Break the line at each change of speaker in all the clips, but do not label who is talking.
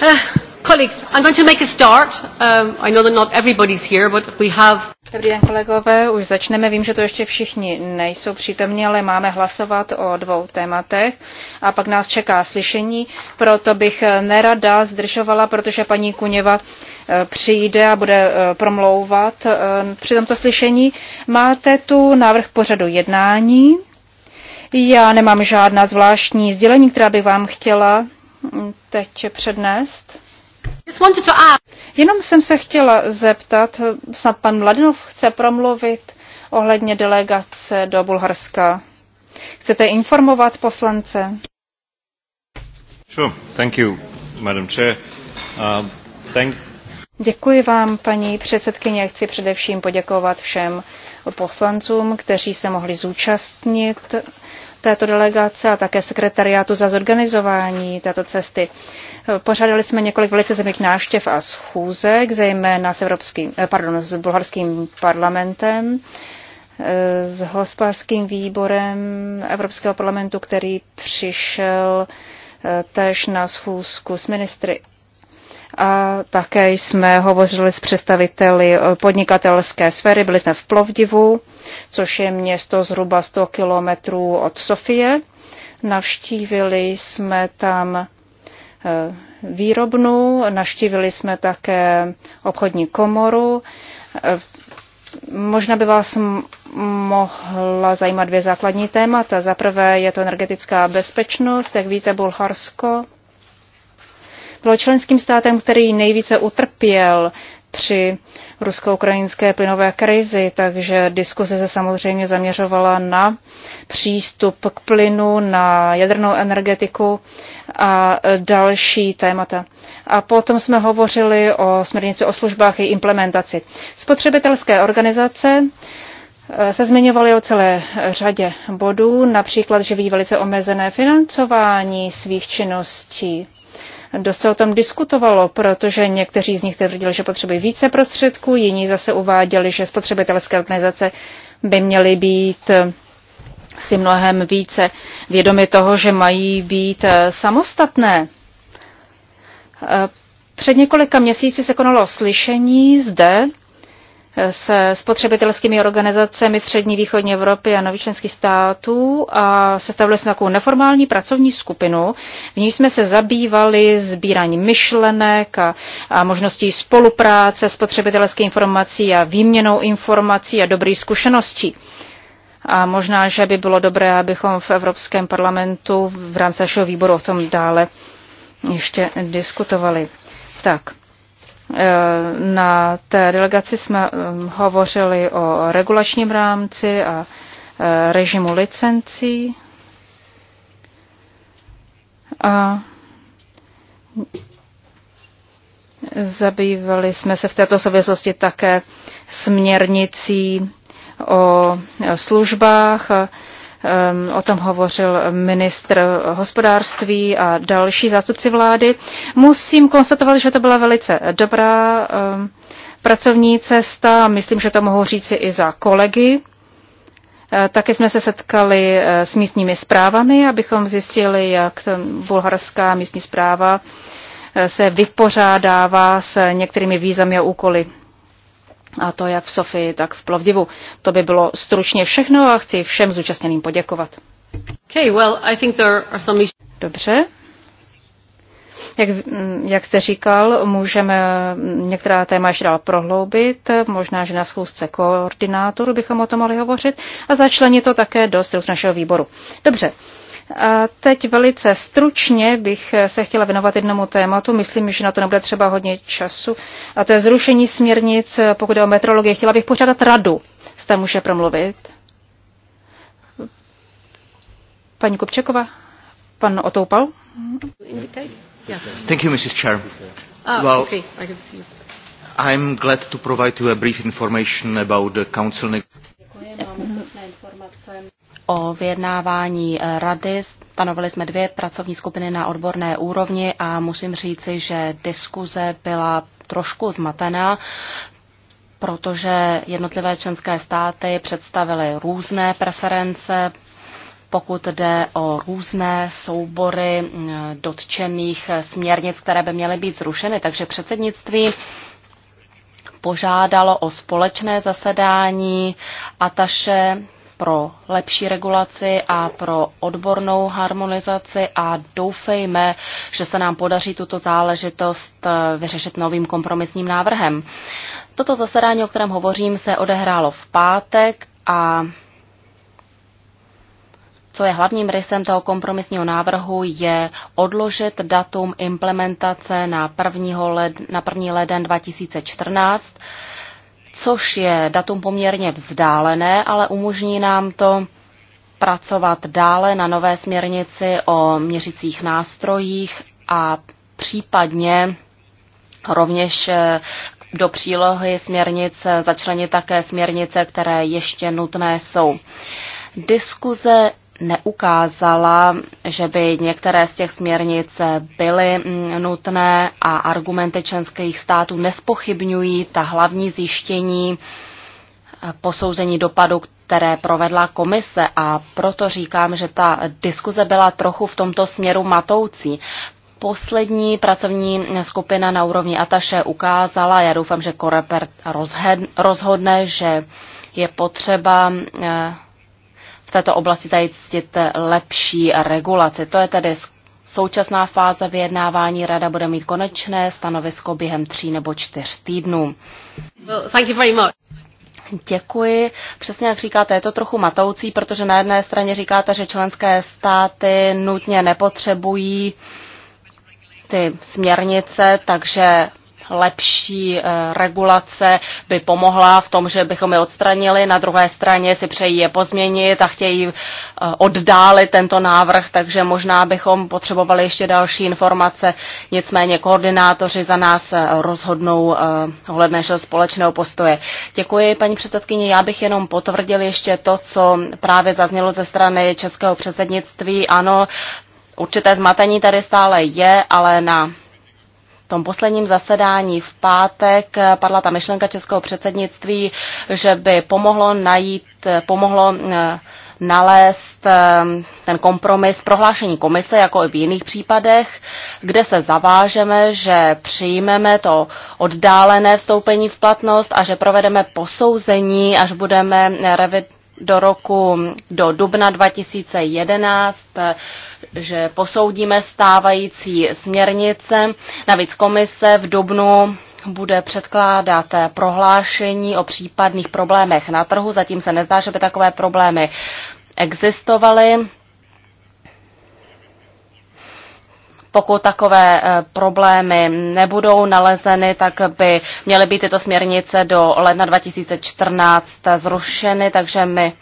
Dobrý den, kolegové, už začneme. Vím, že to ještě
všichni nejsou přítomní, ale máme hlasovat o dvou tématech a pak nás čeká slyšení. Proto bych eh, nerada zdržovala, protože paní Kuněva eh, přijde a bude eh, promlouvat při tomto slyšení. Máte tu návrh pořadu jednání. Já nemám žádná zvláštní sdělení, která bych vám chtěla teď přednést? Jenom jsem se chtěla zeptat, snad pan Mladinov chce promluvit ohledně delegace do Bulharska. Chcete informovat poslance?
Sure, thank you, Madam Chair. Uh, thank...
Děkuji vám, paní předsedkyně. Chci především poděkovat všem poslancům, kteří se mohli zúčastnit této delegace a také sekretariátu za zorganizování této cesty. Pořádali jsme několik velice zemných návštěv a schůzek, zejména s, evropským, eh, pardon, s bulharským parlamentem, eh, s hospodářským výborem Evropského parlamentu, který přišel eh, též na schůzku s ministry a také jsme hovořili s představiteli podnikatelské sféry, byli jsme v Plovdivu což je město zhruba 100 kilometrů od Sofie. Navštívili jsme tam eh, výrobnu, navštívili jsme také obchodní komoru. Eh, možná by vás mohla zajímat dvě základní témata. Za prvé je to energetická bezpečnost. Jak víte, Bulharsko bylo členským státem, který nejvíce utrpěl při rusko-ukrajinské plynové krizi, takže diskuse se samozřejmě zaměřovala na přístup k plynu, na jadernou energetiku a další témata. A potom jsme hovořili o směrnici o službách i implementaci. Spotřebitelské organizace eh, se zmiňovaly o celé řadě bodů, například, že vidí velice omezené financování svých činností Dost se o tom diskutovalo, protože někteří z nich tvrdili, že potřebují více prostředků, jiní zase uváděli, že spotřebitelské organizace by měly být eh, si mnohem více vědomi toho, že mají být eh, samostatné. Eh, před několika měsíci se konalo slyšení zde se spotřebitelskými organizacemi střední východní Evropy a nových členských států a sestavili jsme takovou neformální pracovní skupinu, v níž jsme se zabývali sbíráním myšlenek a, a možností spolupráce spotřebitelské informací a výměnou informací a dobrých zkušeností. A možná, že by bylo dobré, abychom v Evropském parlamentu v rámci našeho výboru o tom dále ještě diskutovali. Tak. Eh, na té delegaci jsme eh, hovořili o regulačním rámci a eh, režimu licencí. A zabývali jsme se v této souvislosti také směrnicí o službách. A o tom hovořil ministr hospodářství a další zástupci vlády. Musím konstatovat, že to byla velice dobrá pracovní cesta, myslím, že to mohu říci i za kolegy. E, taky jsme se setkali e, s místními zprávami, abychom zjistili, jak bulharská místní zpráva e, se vypořádává s některými výzami a úkoly a to jak v Sofii, tak v Plovdivu. To by bylo stručně všechno a chci všem zúčastněným poděkovat.
Okay, well, I think there are some... Dobře.
Jak, jak jste říkal, můžeme některá téma ještě dál prohloubit, možná, že na schůzce koordinátoru bychom o tom mohli hovořit a začlenit to také do struktur našeho výboru. Dobře, a teď velice stručně bych se chtěla věnovat jednomu tématu. Myslím, že na to nebude třeba hodně času. A to je zrušení směrnic, pokud je o metrologii. Chtěla bych pořádat radu, zda může promluvit. Paní Kupčekova, pan Otoupal.
Thank you, Mrs. Chair. Ah, well, okay, I can see you.
I'm glad to provide you a brief information about the council. Děkuji, mám
o vyjednávání eh, rady. Stanovili jsme dvě pracovní skupiny na odborné úrovni a musím říci, že diskuze byla trošku zmatená, protože jednotlivé členské státy představily různé preference, pokud jde o různé soubory eh, dotčených eh, směrnic, které by měly být zrušeny. Takže předsednictví požádalo o společné zasedání Ataše pro lepší regulaci a pro odbornou harmonizaci a doufejme, že se nám podaří tuto záležitost eh, vyřešit novým kompromisním návrhem. Toto zasedání, o kterém hovořím, se odehrálo v pátek a co je hlavním rysem toho kompromisního návrhu, je odložit datum implementace na, 1. leden 2014 což je datum poměrně vzdálené, ale umožní nám to pracovat dále na nové směrnici o měřicích nástrojích a případně rovněž eh, do přílohy směrnic začlenit také směrnice, které ještě nutné jsou. Diskuze neukázala, že by některé z těch směrnic byly mm, nutné a argumenty členských států nespochybňují ta hlavní zjištění eh, posouzení dopadu, které provedla komise a proto říkám, že ta diskuze byla trochu v tomto směru matoucí. Poslední pracovní skupina na úrovni Ataše ukázala, já doufám, že Korepert rozhodne, že je potřeba eh, v této oblasti zajistit lepší regulaci. To je tedy současná fáze vyjednávání. Rada bude mít konečné stanovisko během tří nebo čtyř týdnů. Well, thank you very much. Děkuji. Přesně jak říkáte, je to trochu matoucí, protože na jedné straně říkáte, že členské státy nutně nepotřebují ty směrnice, takže lepší eh, regulace by pomohla v tom, že bychom je odstranili. Na druhé straně si přejí je pozměnit a chtějí eh, oddálit tento návrh, takže možná bychom potřebovali ještě další informace. Nicméně koordinátoři za nás eh, rozhodnou ohledně společného postoje. Děkuji, paní předsedkyně. Já bych jenom potvrdil ještě to, co právě zaznělo ze strany českého předsednictví. Ano, určité zmatení tady stále je, ale na tom posledním zasedání v pátek padla ta myšlenka českého předsednictví, že by pomohlo najít, pomohlo eh, nalézt eh, ten kompromis prohlášení komise, jako i v jiných případech, kde se zavážeme, že přijmeme to oddálené vstoupení v platnost a že provedeme posouzení, až budeme revidovat do roku, do dubna 2011, že posoudíme stávající směrnice. Navíc komise v dubnu bude předkládat prohlášení o případných problémech na trhu. Zatím se nezdá, že by takové problémy existovaly. pokud takové eh, problémy nebudou nalezeny, tak by měly být tyto směrnice do ledna 2014 zrušeny, takže my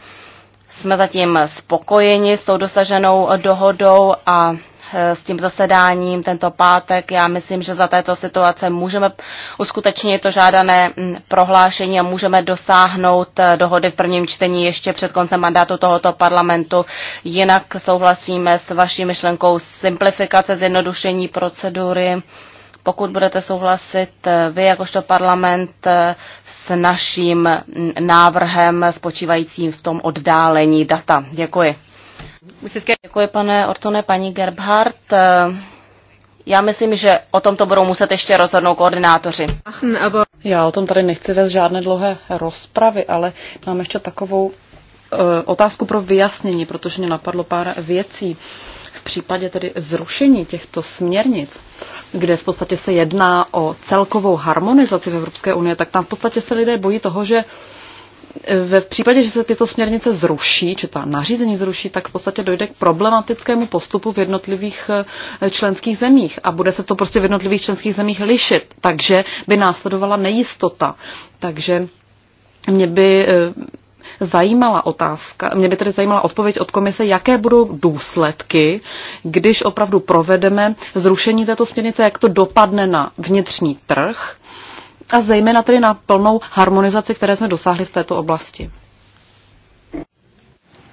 jsme zatím spokojeni s tou dosaženou dohodou a Eh, s tím zasedáním tento pátek. Já myslím, že za této situace můžeme uskutečnit to žádané mm, prohlášení a můžeme dosáhnout eh, dohody v prvním čtení ještě před koncem mandátu tohoto parlamentu. Jinak souhlasíme s vaší myšlenkou simplifikace, zjednodušení procedury pokud budete souhlasit eh, vy jakožto parlament s naším mm, návrhem spočívajícím v tom oddálení data. Děkuji. Děkuji, pane Ortone, paní Gerbhardt. Eh, já myslím, že o tomto budou muset ještě rozhodnout koordinátoři.
Já o tom tady nechci vést žádné dlouhé rozpravy, ale mám ještě takovou eh, otázku pro vyjasnění, protože mě napadlo pár věcí. V případě tedy zrušení těchto směrnic, kde v podstatě se jedná o celkovou harmonizaci v Evropské unii, tak tam v podstatě se lidé bojí toho, že v případě, že se tyto směrnice zruší, či ta nařízení zruší, tak v podstatě dojde k problematickému postupu v jednotlivých eh, členských zemích a bude se to prostě v jednotlivých členských zemích lišit, takže by následovala nejistota. Takže mě by eh, zajímala otázka, mě by tedy zajímala odpověď od komise, jaké budou důsledky, když opravdu provedeme zrušení této směrnice, jak to dopadne na vnitřní trh a zejména tedy na plnou harmonizaci, které jsme dosáhli v této oblasti.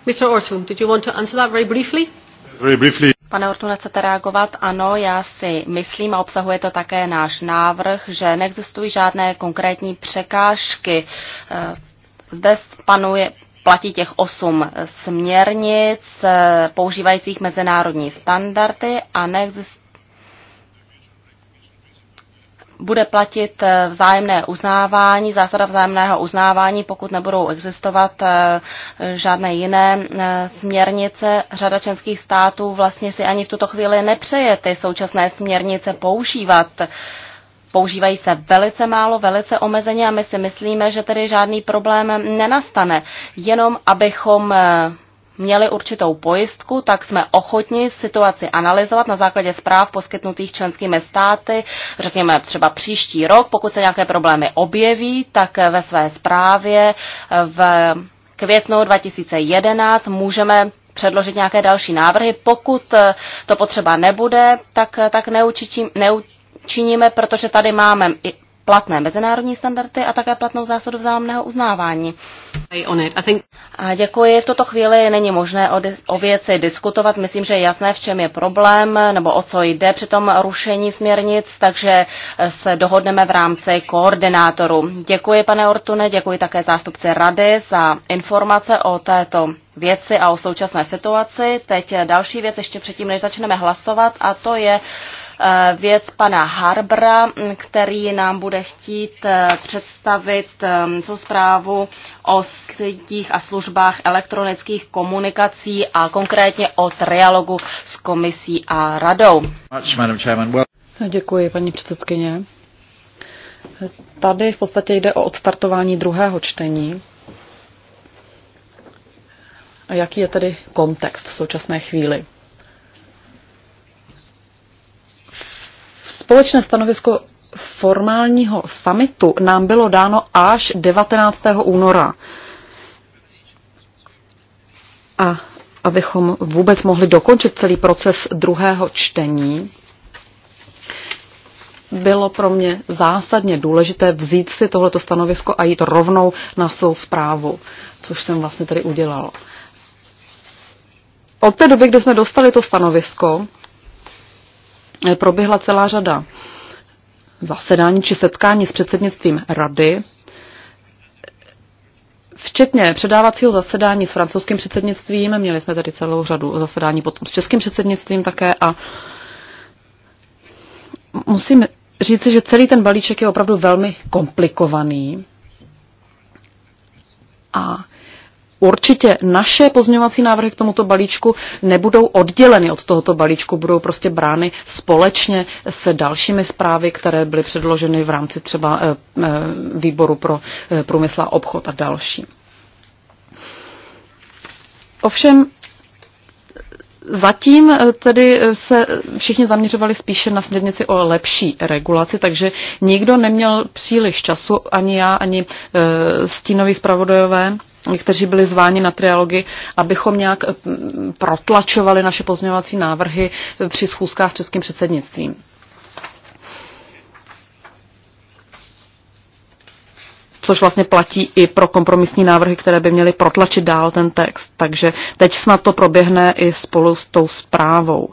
Mr.
Orton, did you want to answer that very briefly? Very briefly. Pane Ortune, chcete reagovat? Ano, já si myslím a obsahuje to také náš návrh, že neexistují žádné konkrétní překážky. Eh, zde panuje, platí těch osm směrnic eh, používajících mezinárodní standardy a neexistuje bude platit eh, vzájemné uznávání, zásada vzájemného uznávání, pokud nebudou existovat eh, žádné jiné eh, směrnice. Řada členských států vlastně si ani v tuto chvíli nepřeje ty současné směrnice používat. Používají se velice málo, velice omezeně a my si myslíme, že tedy žádný problém nenastane. Jenom abychom měli určitou pojistku, tak jsme ochotni situaci analyzovat na základě zpráv poskytnutých členskými státy, řekněme třeba příští rok, pokud se nějaké problémy objeví, tak ve své zprávě v květnu 2011 můžeme předložit nějaké další návrhy. Pokud to potřeba nebude, tak, tak neučitím, neučitím činíme, protože tady máme i platné mezinárodní standardy a také platnou zásadu vzájemného uznávání. A děkuji. V tuto chvíli není možné o, dis- o věci diskutovat. Myslím, že je jasné, v čem je problém nebo o co jde při tom rušení směrnic, takže eh, se dohodneme v rámci koordinátoru. Děkuji, pane Ortune, děkuji také zástupci rady za informace o této věci a o současné situaci. Teď eh, další věc ještě předtím, než začneme hlasovat, a to je Eh, věc pana Harbra, který nám bude chtít eh, představit svou ehm, zprávu o sítích a službách elektronických komunikací a konkrétně o trialogu s komisí a radou.
Děkuji, paní předsedkyně. Tady v podstatě jde o odstartování druhého čtení. A jaký je tedy kontext v současné chvíli? Společné stanovisko formálního summitu nám bylo dáno až 19. února. A abychom vůbec mohli dokončit celý proces druhého čtení, bylo pro mě zásadně důležité vzít si tohleto stanovisko a jít rovnou na svou zprávu, což jsem vlastně tady udělal. Od té doby, kdy jsme dostali to stanovisko, proběhla celá řada zasedání či setkání s předsednictvím rady, Včetně předávacího zasedání s francouzským předsednictvím, měli jsme tady celou řadu zasedání potom s českým předsednictvím také a musím říci, že celý ten balíček je opravdu velmi komplikovaný a určitě naše pozměňovací návrhy k tomuto balíčku nebudou odděleny od tohoto balíčku, budou prostě brány společně se dalšími zprávy, které byly předloženy v rámci třeba eh, eh, výboru pro eh, průmysl a obchod a další. Ovšem, Zatím tedy se všichni zaměřovali spíše na směrnici o lepší regulaci, takže nikdo neměl příliš času, ani já, ani stínoví zpravodajové kteří byli zváni na trialogy, abychom nějak eh, protlačovali naše pozměňovací návrhy při schůzkách s českým předsednictvím. což vlastně platí i pro kompromisní návrhy, které by měly protlačit dál ten text. Takže teď snad to proběhne i spolu s tou zprávou. Uh,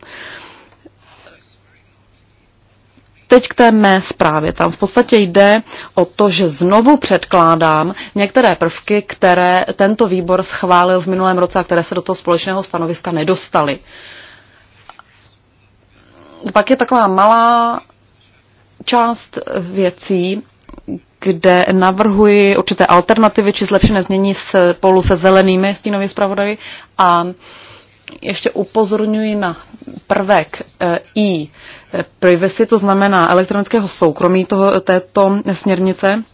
Teď k té mé zprávě. Tam v podstatě jde o to, že znovu předkládám některé prvky, které tento výbor schválil v minulém roce a které se do toho společného stanoviska nedostaly. Pak je taková malá část věcí, kde navrhuji určité alternativy či zlepšené změní spolu se zelenými stínovými zpravodaji a ještě upozorňuji na prvek eh, i e, privacy, to znamená elektronického soukromí toho, této směrnice.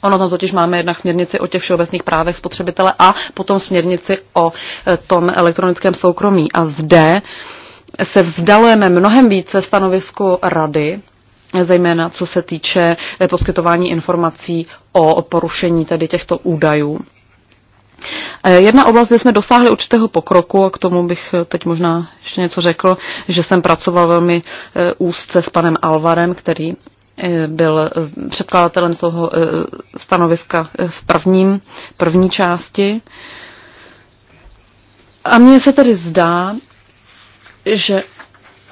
Ono tam totiž máme jednak směrnici o těch všeobecných právech spotřebitele a potom směrnici o eh, tom elektronickém soukromí. A zde se vzdalujeme mnohem více stanovisku rady, zejména co se týče poskytování informací o porušení tedy těchto údajů. Eh, jedna oblast, kde jsme dosáhli určitého pokroku, a k tomu bych eh, teď možná ještě něco řekl, že jsem pracoval velmi eh, úzce s panem Alvarem, který byl předkladatelem z toho stanoviska v prvním, první části. A mně se tedy zdá, že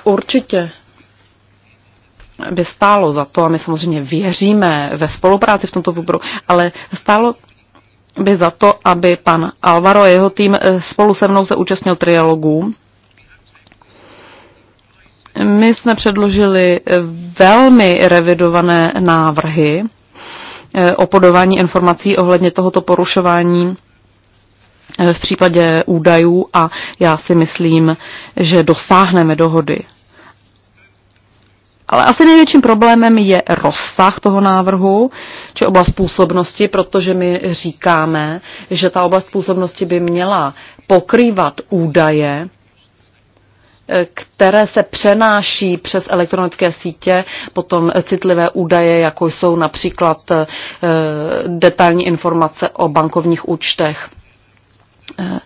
určitě by stálo za to, a my samozřejmě věříme ve spolupráci v tomto výboru, ale stálo by za to, aby pan Alvaro a jeho tým eh, spolu se mnou se účastnil trialogů. My jsme předložili eh, velmi revidované návrhy eh, o podování informací ohledně tohoto porušování v případě údajů a já si myslím, že dosáhneme dohody ale asi největším problémem je rozsah toho návrhu, či oblast působnosti, protože my říkáme, že ta oblast působnosti by měla pokrývat údaje, eh, které se přenáší přes elektronické sítě, potom citlivé údaje, jako jsou například eh, detailní informace o bankovních účtech. Eh,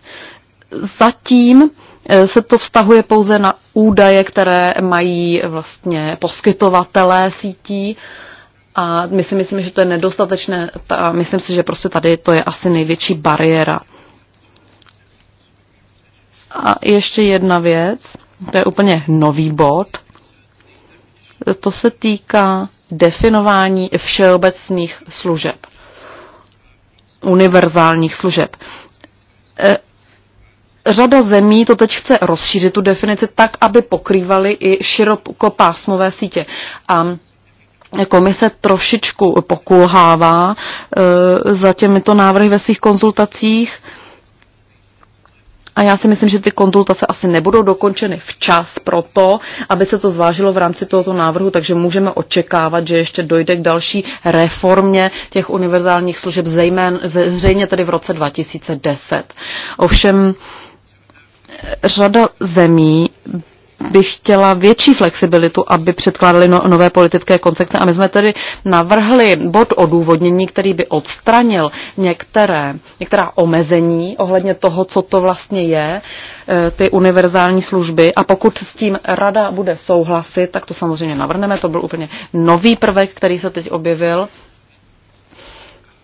zatím Eh, se to vztahuje pouze na údaje, které mají eh, vlastně poskytovatelé sítí. A my si myslíme, že to je nedostatečné. A myslím si, že prostě tady to je asi největší bariéra. A ještě jedna věc, to je úplně nový bod. To se týká definování všeobecných služeb, univerzálních služeb. Eh, Řada zemí to teď chce rozšířit tu definici tak, aby pokrývaly i širokopásmové sítě. A eh, komise trošičku pokulhává e, za těmito návrhy ve svých konzultacích. A já si myslím, že ty konzultace asi nebudou dokončeny včas pro to, aby se to zvážilo v rámci tohoto návrhu, takže můžeme očekávat, že ještě dojde k další reformě těch univerzálních služeb, zejména zřejmě tedy v roce 2010. Ovšem řada zemí by chtěla větší flexibilitu, aby předkládali no, nové politické koncepce. A my jsme tedy navrhli bod odůvodnění, který by odstranil některé, některá omezení ohledně toho, co to vlastně je, e, ty univerzální služby. A pokud s tím rada bude souhlasit, tak to samozřejmě navrhneme. To byl úplně nový prvek, který se teď objevil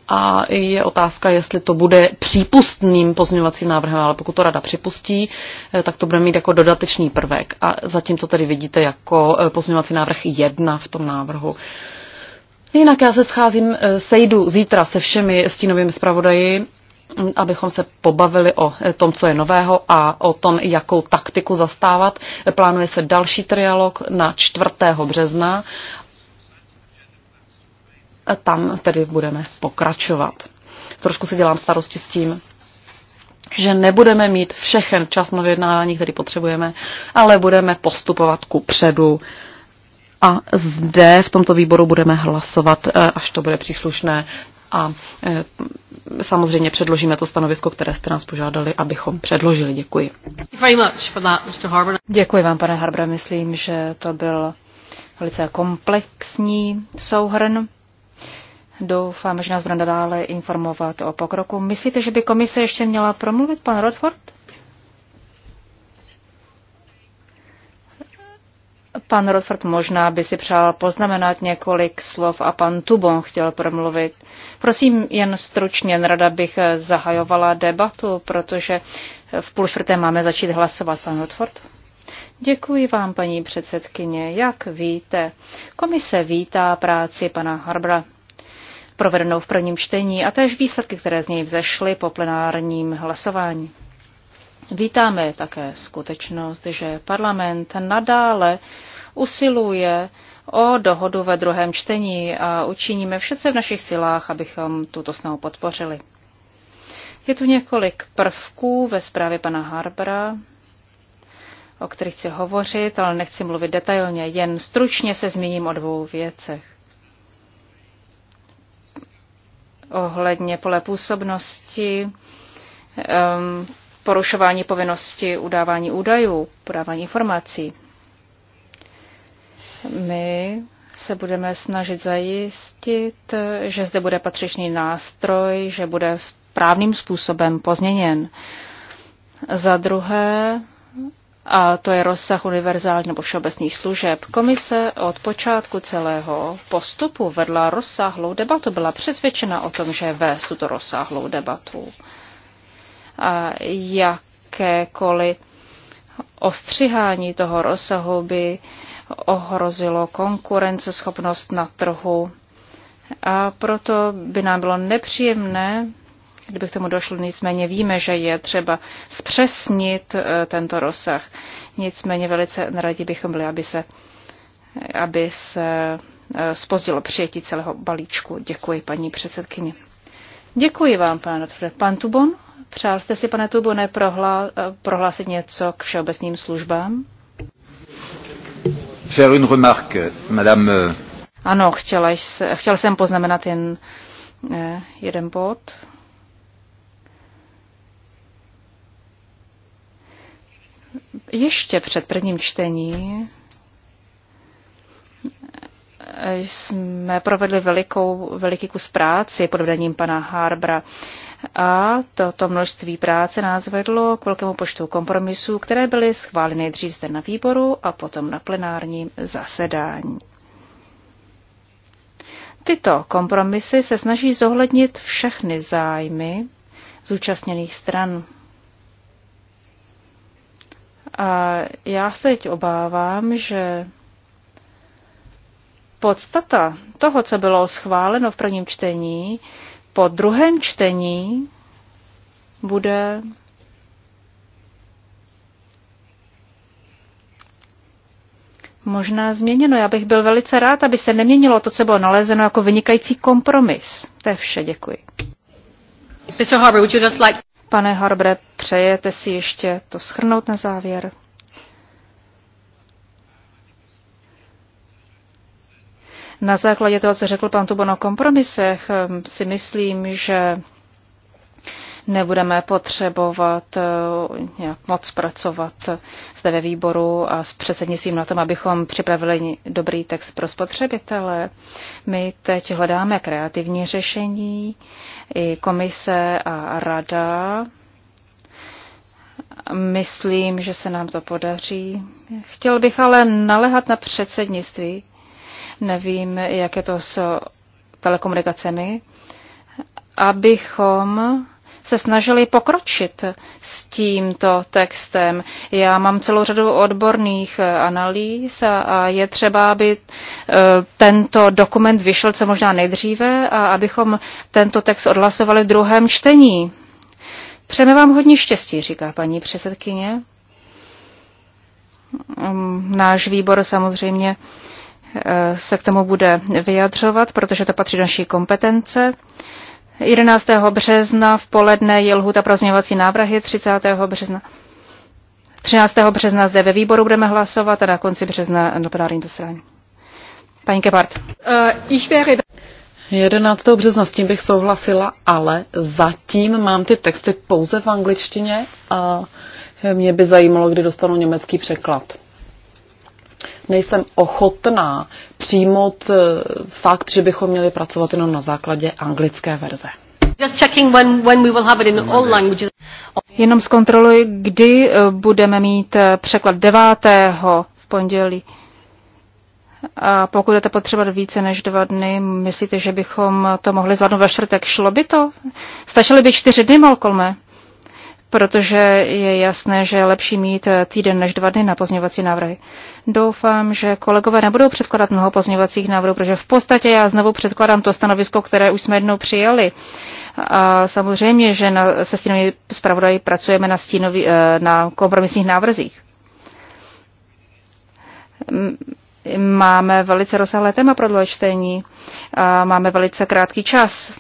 a je otázka, jestli to bude přípustným pozměňovacím návrhem, ale pokud to rada připustí, eh, tak to bude mít jako dodatečný prvek. A zatím to tedy vidíte jako eh, pozměňovací návrh jedna v tom návrhu. Jinak já se scházím, eh, sejdu zítra se všemi stínovými zpravodaji, mm, abychom se pobavili o tom, co je nového a o tom, jakou taktiku zastávat. Plánuje se další trialog na 4. března tam tedy budeme pokračovat. Trošku si dělám starosti s tím, že nebudeme mít všechen čas na vyjednávání, který potřebujeme, ale budeme postupovat ku předu. A zde v tomto výboru budeme hlasovat, eh, až to bude příslušné. A eh, samozřejmě předložíme to stanovisko, které jste nás požádali, abychom předložili. Děkuji.
Děkuji vám, pane Harbre. Myslím, že
to byl velice komplexní souhrn. Doufám, že nás bude nadále informovat o pokroku. Myslíte, že by komise ještě měla promluvit, pan Rodford? Pan Rodford možná by si přál poznamenat několik slov a pan Tubon chtěl promluvit. Prosím, jen stručně, rada bych zahajovala debatu, protože v půl čtvrté máme začít hlasovat, pan Rodford. Děkuji vám, paní předsedkyně. Jak víte, komise vítá práci pana Harbra provedenou v prvním čtení a též výsledky, které z něj vzešly po plenárním hlasování. Vítáme také skutečnost, že parlament nadále usiluje o dohodu ve druhém čtení a učiníme všece v našich silách, abychom tuto snahu podpořili. Je tu několik prvků ve zprávě pana Harbra, o kterých chci hovořit, ale nechci mluvit detailně, jen stručně se zmíním o dvou věcech. ohledně pole působnosti, porušování povinnosti udávání údajů, podávání informací. My se budeme snažit zajistit, že zde bude patřičný nástroj, že bude správným způsobem pozměněn. Za druhé, a to je rozsah univerzálních nebo všeobecných služeb. Komise od počátku celého postupu vedla rozsáhlou debatu, byla přesvědčena o tom, že vést tuto rozsáhlou debatu. A jakékoliv ostřihání toho rozsahu by ohrozilo konkurenceschopnost na trhu a proto by nám bylo nepříjemné kdyby k tomu došlo. Nicméně víme, že je třeba zpřesnit eh, tento rozsah. Nicméně velice rádi bychom byli, aby se, aby se spozdilo eh, přijetí celého balíčku. Děkuji, paní předsedkyně. Děkuji vám, pane Rotfre. Pan Tubon, přál jste si, pane Tubone, prohlá, eh, prohlásit něco k všeobecným službám?
Faire une remarque, madame... Euh,
ano, chtěla, chtěl jsem poznamenat jen jeden bod. Ještě před prvním čtení jsme provedli velikou, veliký kus práci pod vedením pana Harbra. A toto množství práce nás vedlo k velkému počtu kompromisů, které byly schváleny dřív zde na výboru a potom na plenárním zasedání. Tyto kompromisy se snaží zohlednit všechny zájmy zúčastněných stran. A já se teď obávám, že podstata toho, co bylo schváleno v prvním čtení, po druhém čtení bude možná změněno. Já bych byl velice rád, aby se neměnilo to, co bylo nalezeno jako vynikající kompromis. To je vše, děkuji. Mr. Harvey, would you just like... Pane Harbre, přejete si ještě to schrnout na závěr? Na základě toho, co řekl pan Tubo na kompromisech, si myslím, že nebudeme potřebovat eh, nějak moc pracovat zde ve výboru a s předsednictvím na tom, abychom připravili dobrý text pro spotřebitele. My teď hledáme kreativní řešení, i komise a rada. Myslím, že se nám to podaří. Chtěl bych ale nalehat na předsednictví. Nevím, jak je to s telekomunikacemi, abychom se snažili pokročit s tímto textem. Já mám celou řadu odborných analýz a, a je třeba, aby e, tento dokument vyšel co možná nejdříve a abychom tento text odhlasovali v druhém čtení. Přejeme vám hodně štěstí, říká paní předsedkyně. Mm, náš výbor samozřejmě e, se k tomu bude vyjadřovat, protože to patří do naší kompetence. 11. března v poledne je lhuta pro zněvací návrhy 30. března. 13. března zde ve výboru budeme hlasovat a na konci března na
plenárním zasedání. Paní Gebhardt. Uh, eh, 11. března s tím bych souhlasila, ale zatím mám ty texty pouze v angličtině a mě by zajímalo, kdy dostanu německý překlad nejsem ochotná přijmout eh, fakt, že bychom měli pracovat jenom na základě anglické verze.
Jenom zkontroluji,
kdy eh, budeme mít eh, překlad 9. v pondělí. A pokud budete potřebovat více než dva dny, myslíte, že bychom to mohli zvládnout ve čtvrtek? Šlo by to? Stačily by čtyři dny, Malcolme? protože je jasné, že je lepší mít týden než dva dny na pozněvací návrhy. Doufám, že kolegové nebudou předkladat mnoho pozněvacích návrhů, protože v podstatě já znovu předkladám to stanovisko, které už jsme jednou přijali. A samozřejmě, že na, se stínovými zpravodaji pracujeme na, stínový, eh, na kompromisních návrzích. Máme velice rozsáhlé téma pro dvojčtení a máme velice krátký čas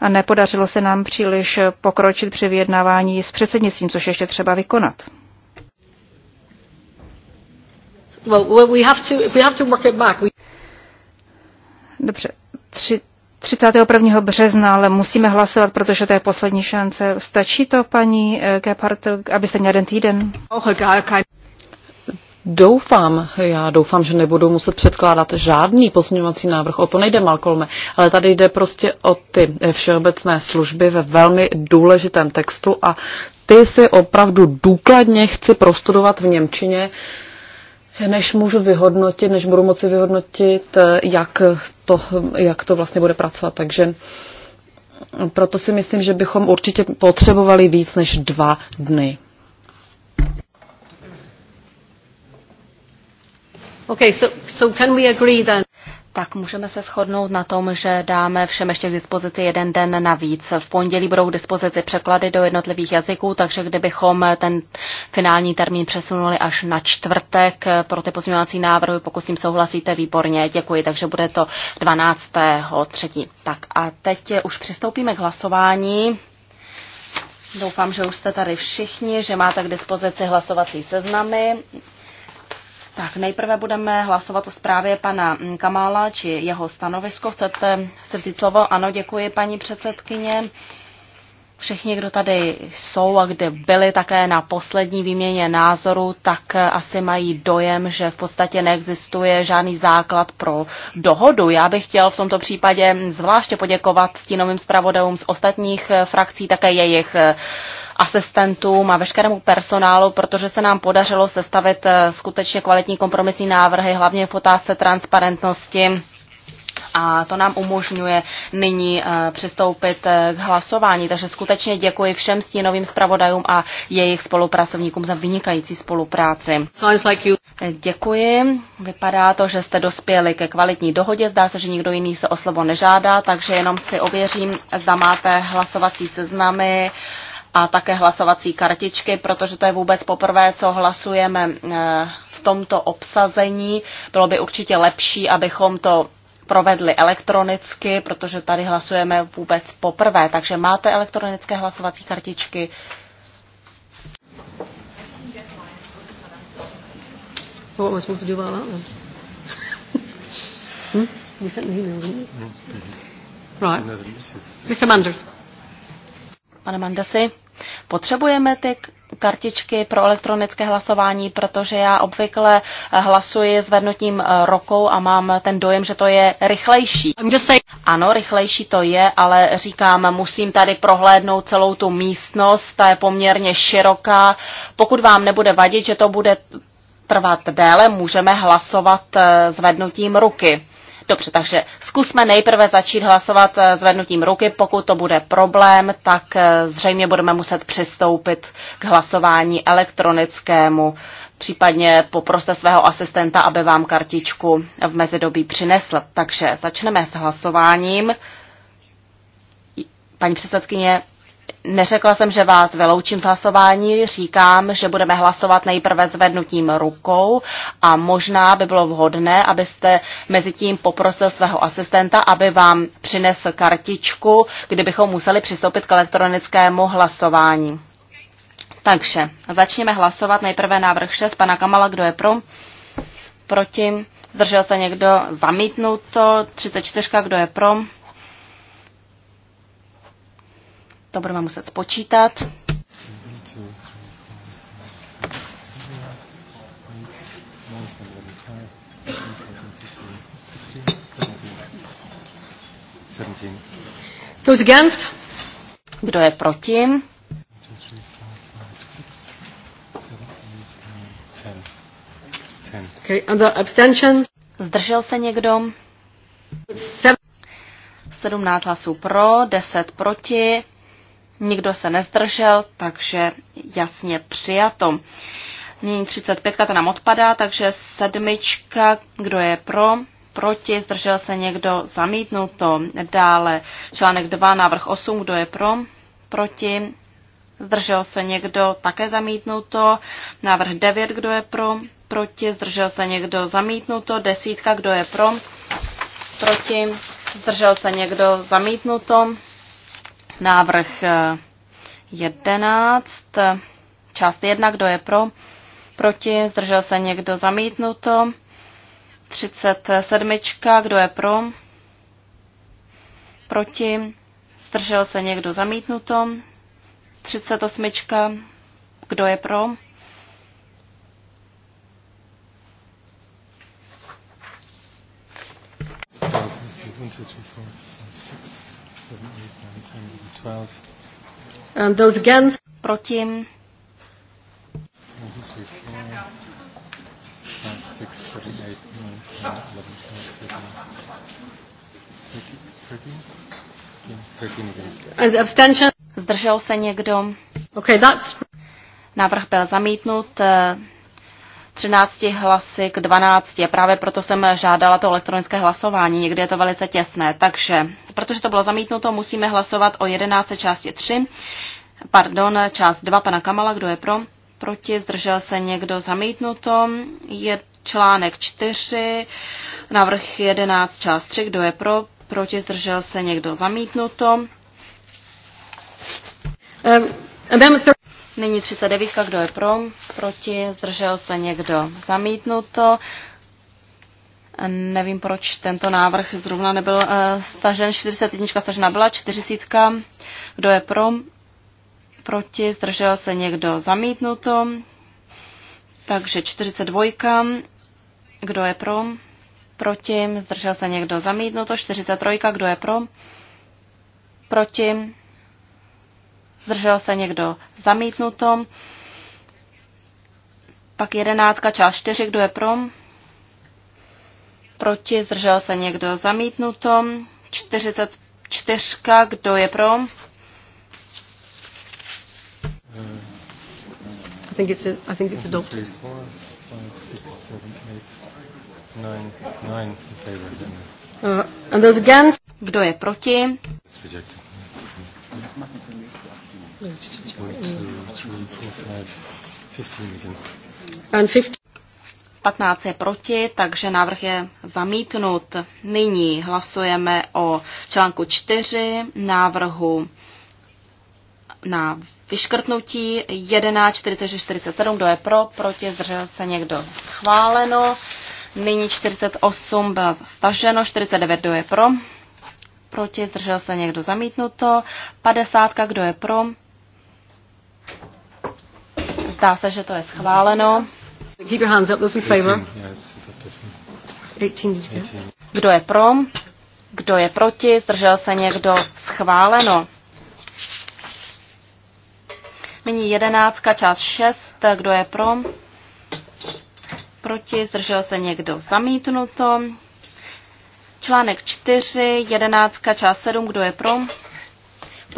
a nepodařilo se nám příliš pokročit při vyjednávání s předsednictvím, což ještě třeba vykonat. Dobře, 31. března, ale musíme hlasovat, protože to je poslední šance. Stačí to, paní eh, Gephardt, abyste měl jeden týden?
Oh, Doufám, já doufám, že nebudu muset předkládat žádný pozměňovací návrh, o to nejde, Malkolme, ale tady jde prostě o ty všeobecné služby ve velmi důležitém textu a ty si opravdu důkladně chci prostudovat v Němčině, než můžu vyhodnotit, než budu moci vyhodnotit, jak to, jak to vlastně bude pracovat. Takže proto si myslím, že bychom určitě potřebovali víc než dva dny.
Okay, so, so can we agree then? Tak můžeme se shodnout na tom, že dáme všem ještě k dispozici jeden den navíc. V pondělí budou k dispozici překlady do jednotlivých jazyků, takže kdybychom ten finální termín přesunuli až na čtvrtek pro ty pozměňovací návrhy, pokud s tím souhlasíte, výborně, děkuji, takže bude to 12. 3. Tak a teď už přistoupíme k hlasování. Doufám, že už jste tady všichni, že máte k dispozici hlasovací seznamy. Tak nejprve budeme hlasovat o zprávě pana mm, Kamála či jeho stanovisko. Chcete se vzít slovo? Ano, děkuji paní předsedkyně. Všichni, kdo tady jsou a kde byli také na poslední výměně názoru, tak asi mají dojem, že v podstatě neexistuje žádný základ pro dohodu. Já bych chtěl v tomto případě zvláště poděkovat stínovým zpravodajům z ostatních frakcí, také jejich asistentům a veškerému personálu, protože se nám podařilo sestavit eh, skutečně kvalitní kompromisní návrhy, hlavně v otázce transparentnosti a to nám umožňuje nyní eh, přistoupit eh, k hlasování. Takže skutečně děkuji všem stínovým zpravodajům a jejich spolupracovníkům za vynikající spolupráci. Děkuji. Vypadá to, že jste dospěli ke kvalitní dohodě. Zdá se, že nikdo jiný se o slovo nežádá, takže jenom si ověřím, zda máte hlasovací seznamy. Uh, a také hlasovací kartičky, protože to je vůbec poprvé, co hlasujeme eh, v tomto obsazení. Bylo by určitě lepší, abychom to provedli elektronicky, protože tady hlasujeme vůbec poprvé. Takže máte elektronické hlasovací kartičky? Mr. Manders. Pane Mandasi. Potřebujeme ty kartičky pro elektronické hlasování, protože já obvykle hlasuji zvednutím rokou a mám ten dojem, že to je rychlejší. Ano, rychlejší to je, ale říkám, musím tady prohlédnout celou tu místnost, ta je poměrně široká. Pokud vám nebude vadit, že to bude trvat déle, můžeme hlasovat zvednutím eh, ruky. Dobře, takže zkusme nejprve začít hlasovat eh, zvednutím ruky. Pokud to bude problém, tak eh, zřejmě budeme muset přistoupit k hlasování elektronickému. Případně poproste svého asistenta, aby vám kartičku v mezidobí přinesl. Takže začneme s hlasováním. Paní předsedkyně, neřekla jsem, že vás vyloučím z hlasování, říkám, že budeme hlasovat nejprve zvednutím rukou a možná by bylo vhodné, abyste mezi tím poprosil svého asistenta, aby vám přinesl kartičku, kdybychom museli přistoupit k elektronickému hlasování. Takže začněme hlasovat nejprve návrh 6 pana Kamala, kdo je pro, proti, zdržel se někdo zamítnuto, 34, kdo je pro, To budeme muset spočítat. Who's against? Kdo je proti? Okay, and the abstentions? Zdržel se někdo? 17 hlasů pro, 10 proti nikdo se nezdržel, takže jasně přijato. Nyní 35, ta nám odpadá, takže sedmička, kdo je pro, proti, zdržel se někdo, zamítnuto. Dále článek 2, návrh 8, kdo je pro, proti, zdržel se někdo, také zamítnuto. Návrh 9, kdo je pro, proti, zdržel se někdo, zamítnuto. Desítka, kdo je pro, proti, zdržel se někdo, zamítnuto. Návrh 11, eh, část 1, kdo je pro, proti, zdržel se někdo zamítnuto. 37, kdo je pro, proti, zdržel se někdo zamítnuto. 38, kdo je pro,
Thank you. And those against? Proti. And the abstention?
Zdržel se někdo? Okay, that's... Návrh byl zamítnut. 13 hlasy k 12. Právě proto jsem žádala to elektronické hlasování. Někdy je to velice těsné. Takže, protože to bylo zamítnuto, musíme hlasovat o 11. části 3. Pardon, část 2 pana Kamala. Kdo je pro? Proti? Zdržel se někdo zamítnuto? Je článek 4, návrh 11, část 3. Kdo je pro? Proti? Zdržel se někdo zamítnuto? Um, Nyní 39, kdo je pro, proti, zdržel se někdo zamítnuto. Nevím, proč tento návrh zrovna nebyl uh, stažen. 41 stažena byla, 40. Kdo je pro? Proti? Zdržel se někdo? Zamítnuto. Takže 42. Kdo je pro? Proti? Zdržel se někdo? Zamítnuto. 43. Kdo je pro? Proti? zdržel se někdo zamítnuto. Pak jedenáctka, část čtyři, kdo je pro? Proti, zdržel se někdo zamítnuto. 44, kdo je pro?
I think it's, a, I think it's adopted. Nine
Uh, and those against? Kdo
je proti? 15 je proti, takže návrh je zamítnut. Nyní hlasujeme o článku 4 návrhu na vyškrtnutí 11, 46, 47, kdo je pro, proti, zdržel se někdo schváleno. Nyní 48 bylo staženo, 49, kdo je pro, proti, zdržel se někdo zamítnuto, 50, kdo je pro, Zdá se, že to je schváleno. Keep your hands up, those in Kdo je pro? Kdo je proti? Zdržel se někdo? Schváleno. Nyní jedenáctka, část 6. Kdo je pro? Proti? Zdržel se někdo? Zamítnuto. Článek 4, jedenáctka, část sedm. Kdo je pro?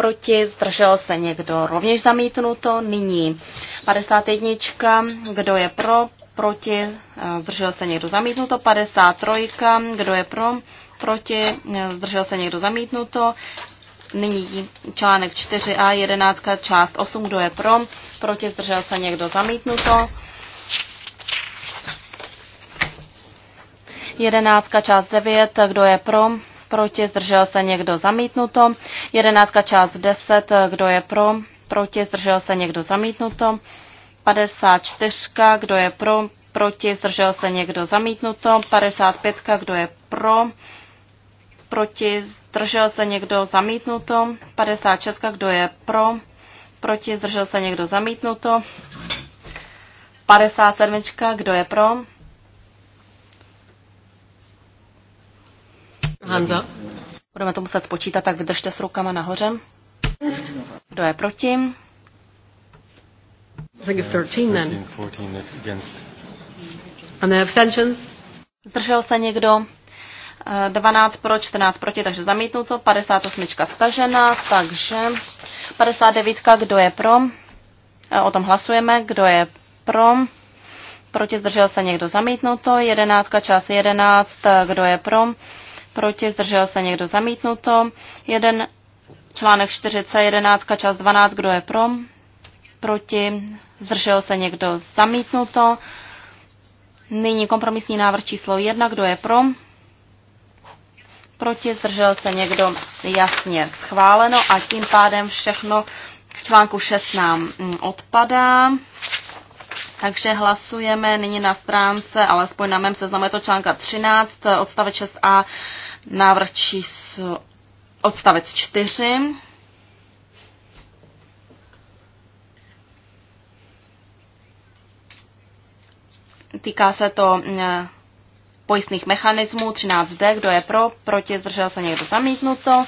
proti, zdržel se někdo, rovněž zamítnuto. Nyní 51, eh, eh, kdo je pro, proti, zdržel se někdo, zamítnuto. 53, kdo je pro, proti, zdržel se někdo, zamítnuto. Nyní článek 4a, 11, část 8, kdo je pro, proti, zdržel se někdo, zamítnuto. 11 část 9, kdo je pro, proti, zdržel se někdo zamítnuto. Jedenáctka část 10, kdo je pro, proti, zdržel se někdo zamítnuto. 54, kdo je pro, proti, zdržel se někdo zamítnuto. 55, kdo je pro, proti, zdržel se někdo zamítnuto. 56, kdo je pro, proti, zdržel se někdo zamítnuto. 57, kdo je pro, Hands Budeme to muset spočítat, tak vydržte s rukama nahoře. Kdo je proti?
I think it's 13 then. 14 against.
And Zdržel se někdo? 12 eh, pro, 14 proti, takže zamítnout co? 58 stažena, takže 59, kdo je pro? Eh, o tom hlasujeme, kdo je pro? Proti zdržel se někdo zamítnuto, 11, čas 11, kdo je pro? proti, zdržel se někdo zamítnuto. Jeden článek 40, 11, část 12, kdo je pro, proti, zdržel se někdo zamítnuto. Nyní kompromisní návrh číslo 1, kdo je pro, proti, zdržel se někdo jasně schváleno a tím pádem všechno v článku 6 nám mm, odpadá. Takže hlasujeme nyní na stránce, alespoň na mém seznamu je to článka 13, odstavec 6a, návrh číslo odstavec 4. Týká se to mm, pojistných mechanismů 13D, kdo je pro, proti, zdržel se někdo zamítnuto.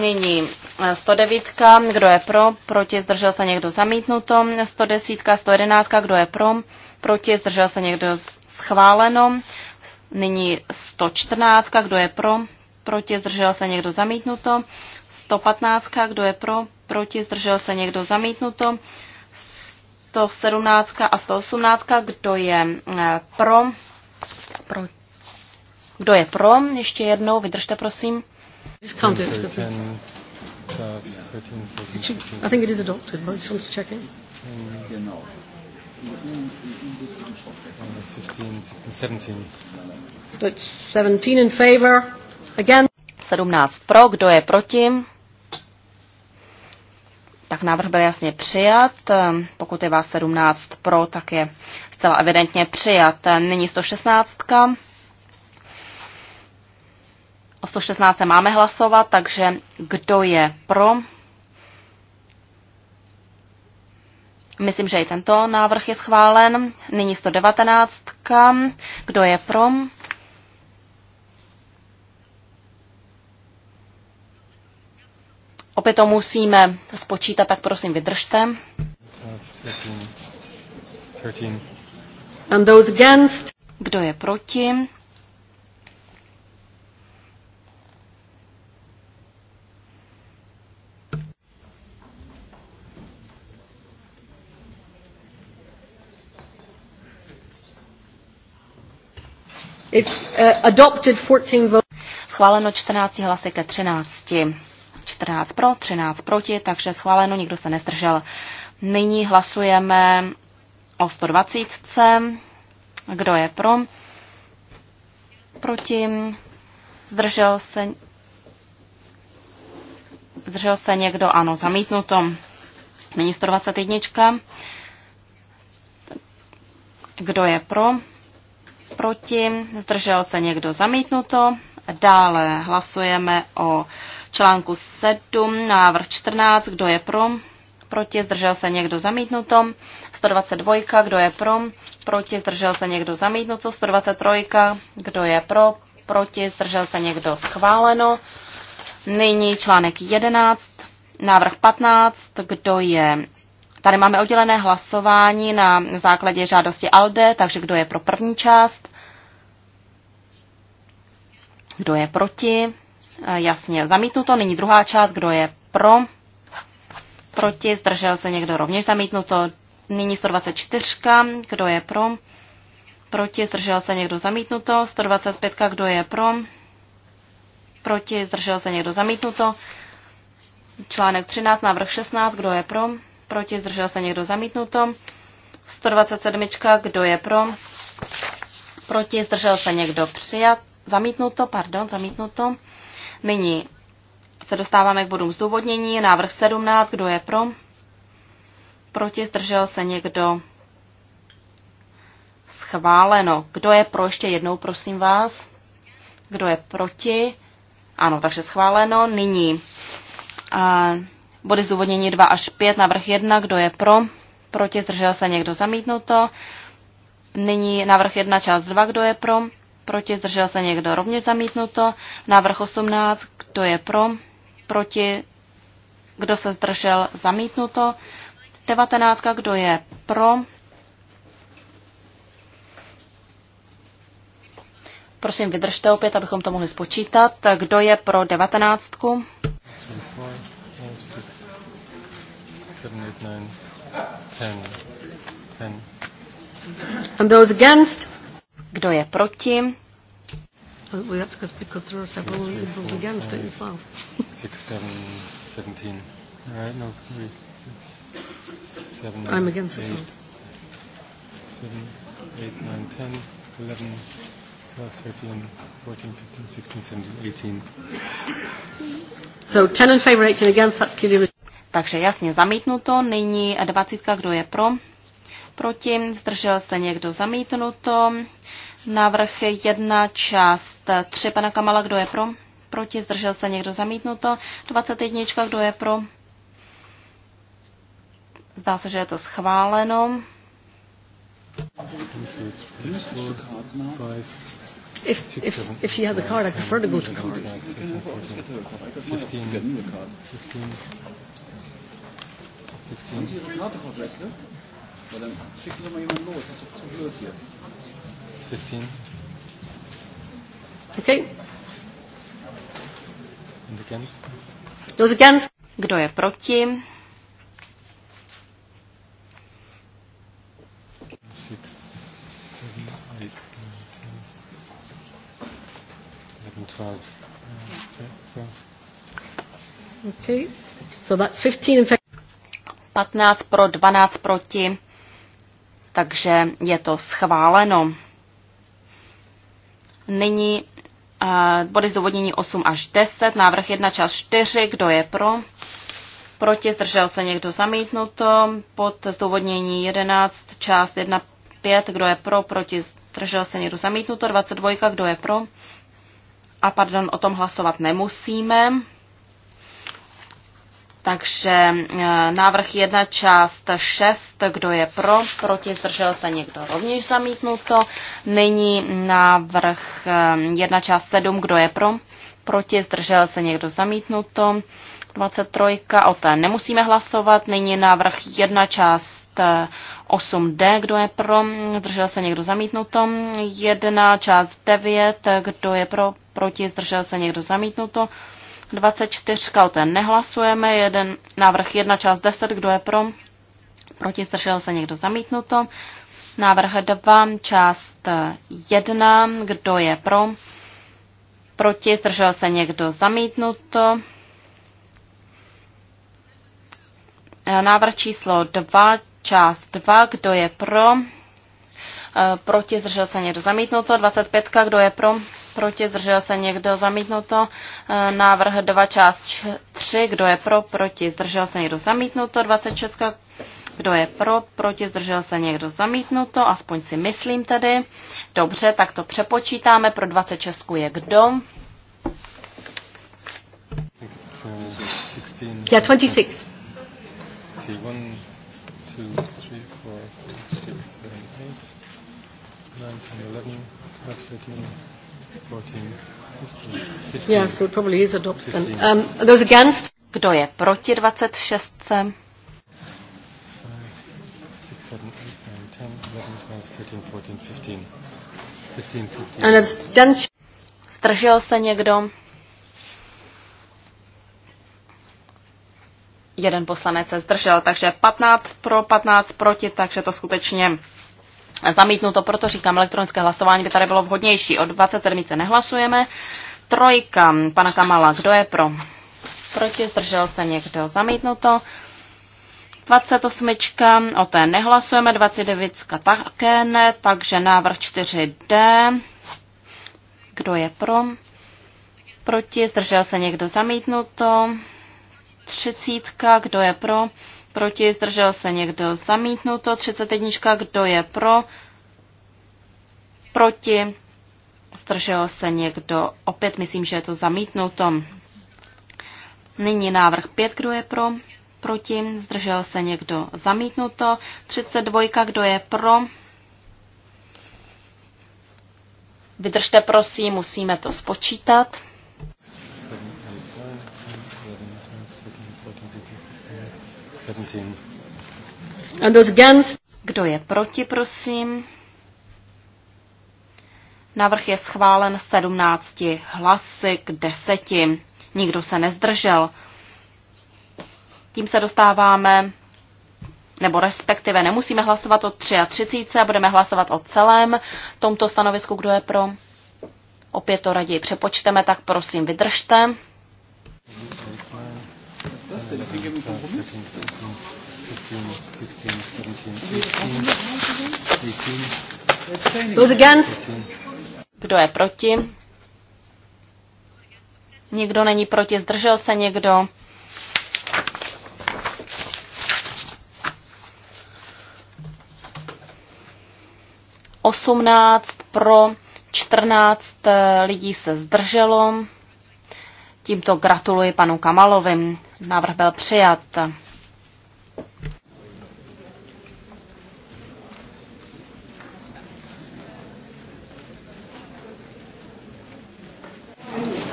Nyní 109, kdo je pro, proti, zdržel se někdo zamítnuto, 110, 111, kdo je pro, proti, zdržel se někdo schváleno, nyní 114, kdo je pro, proti, zdržel se někdo zamítnuto, 115, kdo je pro, proti, zdržel se někdo zamítnuto, 117 a 118, kdo je eh, pro, pro kdo je pro, ještě jednou, vydržte prosím.
Discounted. 13, uh, I think it is adopted, but I just want to check it. Mm. 15, 16, 17.
17 in favor. Again. 17 pro, kdo je proti? Tak návrh byl jasně přijat. Pokud je vás 17 pro, tak je zcela evidentně přijat. Nyní 116. O 116 máme hlasovat, takže kdo je pro? Myslím, že i tento návrh je schválen. Nyní 119. Kdo je pro? Opět to musíme spočítat, tak prosím vydržte. And those against. Kdo je proti? It's uh, adopted 14 votes. Schváleno 14 hlasy ke 13. 14 pro, 13 proti, takže schváleno, nikdo se nestržel. Nyní hlasujeme o 120. Kdo je pro? Proti? Zdržel se? Zdržel se někdo? Ano, zamítnuto. Nyní 121. Kdo je pro? proti, zdržel se někdo zamítnuto. Dále hlasujeme o článku 7, návrh 14, kdo je pro, proti, zdržel se někdo zamítnuto. 122, kdo je pro, proti, zdržel se někdo zamítnuto. 123, kdo je pro, proti, zdržel se někdo schváleno. Nyní článek 11, návrh 15, kdo je Tady máme oddělené hlasování na základě žádosti ALDE, takže kdo je pro první část? Kdo je proti? Eh, jasně, zamítnuto. Nyní druhá část, kdo je pro? Proti, zdržel se někdo rovněž zamítnuto. Nyní 124, kdo je pro? Proti, zdržel se někdo zamítnuto. 125, kdo je pro? Proti, zdržel se někdo zamítnuto. Článek 13, návrh 16, kdo je pro? proti, zdržel se někdo zamítnuto. 127, kdo je pro, proti, zdržel se někdo přijat, zamítnuto, pardon, zamítnuto. Nyní se dostáváme k bodům zdůvodnění. Návrh 17, kdo je pro? Proti zdržel se někdo? Schváleno. Kdo je pro? Ještě jednou, prosím vás. Kdo je proti? Ano, takže schváleno. Nyní a Body zdůvodnění 2 až 5, návrh 1, kdo je pro, proti, zdržel se někdo zamítnuto. Nyní návrh 1, část 2, kdo je pro, proti, zdržel se někdo rovněž zamítnuto. Návrh 18, kdo je pro, proti, kdo se zdržel zamítnuto. 19, kdo je pro, Prosím, vydržte opět, abychom to mohli spočítat. Kdo je pro devatenáctku?
six, seven, eight, nine, ten. Ten.
And those against? Kdo je proti? Well, that's because, because there are several three, liberals four, against five, it as well.
six, seven, seventeen. All right, no, three, seven, I'm against eight, this one. Seven, eight, nine, ten, eleven. 13, 14, 15, 16, 17, 18.
So 10 in favor, 18 against, that's clearly... Takže jasně zamítnuto. Nyní 20, kdo je pro? Proti, zdržel se někdo zamítnuto. Návrh 1, část 3, pana Kamala, kdo je pro? Proti, zdržel se někdo zamítnuto. 21, kdo je pro? Zdá se, že je to schváleno.
If, if, if she has a card, I prefer to go to cards. 15, 15. je Okay.
Those against. Kdo je proti?
Six.
15 pro, 12 proti, takže je to schváleno. Nyní uh, body zdůvodnění 8 až 10, návrh 1 čas 4, kdo je pro? Proti zdržel se někdo zamítnuto. Pod zdůvodnění 11 část 1 5, kdo je pro, proti, zdržel se někdo zamítnuto, 22, kdo je pro. A pardon, o tom hlasovat nemusíme. Takže e, návrh 1, část 6, kdo je pro, proti, zdržel se někdo rovněž zamítnuto. Nyní návrh 1, e, část 7, kdo je pro, proti, zdržel se někdo zamítnuto. 23, o té nemusíme hlasovat. Nyní návrh 1, část 8D, kdo je pro, zdržel se někdo zamítnuto, 1 část 9, kdo je pro, proti, zdržel se někdo zamítnuto, 24 ten nehlasujeme, jeden, návrh 1 část 10, kdo je pro, proti, zdržel se někdo zamítnuto, návrh 2 část 1, kdo je pro, proti, zdržel se někdo zamítnuto, Návrh číslo 2, část 2, eh, kdo je pro, proti zdržel se někdo zamítnuto, 25, eh, kdo je pro, proti zdržel se někdo zamítnuto, návrh 2 část 3, kdo je pro, proti zdržel se někdo zamítnuto, 26, kdo je pro, proti zdržel se někdo zamítnuto, aspoň si myslím tedy. Dobře, tak to přepočítáme, pro 26 je kdo.
Yeah, 26 two, three, four, five, six, seven, eight, nine, ten, eleven, twelve, thirteen, fourteen, fifteen. Yeah, so it probably is adopted. Um, those
against? Kdo je proti 26?
15.
Zdržel se někdo? jeden poslanec se zdržel, takže 15 pro, 15 proti, takže to skutečně zamítnuto, proto říkám elektronické hlasování by tady bylo vhodnější. O 27 nehlasujeme. Trojka pana Kamala, kdo je pro? Proti, zdržel se někdo, zamítnuto. 28. O té nehlasujeme, 29. také ne, takže návrh 4D. Kdo je pro? Proti, zdržel se někdo zamítnuto. Třicítka, kdo je pro? Proti zdržel se někdo zamítnuto. jednička, Kdo je pro? Proti zdržel se někdo. Opět myslím, že je to zamítnuto. Nyní návrh 5. Kdo je pro? Proti zdržel se někdo zamítnuto. 32. Kdo je pro? Vydržte prosím, musíme to spočítat. And those against? Kdo je proti, prosím? Návrh je schválen 17 hlasy k 10. Nikdo se nezdržel. Tím se dostáváme, nebo respektive nemusíme hlasovat o 33, budeme hlasovat o celém tomto stanovisku, kdo je pro. Opět to raději přepočteme, tak prosím vydržte against? Kdo je proti? Nikdo není proti, zdržel se někdo? Osmnáct pro, čtrnáct eh, lidí se zdrželo. Tímto gratuluji panu Kamalovi. Návrh byl přijat.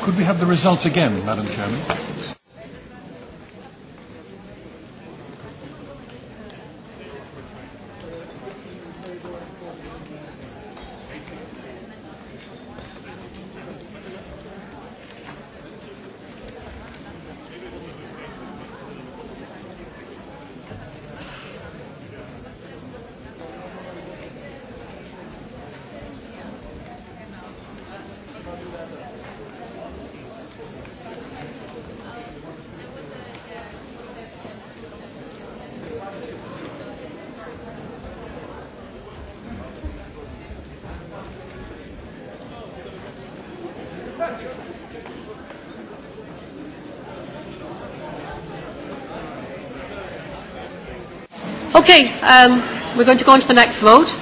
Could we have the results again, Madam Chairman?
Okay, um, we're
going to go on to the next vote.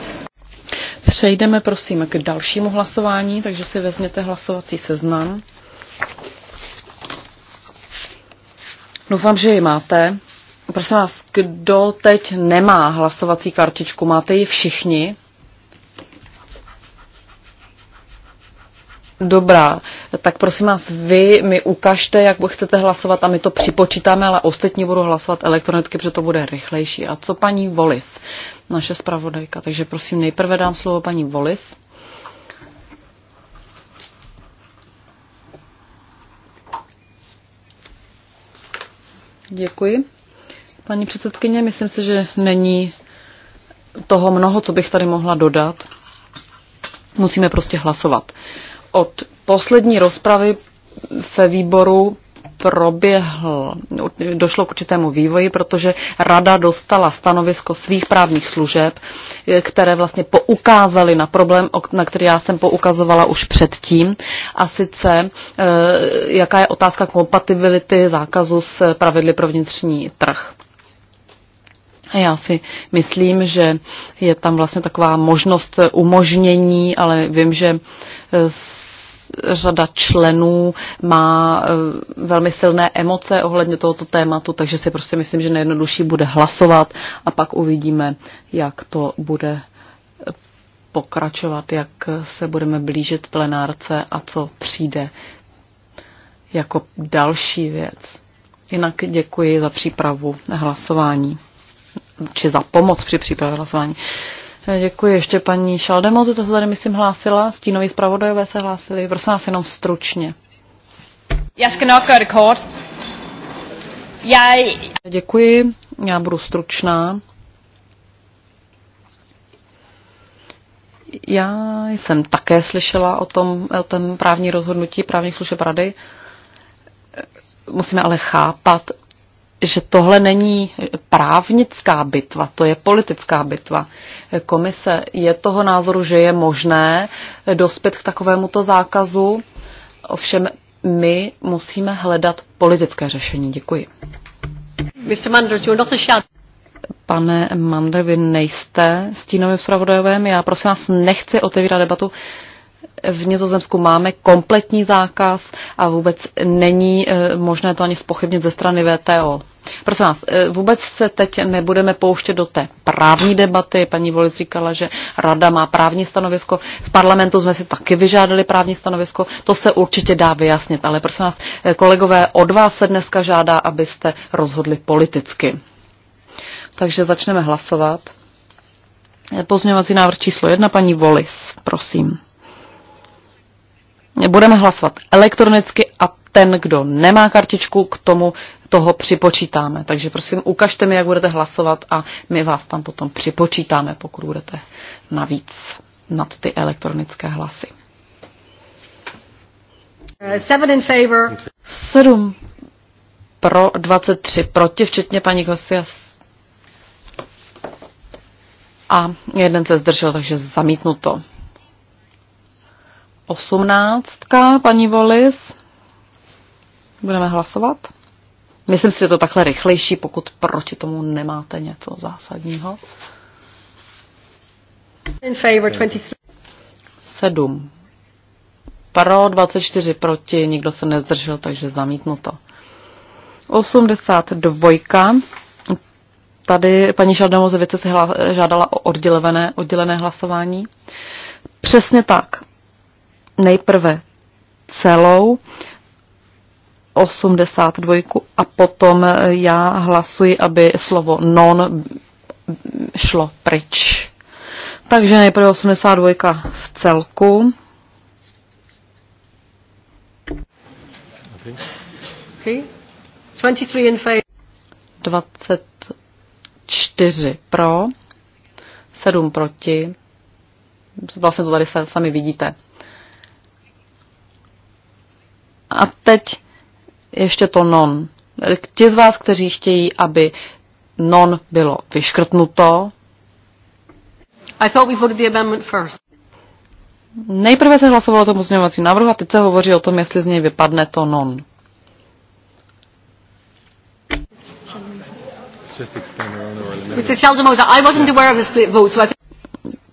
Přejdeme prosím k dalšímu hlasování, takže si vezměte hlasovací seznam. Doufám, že ji máte. Prosím vás, kdo teď nemá hlasovací kartičku, máte ji všichni? Dobrá, tak prosím vás, vy mi ukažte, jak chcete hlasovat a my to připočítáme, ale ostatní budou hlasovat elektronicky, protože to bude rychlejší. A co paní Volis, naše zpravodajka? Takže prosím, nejprve dám slovo paní Volis. Děkuji. Paní předsedkyně, myslím si, že není toho mnoho, co bych tady mohla dodat. Musíme prostě hlasovat. Uh, od poslední rozpravy ve výboru proběhl, došlo k určitému vývoji, protože rada dostala stanovisko svých právních služeb, které vlastně poukázaly na problém, na který já jsem poukazovala už předtím, a sice eh, jaká je otázka kompatibility zákazu s pravidly pro vnitřní trh. Já si myslím, že je tam vlastně taková možnost umožnění, ale vím, že eh, řada členů má eh, velmi silné emoce ohledně tohoto tématu, takže si prostě myslím, že nejjednodušší bude hlasovat a pak uvidíme, jak to bude eh, pokračovat, jak se budeme blížit plenárce a co přijde jako další věc. Jinak děkuji za přípravu hlasování či za pomoc při přípravě hlasování. Děkuji. Ještě paní Šaldemozu, to se tady myslím hlásila. Stínoví zpravodajové se hlásili. Prosím vás jenom stručně.
Já se nok gøre det kort.
Já... Děkuji. Já budu stručná. Já jsem také slyšela o tom, o tom právní rozhodnutí právních služeb rady. Musíme ale chápat, že tohle není právnická bitva, to je politická bitva. Komise je toho názoru, že je možné dospět k takovémuto zákazu, ovšem my musíme hledat politické řešení. Děkuji. Pane Mandr, vy nejste stínovým zpravodajovým. Já prosím vás nechci otevírat debatu v Nizozemsku máme kompletní zákaz a vůbec není eh, možné to ani spochybnit ze strany VTO. Prosím vás, eh, vůbec se teď nebudeme pouštět do té právní debaty. Paní Volis říkala, že rada má právní stanovisko. V parlamentu jsme si taky vyžádali právní stanovisko. To se určitě dá vyjasnit, ale prosím vás, eh, kolegové, od vás se dneska žádá, abyste rozhodli politicky. Takže začneme hlasovat. Pozměňovací návrh číslo jedna, paní Volis, prosím. Budeme hlasovat elektronicky a ten, kdo nemá kartičku, k tomu toho připočítáme. Takže prosím, ukažte mi, jak budete hlasovat a my vás tam potom připočítáme, pokud budete navíc nad ty elektronické hlasy.
Seven in favor.
Sedm pro, 23 proti, včetně paní Gosias. A jeden se zdržel, takže zamítnuto. Osmnáctka, paní Volis. Budeme hlasovat. Myslím si, že to takhle rychlejší, pokud proti tomu nemáte něco zásadního.
In favor 23.
7. Pro 24 proti, nikdo se nezdržel, takže zamítnuto. 82. Tady paní Šaldamozevice se hla, žádala o oddělené, oddělené hlasování. Přesně tak nejprve celou 82 a potom eh, já hlasuji, aby slovo non šlo pryč. Takže nejprve 82 v celku. Okay. 24 pro, 7 proti. Vlastně to tady sami vidíte. A teď ještě to non. Ti z vás, kteří chtějí, aby non bylo vyškrtnuto.
I thought we voted the amendment first.
Nejprve se hlasovalo o tom pozměňovacím návrhu a teď se hovoří o tom, jestli z něj vypadne to non.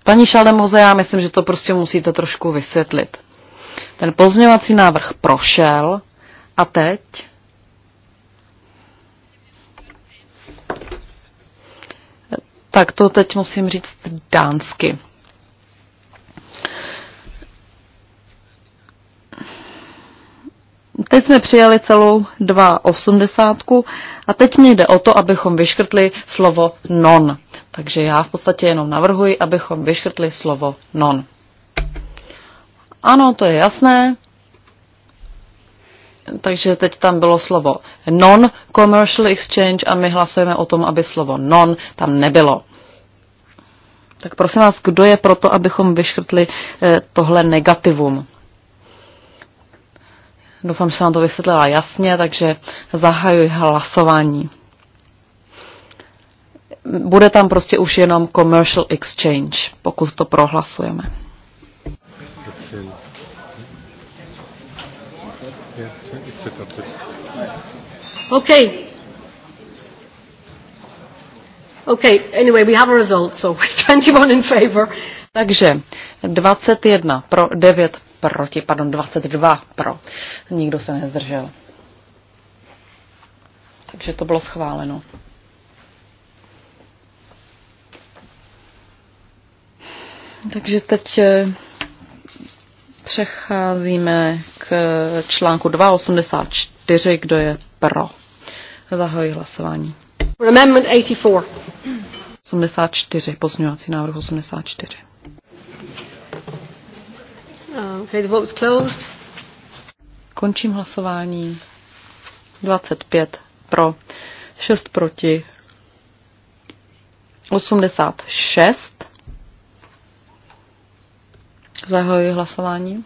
Paní Šaldemoze, já myslím, že to prostě musíte trošku vysvětlit. Ten pozměňovací návrh prošel a teď Tak to teď musím říct dánsky. Teď jsme přijali celou 2,80 a teď mě jde o to, abychom vyškrtli slovo non. Takže já v podstatě jenom navrhuji, abychom vyškrtli slovo non. Ano, to je jasné. Takže teď tam bylo slovo non-commercial exchange a my hlasujeme o tom, aby slovo non tam nebylo. Tak prosím vás, kdo je proto, abychom vyškrtli eh, tohle negativum? Doufám, že jsem vám to vysvětlila jasně, takže zahajuji hlasování. Bude tam prostě už jenom commercial exchange, pokud to prohlasujeme
till
Okay. Okay, anyway, we have a
result, so 21 in favor. Takže 21 pro, 9 proti, pardon, 22 pro. Nikdo se nezdržel. Takže to bylo schváleno. Takže teď eh, Přecházíme k článku 284, kdo je pro. Zahoji hlasování. Amendment 84. 84, pozměňovací návrh 84. Okay, the vote's closed. Končím hlasování. 25 pro, 6 proti, 86 Zahajuji hlasování.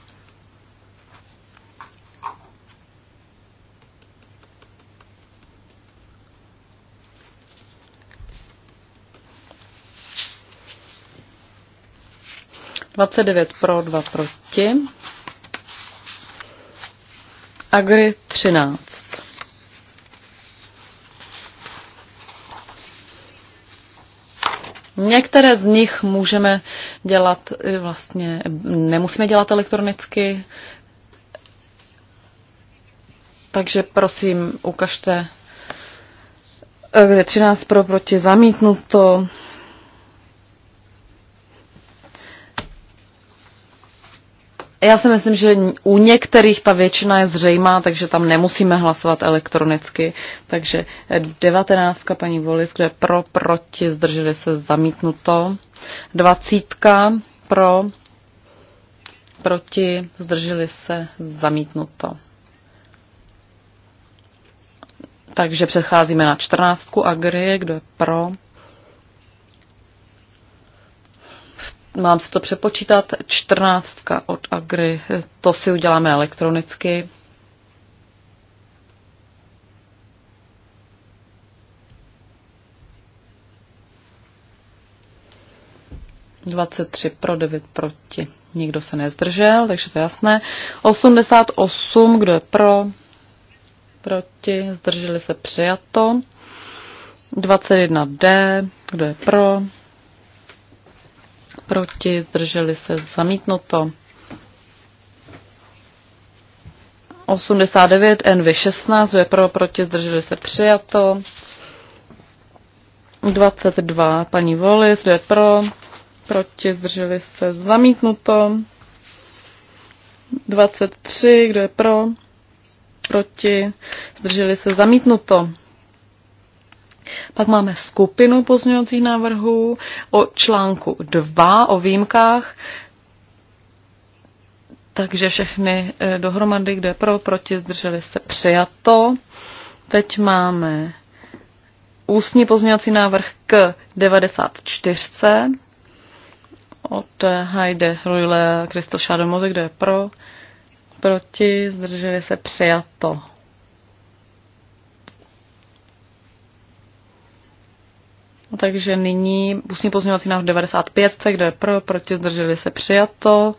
Dvacet devět pro, dva proti. Agri třináct. Některé z nich můžeme dělat eh, vlastně, nemusíme dělat elektronicky, takže prosím, ukažte, eh, kde 13 pro proti zamítnuto, Já si myslím, že u některých ta většina je zřejmá, takže tam nemusíme hlasovat elektronicky. Takže 19. paní Volis, kde pro, proti, zdrželi se zamítnuto. 20. pro, proti, zdrželi se zamítnuto. Takže přecházíme na 14. agrie, kdo je pro, mám se to přepočítat, čtrnáctka od Agri, to si uděláme elektronicky. Dvacet tři pro, devět proti. Nikdo se nezdržel, takže to je jasné. Osmdesát osm, kdo je pro? Proti, zdrželi se přijato. Dvacet jedna D, kdo je pro? proti, zdrželi se zamítnuto. 89, NV16, je pro, proti, zdrželi se přijato. 22, paní Volis, je pro, proti, zdrželi se zamítnuto. 23, kdo je pro, proti, zdrželi se zamítnuto. Pak máme skupinu pozměňovacích návrhů o článku 2 o výjimkách, takže všechny eh, dohromady, kde pro, proti, zdrželi se přijato. Teď máme ústní pozměňovací návrh k 94 od Heide Rujle a Kristof Šadomozy, kde je pro, proti, zdrželi se přijato. Takže nyní ústní pozměňovací návrh 95, kde je pro, proti, zdrželi se přijato.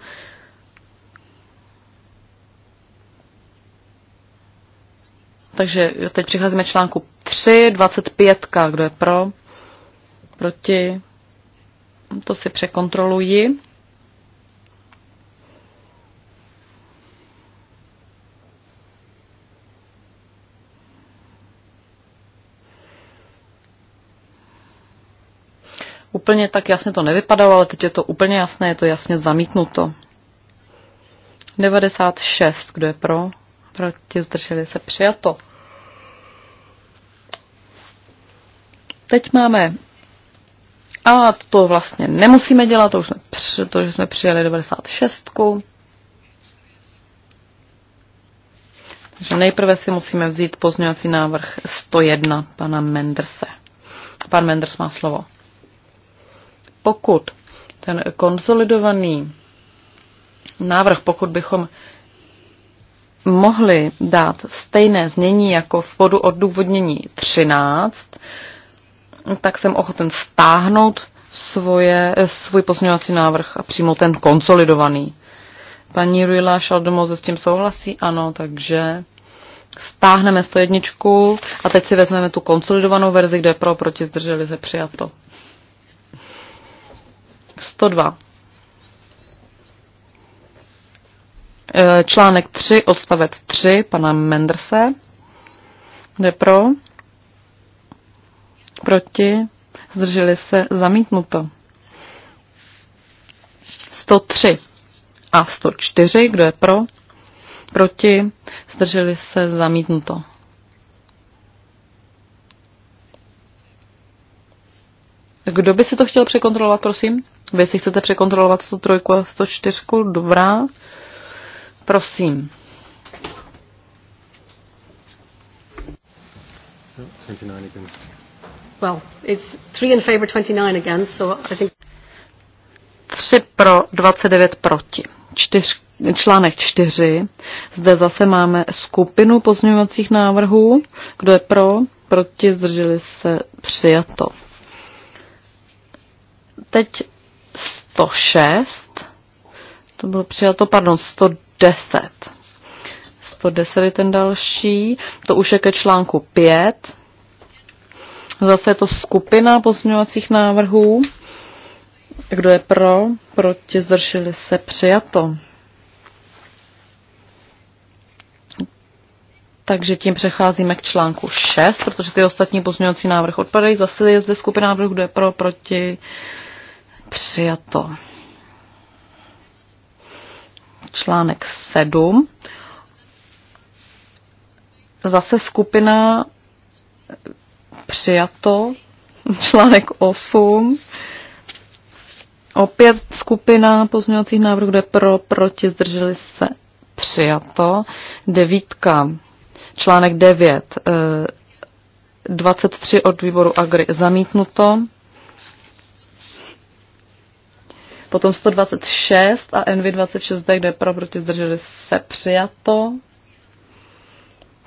Takže teď přicházíme článku 3, 25, kdo je pro, proti, to si překontroluji. Úplně tak jasně to nevypadalo, ale teď je to úplně jasné, je to jasně zamítnuto. 96, kdo je pro? Proti zdrželi se přijato. Teď máme a to vlastně nemusíme dělat, to už jsme, to, že jsme přijeli 96. Takže nejprve si musíme vzít pozměňovací návrh 101 pana Mendrse. Pan Menders má slovo pokud ten konsolidovaný návrh, pokud bychom mohli dát stejné znění jako v bodu odůvodnění 13, tak jsem ochoten stáhnout svoje, svůj pozměňovací návrh a přijmout ten konsolidovaný. Paní Ruila se s tím souhlasí? Ano, takže stáhneme 101 a teď si vezmeme tu konsolidovanou verzi, kde pro, proti, zdrželi se, přijato. 102. E, článek 3, odstavec 3 pana Menderse. Jde pro. Proti. Zdrželi se zamítnuto. 103 a 104. Kdo je pro? Proti. Zdrželi se zamítnuto. Kdo by si to chtěl překontrolovat, prosím? Vy si chcete překontrolovat 103 a 104, dobrá. Prosím.
Well, it's three in favor, 29 against, so
I think... 3 pro, 29 proti. Čtyř, článek 4. Zde zase máme skupinu pozměňovacích návrhů. Kdo je pro? Proti zdrželi se přijato. Teď 106, to bylo přijato, pardon, 110. 110 je ten další, to už je ke článku 5. Zase je to skupina pozměňovacích návrhů. Kdo je pro, proti, zdrželi se, přijato. Takže tím přecházíme k článku 6, protože ty ostatní pozměňovací návrh odpadají. Zase je zde skupina návrhů, kdo je pro, proti, Přijato. Článek 7. Zase skupina přijato. Článek 8. Opět skupina pozměňovacích návrhů, kde pro, proti, zdrželi se, přijato. Devítka, článek 9, 23 eh, od výboru Agri, zamítnuto. Potom 126 a nv 26 kde pro, proti, zdrželi se přijato.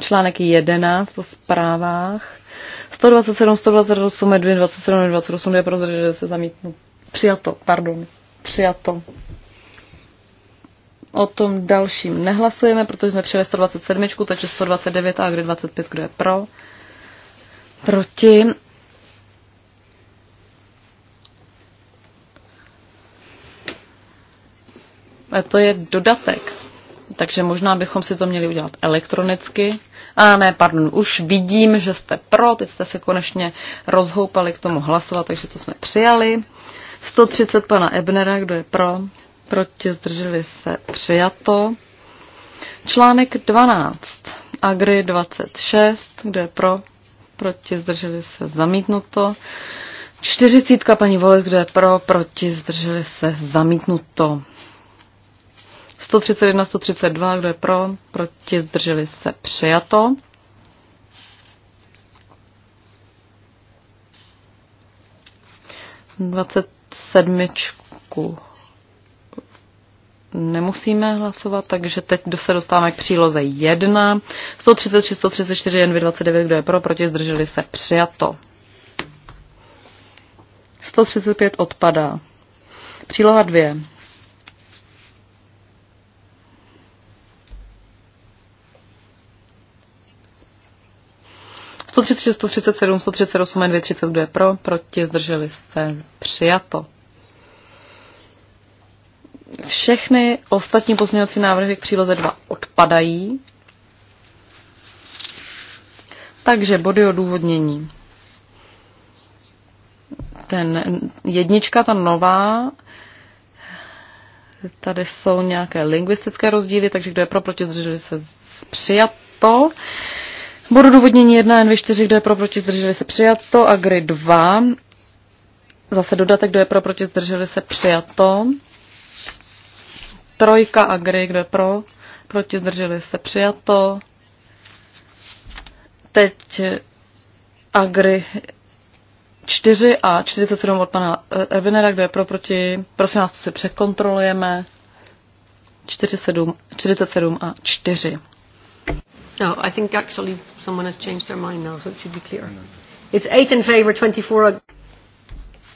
Článek 11 o zprávách. 127, 128, 27, 28, kde pro, zdrželi se zamítnu. Přijato, pardon. Přijato. O tom dalším nehlasujeme, protože jsme přijeli 127, takže 129 a kde 25, kdo je pro. Proti to je dodatek. Takže možná bychom si to měli udělat elektronicky. A ne, pardon, už vidím, že jste pro, teď jste se konečně rozhoupali k tomu hlasovat, takže to jsme přijali. 130 pana Ebnera, kdo je pro, proti zdrželi se přijato. Článek 12, Agri 26, kdo je pro, proti zdrželi se zamítnuto. 40 paní Voles, kdo je pro, proti zdrželi se zamítnuto. 131, 132, kdo je pro, proti, zdrželi se, přijato. Dvacet sedmičku nemusíme hlasovat, takže teď se dostáváme k příloze 1. 133, 134, jen 29, kdo je pro, proti, zdrželi se, přijato. 135 odpadá. Příloha 2. 136, 137, 138 a 232 pro, proti zdrželi se přijato. Všechny ostatní pozměňovací návrhy k příloze 2 odpadají. Takže body odůvodnění. Ten jednička, ta nová, tady jsou nějaké lingvistické rozdíly, takže kdo je pro, proti, zdrželi se přijato. Bodu důvodnění 1, NV4, kdo je pro, proti, zdrželi se přijato. Agri 2, zase dodatek, kdo je pro, proti, zdrželi se přijato. Trojka Agri, kdo je pro, proti, zdrželi se přijato. Teď Agri 4 a 47 od pana Evinera, eh, kdo je pro, proti, prosím vás, to si překontrolujeme. 47, 47 a 4.
No, I think actually someone has changed their mind now, so it should be clear. No, no. It's 8 in favor, 24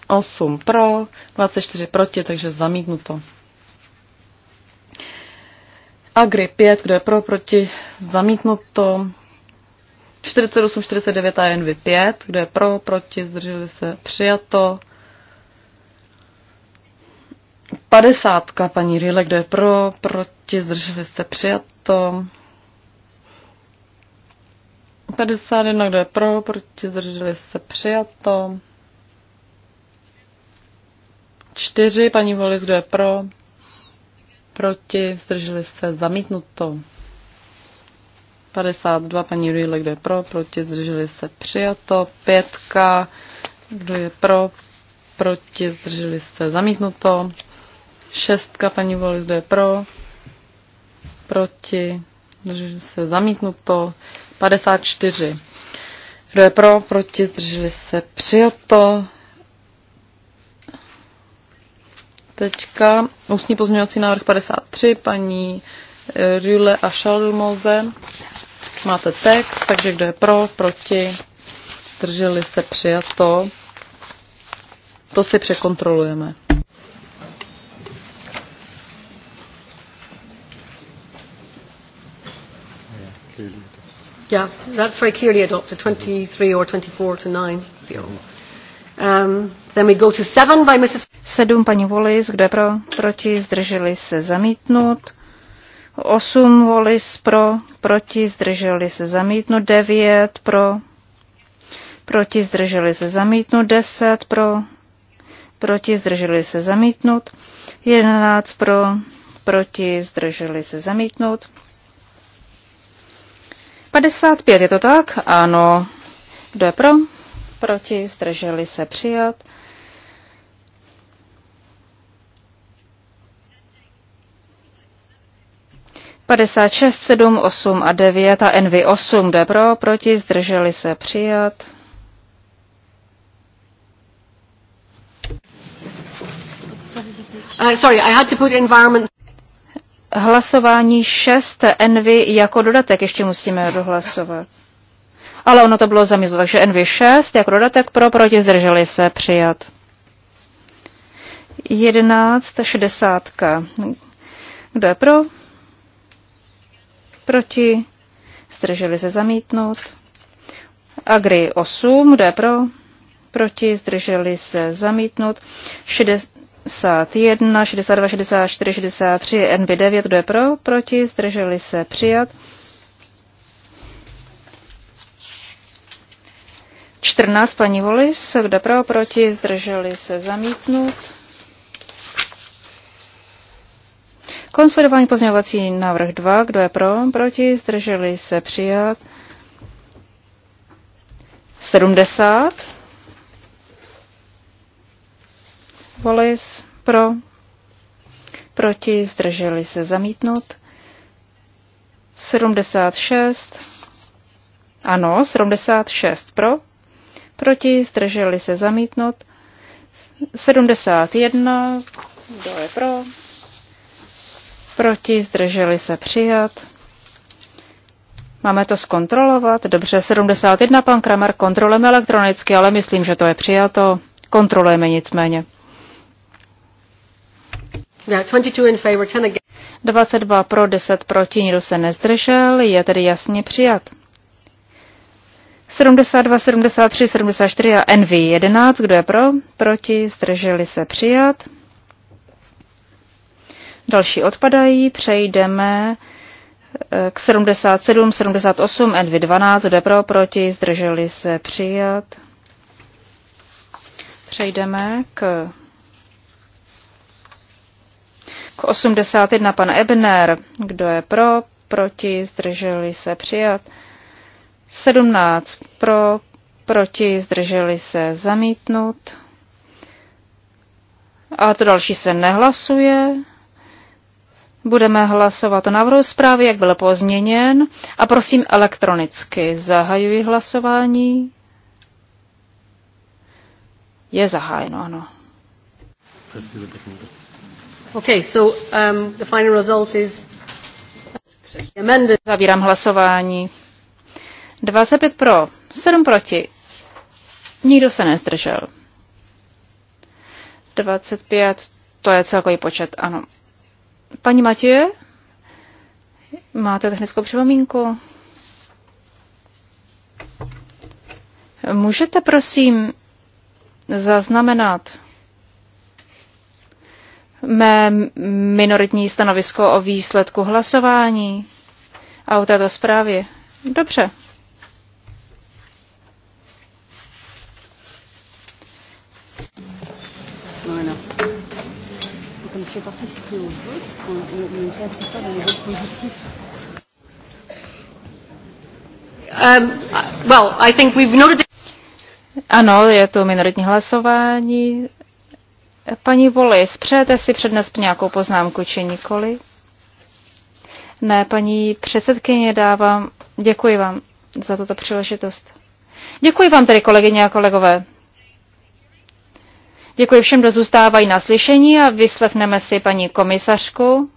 8 pro, 24 proti, takže zamítnuto. Agri 5, kdo je pro, proti, zamítnuto. 48, 49 a NV 5, kdo je pro, proti, zdrželi se, přijato. 50, paní Rile, kdo je pro, proti, zdrželi se, přijato. 51, kdo je pro, proti zdrželi se přijato. 4, paní Volis, kdo je pro, proti zdrželi se zamítnuto. 52, paní Rýle, kdo je pro, proti zdrželi se přijato. 5, kdo je pro, proti zdrželi se zamítnuto. 6, paní Volis, kdo je pro, proti zdrželi se zamítnuto, 54. Kdo je pro, proti, zdrželi se přijato. Teďka ústní pozměňovací návrh 53, paní eh, Rule a Šalmoze. Máte text, takže kdo je pro, proti, zdrželi se přijato. To si překontrolujeme.
Yeah, that's very clearly adopted, 23 or 24 to 9, 0. Um, then we go to seven by Mrs. Sedm paní Wallis, je pro, proti, zdrželi se zamítnout.
Osm Wallis pro, proti, zdrželi se zamítnout. Devět pro, proti, zdrželi se zamítnout. Deset pro, proti, zdrželi se zamítnout. Jedenáct pro, proti, zdrželi se zamítnout. 55, je to tak? Ano. Kdo je pro? Proti, zdrželi se přijat. Padesát šest, sedm, osm a devět a NV osm kde pro, proti, zdrželi se
přijat. Uh, sorry, I had to put environment hlasování
6 Envy jako dodatek ještě musíme dohlasovat. Ale ono to bylo zamítnuto, takže Envy 6 jako dodatek pro, proti, zdrželi se, přijat. 11, 60. Kdo je pro? Proti? Zdrželi se zamítnout. Agri 8, kdo je pro? Proti? Zdrželi se zamítnout. 60, 61, 62, 64, 63, NV9, kdo je pro, proti, zdrželi se přijat. 14, paní Volis, kdo pro, proti, zdrželi se zamítnout. Konsolidovaný pozměňovací návrh 2, kdo je pro, proti, zdrželi se přijat. 70, Wallis pro, proti, zdrželi se zamítnout. 76, ano, 76 pro, proti, zdrželi se zamítnout. 71, kdo je pro, proti, zdrželi se přijat. Máme to zkontrolovat? Dobře, 71, pan Kramer, kontrolujeme elektronicky, ale myslím, že to je přijato. Kontrolujeme nicméně.
22 no, pro,
10 proti, nikdo se nezdržel, je tedy jasně přijat. 72, 73, 74 a NV 11, kdo je pro, proti, zdrželi se přijat. Další odpadají, přejdeme eh, k 77, 78, NV 12, kdo je pro, proti, zdrželi se přijat. Přejdeme k 81 pan Ebner. Kdo je pro? Proti? Zdrželi se přijat. 17 pro? Proti? Zdrželi se zamítnut. A to další se nehlasuje. Budeme hlasovat o návrhu zprávy, jak byl pozměněn. A prosím elektronicky. Zahajuji hlasování. Je zahájeno, ano.
Festival
Okay, so um, the final result is
Zavírám hlasování. 25 pro, 7 proti. Nikdo se nezdržel. 25, to je celkový počet, ano. Paní Matěje, máte technickou připomínku? Můžete prosím zaznamenat mé minoritní stanovisko o výsledku hlasování a o této zprávě. Dobře.
No, no. je
Um, well, I
think we've noted... Ano, je to minoritní hlasování. Paní Voli, spřejete si přednes nějakou poznámku či nikoli? Ne, paní předsedkyně, dávám. Děkuji vám za tuto příležitost. Děkuji vám tedy, kolegyně a kolegové. Děkuji všem, kdo zůstávají na slyšení a vyslechneme si paní komisařku.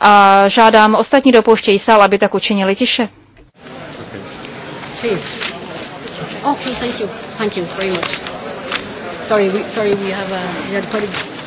A žádám ostatní dopouštějí sál, aby tak učinili tiše.
Okay. Okay, oh, thank you. Thank you very much. Sorry, we, sorry, we have a, uh, we had quite a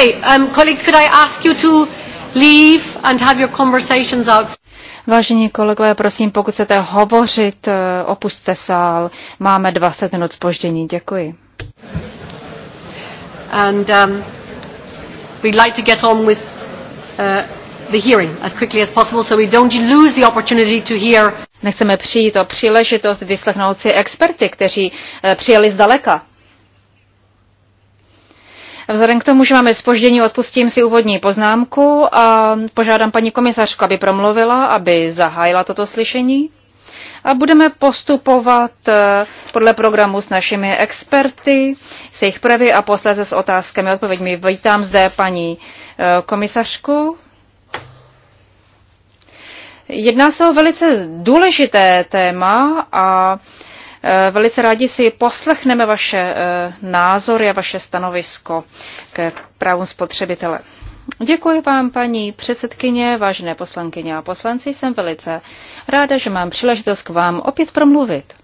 Okay, um, colleagues, could I ask you to leave and have your conversations Vážení kolegové, prosím, pokud chcete hovořit, eh,
opuste sál. Máme 20 minut spoždění. Děkuji.
And um, we'd like to get on with uh, the hearing as quickly as possible so we don't lose the opportunity to hear. Nechceme přijít o příležitost
vyslechnout si experty, kteří eh, přijeli zdaleka. Vzhledem k tomu, že máme spoždění, odpustím si úvodní poznámku a požádám paní komisařku, aby promluvila, aby zahájila toto slyšení. A budeme postupovat eh, podle programu s našimi experty, s jejich prvy a posléze s otázkami a odpověďmi. Vítám zde paní eh, komisařku. Jedná se o velice důležité téma a Eh, velice rádi si poslechneme vaše eh, názory a vaše stanovisko k právům spotřebitele. Děkuji vám, paní předsedkyně, vážené poslankyně a poslanci. Jsem velice ráda, že mám příležitost k vám opět promluvit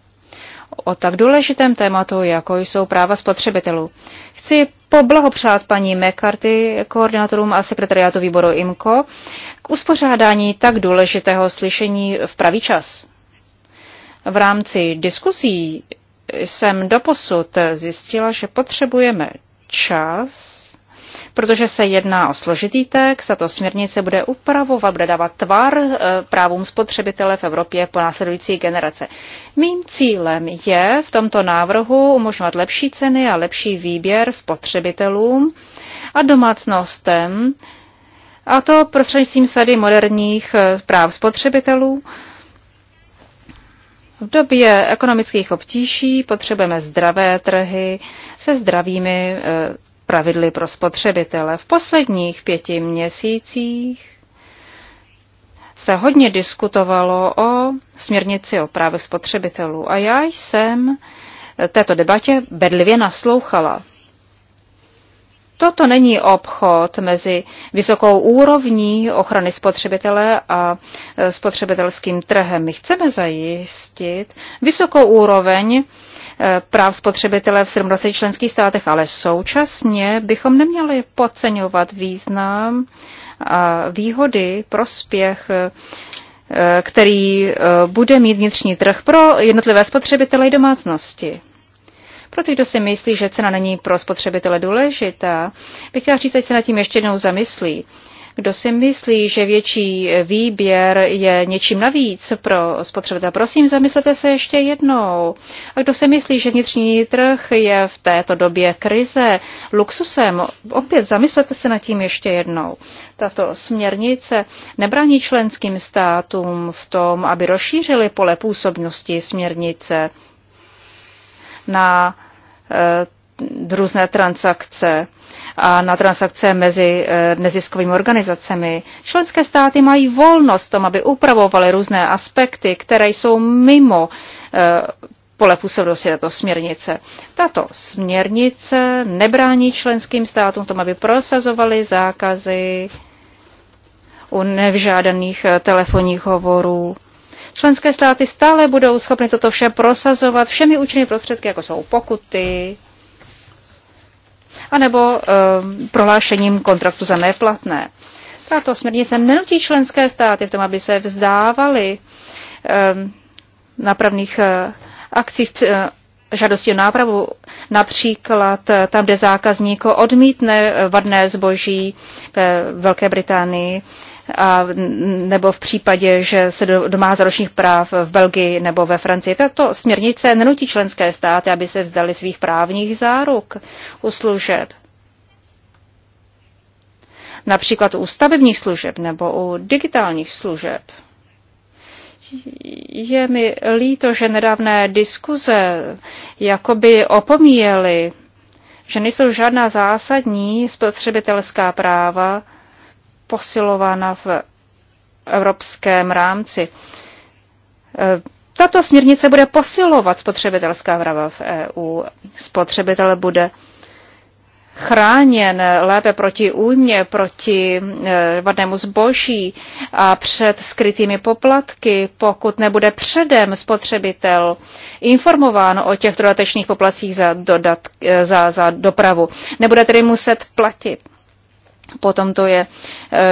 o tak důležitém tématu, jako jsou práva spotřebitelů. Chci poblahopřát paní McCarthy, koordinátorům a sekretariátu výboru IMCO, k uspořádání tak důležitého slyšení v pravý čas. V rámci diskusí jsem doposud zjistila, že potřebujeme čas, protože se jedná o složitý text, tato směrnice bude upravovat, bude dávat tvar eh, právům spotřebitele v Evropě po následující generace. Mým cílem je v tomto návrhu umožňovat lepší ceny a lepší výběr spotřebitelům a domácnostem, a to prostřednictvím sady moderních eh, práv spotřebitelů, v době ekonomických obtíží potřebujeme zdravé trhy se zdravými e, pravidly pro spotřebitele. V posledních pěti měsících se hodně diskutovalo o směrnici o právech spotřebitelů a já jsem této debatě bedlivě naslouchala. Toto není obchod mezi vysokou úrovní ochrany spotřebitele a e, spotřebitelským trhem. My chceme zajistit vysokou úroveň e, práv spotřebitele v 17 členských státech, ale současně bychom neměli podceňovat význam a výhody, prospěch e, který bude mít vnitřní trh pro jednotlivé spotřebitele i domácnosti. Pro ty, kdo si myslí, že cena není pro spotřebitele důležitá, bych chtěla říct, ať se nad tím ještě jednou zamyslí. Kdo si myslí, že větší výběr je něčím navíc pro spotřebitele, prosím, zamyslete se ještě jednou. A kdo si myslí, že vnitřní trh je v této době krize luxusem, opět zamyslete se nad tím ještě jednou. Tato směrnice nebrání členským státům v tom, aby rozšířili pole působnosti směrnice na eh, různé transakce a na transakce mezi eh, neziskovými organizacemi. Členské státy mají volnost tom, aby upravovaly různé aspekty, které jsou mimo eh, pole působnosti této směrnice. Tato směrnice nebrání členským státům tom, aby prosazovali zákazy u nevžádaných telefonních hovorů Členské státy stále budou schopny toto vše prosazovat všemi účinnými prostředky, jako jsou pokuty, anebo e, prohlášením kontraktu za neplatné. Tato směrnice nenutí členské státy v tom, aby se vzdávali e, ehm, napravných e, eh, akcí v, e, žádosti o nápravu, například eh, tam, kde zákazník odmítne vadné zboží ve Velké Británii, a, nebo v případě, že se domá zaročních práv v Belgii nebo ve Francii. Tato směrnice nenutí členské státy, aby se vzdali svých právních záruk u služeb. Například u stavebních služeb nebo u digitálních služeb. Je mi líto, že nedávné diskuze jakoby opomíjely, že nejsou žádná zásadní spotřebitelská práva, posilována v evropském rámci. E, tato směrnice bude posilovat spotřebitelská práva v EU. Spotřebitel bude chráněn lépe proti újmě, proti e, vadnému zboží a před skrytými poplatky, pokud nebude předem spotřebitel informován o těch dodatečných poplacích za, dodat, e, za, za dopravu. Nebude tedy muset platit. Potom to je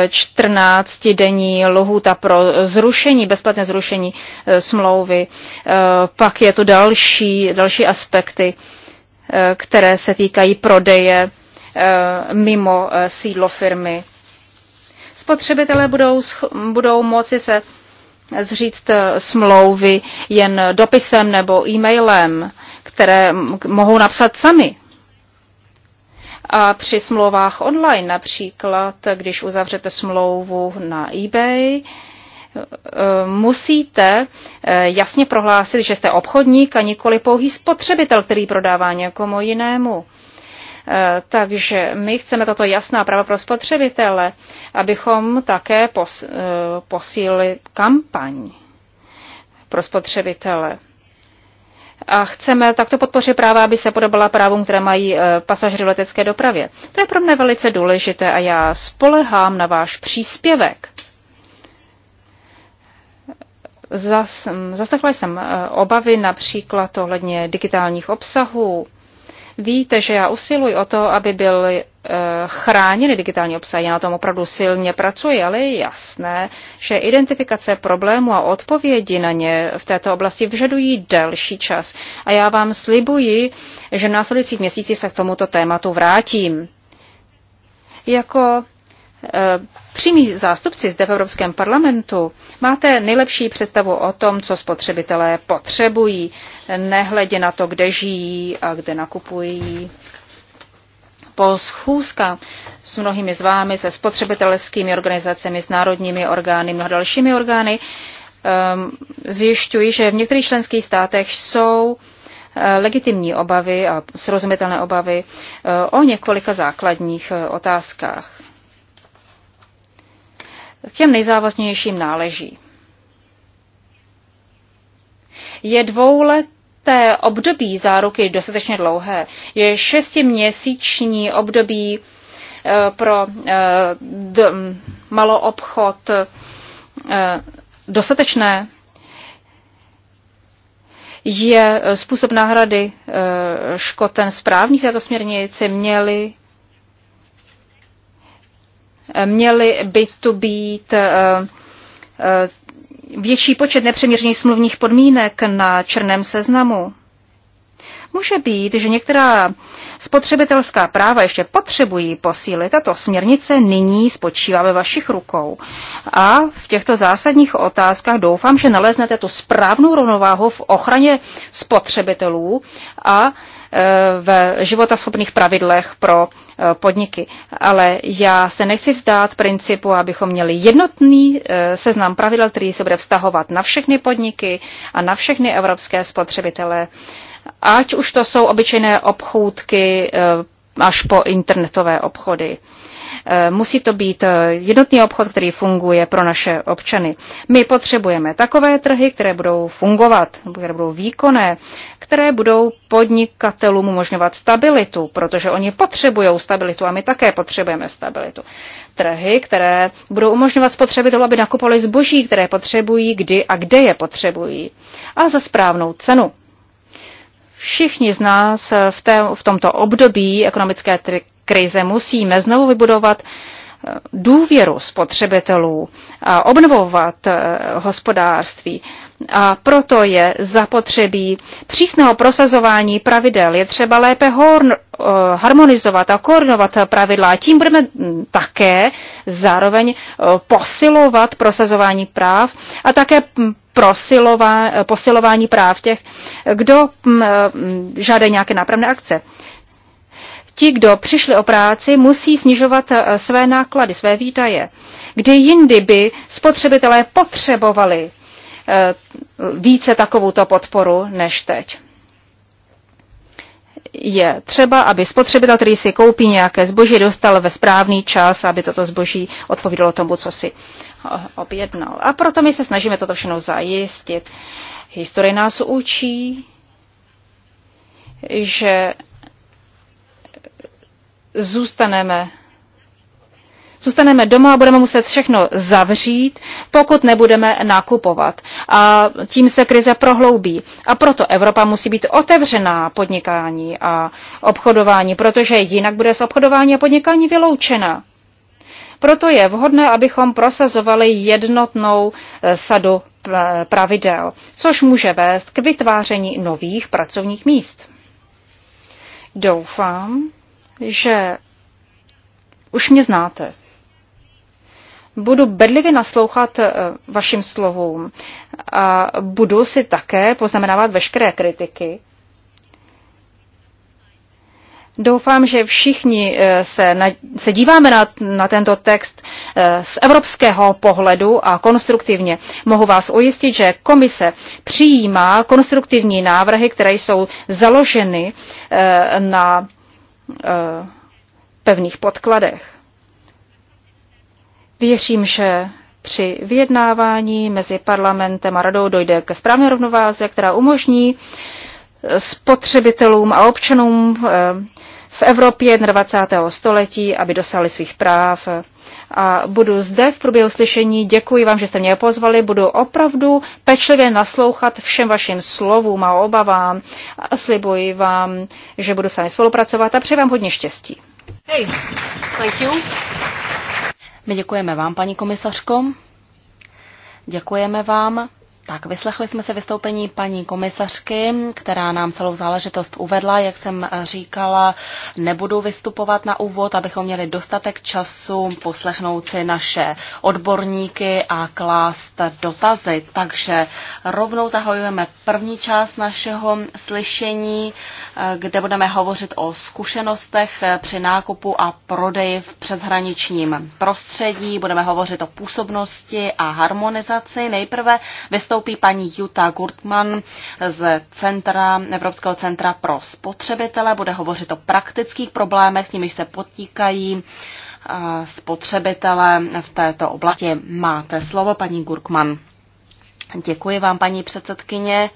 14-denní eh, lohuta pro zrušení, bezplatné zrušení eh, smlouvy. Eh, pak je to další, další aspekty, které se týkají prodeje mimo sídlo firmy. Spotřebitelé budou, budou moci se zříct smlouvy jen dopisem nebo e-mailem, které mohou napsat sami a při smlouvách online například, když uzavřete smlouvu na eBay, eh, musíte eh, jasně prohlásit, že jste obchodník a nikoli pouhý spotřebitel, který prodává někomu jinému. Eh, takže my chceme toto jasná práva pro spotřebitele, abychom také posílili kampaň pro spotřebitele a chceme takto podpořit práva, aby se podobala právům, které mají eh, pasažři v letecké dopravě. To je pro mě velice důležité a já spolehám na váš příspěvek. Zas, hm, jsem eh, obavy například ohledně digitálních obsahů, Víte, že já usiluji o to, aby byl eh, chráněny digitální obsahy. Já na tom opravdu silně pracuji, ale je jasné, že identifikace problému a odpovědi na ně v této oblasti vyžadují delší čas. A já vám slibuji, že v následujících měsících se k tomuto tématu vrátím. Jako eh, přímí zástupci zde v Evropském parlamentu máte nejlepší představu o tom, co spotřebitelé potřebují nehledě na to, kde žijí a kde nakupují. Po schůzka s mnohými z vámi, se spotřebitelskými organizacemi, s národními orgány, mnoha dalšími orgány, ehm, zjišťuji, že v některých členských státech jsou eh, legitimní obavy a srozumitelné obavy eh, o několika základních eh, otázkách. K těm nejzávaznějším náleží je dvoulet té období záruky dostatečně dlouhé. Je šestiměsíční období eh, pro eh, maloobchod eh, dostatečné. Je způsob náhrady škod ten správný této směrnici? Měli, měli by tu být větší počet nepřeměřených smluvních podmínek na černém seznamu. Může být, že některá spotřebitelská práva ještě potřebují posílit. Tato směrnice nyní spočívá ve vašich rukou. A v těchto zásadních otázkách doufám, že naleznete tu správnou rovnováhu v ochraně spotřebitelů a e, ve životaschopných pravidlech pro Eh, podniky. Ale já se nechci vzdát principu, abychom měli jednotný eh, seznam pravidel, který se bude vztahovat na všechny podniky a na všechny evropské spotřebitele. Ať už to jsou obyčejné obchůdky eh, až po internetové obchody. Musí to být jednotný obchod, který funguje pro naše občany. My potřebujeme takové trhy, které budou fungovat, které budou výkonné, které budou podnikatelům umožňovat stabilitu, protože oni potřebují stabilitu a my také potřebujeme stabilitu. Trhy, které budou umožňovat spotřebitelům, aby nakupovali zboží, které potřebují, kdy a kde je potřebují. A za správnou cenu. Všichni z nás v, té, v tomto období ekonomické krize musíme znovu vybudovat eh, důvěru spotřebitelů a obnovovat eh, hospodářství. A proto je zapotřebí přísného prosazování pravidel. Je třeba lépe horn, eh, harmonizovat a koordinovat pravidla. A tím budeme hm, také zároveň eh, posilovat prosazování práv a také hm, eh, posilování práv těch, kdo hm, žádají nějaké nápravné akce. Ti, kdo přišli o práci, musí snižovat své náklady, své výdaje, kdy jindy by spotřebitelé potřebovali Eh, více takovouto podporu než teď. Je třeba, aby spotřebitel, který si koupí nějaké zboží, dostal ve správný čas, aby toto zboží odpovídalo tomu, co si eh, objednal. A proto my se snažíme toto všechno zajistit. Historie nás učí, že zůstaneme Zůstaneme doma a budeme muset všechno zavřít, pokud nebudeme nakupovat. A tím se krize prohloubí. A proto Evropa musí být otevřená podnikání a obchodování, protože jinak bude z obchodování a podnikání vyloučena. Proto je vhodné, abychom prosazovali jednotnou eh, sadu eh, pravidel, což může vést k vytváření nových pracovních míst. Doufám, že už mě znáte budu bedlivě naslouchat eh, vašim slovům a budu si také poznamenávat veškeré kritiky. Doufám, že všichni eh, se, na, se díváme na, na tento text eh, z evropského pohledu a konstruktivně. Mohu vás ujistit, že komise přijímá konstruktivní návrhy, které jsou založeny na pevných podkladech. Věřím, že při vyjednávání mezi parlamentem a radou dojde ke správné rovnováze, která umožní eh, spotřebitelům a občanům eh, v Evropě 21. století, aby dosáhli svých práv. A budu zde v průběhu slyšení. Děkuji vám, že jste mě pozvali. Budu opravdu pečlivě naslouchat všem vašim slovům a obavám a slibuji vám, že budu s vámi spolupracovat a přeji vám hodně štěstí.
Hey, thank you. My děkujeme vám, paní komisařko. Děkujeme vám tak, vyslechli jsme se vystoupení paní komisařky, která nám celou záležitost uvedla. Jak jsem eh, říkala, nebudu vystupovat na úvod, abychom měli dostatek času poslechnout si naše odborníky a klást dotazy. Takže rovnou zahajujeme první část našeho slyšení, eh, kde budeme hovořit o zkušenostech eh, při nákupu a prodeji v přeshraničním prostředí. Budeme hovořit o působnosti a harmonizaci. Nejprve vystoupíme vystoupí paní Jutta Gurtman z centra, Evropského centra pro spotřebitele. Bude hovořit o praktických problémech, s nimiž se potýkají spotřebitele v této oblasti. Máte slovo, paní Gurkman. Děkuji vám, paní předsedkyně.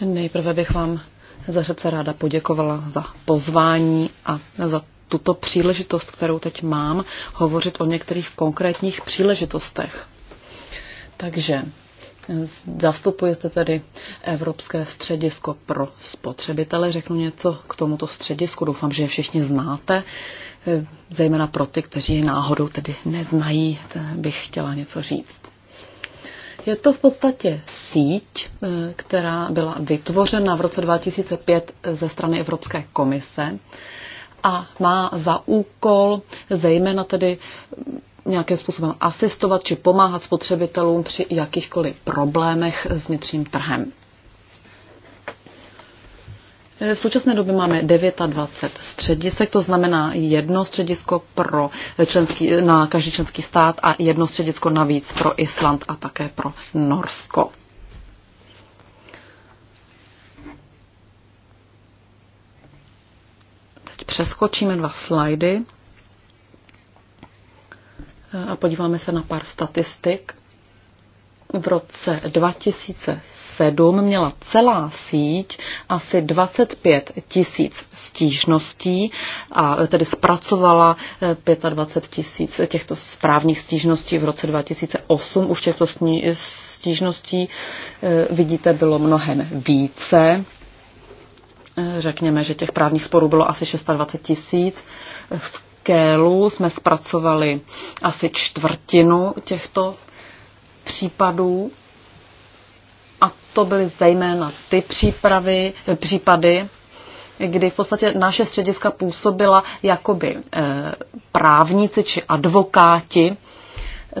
Nejprve bych vám za řece ráda poděkovala za pozvání a za tuto příležitost, kterou teď mám, hovořit o některých konkrétních příležitostech. Takže eh, zastupuje zde tedy Evropské středisko pro spotřebitele. Řeknu něco k tomuto středisku, doufám, že je všichni znáte, eh, zejména pro ty, kteří je náhodou tedy neznají, bych chtěla něco říct. Je to v podstatě síť, eh, která byla vytvořena v roce 2005 ze strany Evropské komise a má za úkol zejména tedy nějakým způsobem asistovat či pomáhat spotřebitelům při jakýchkoliv problémech s vnitřním trhem. E, v současné době máme 29 středisek, to znamená jedno středisko pro členský, na každý členský stát a jedno středisko navíc pro Island a také pro Norsko. Teď přeskočíme dva slajdy a podíváme se na pár statistik. V roce 2007 měla celá síť asi 25 tisíc stížností a tedy zpracovala 25 eh, tisíc těchto správních stížností v roce 2008. Už těchto stížností, eh, vidíte, bylo mnohem více eh, řekněme, že těch právních sporů bylo asi 620 tisíc. V Skélu jsme zpracovali asi čtvrtinu těchto případů a to byly zejména ty přípravy, případy, kdy v podstatě naše střediska působila jakoby eh, právníci či advokáti.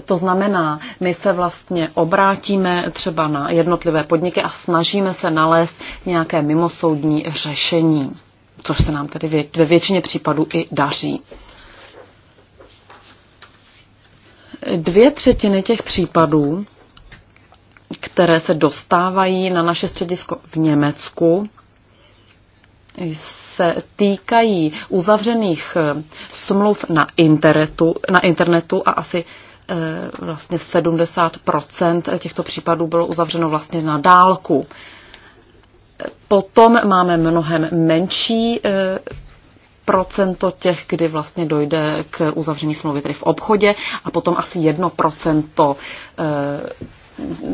To znamená, my se vlastně obrátíme třeba na jednotlivé podniky a snažíme se nalézt nějaké mimosoudní řešení, což se nám tedy ve většině případů i daří. Dvě třetiny těch případů, které se dostávají na naše středisko v Německu, se týkají uzavřených eh, smluv na internetu, na internetu a asi eh, vlastně 70% těchto případů bylo uzavřeno vlastně na dálku. Potom máme mnohem menší eh, procento těch, kdy vlastně dojde k uzavření smlouvy tedy v obchodě a potom asi jedno procento eh,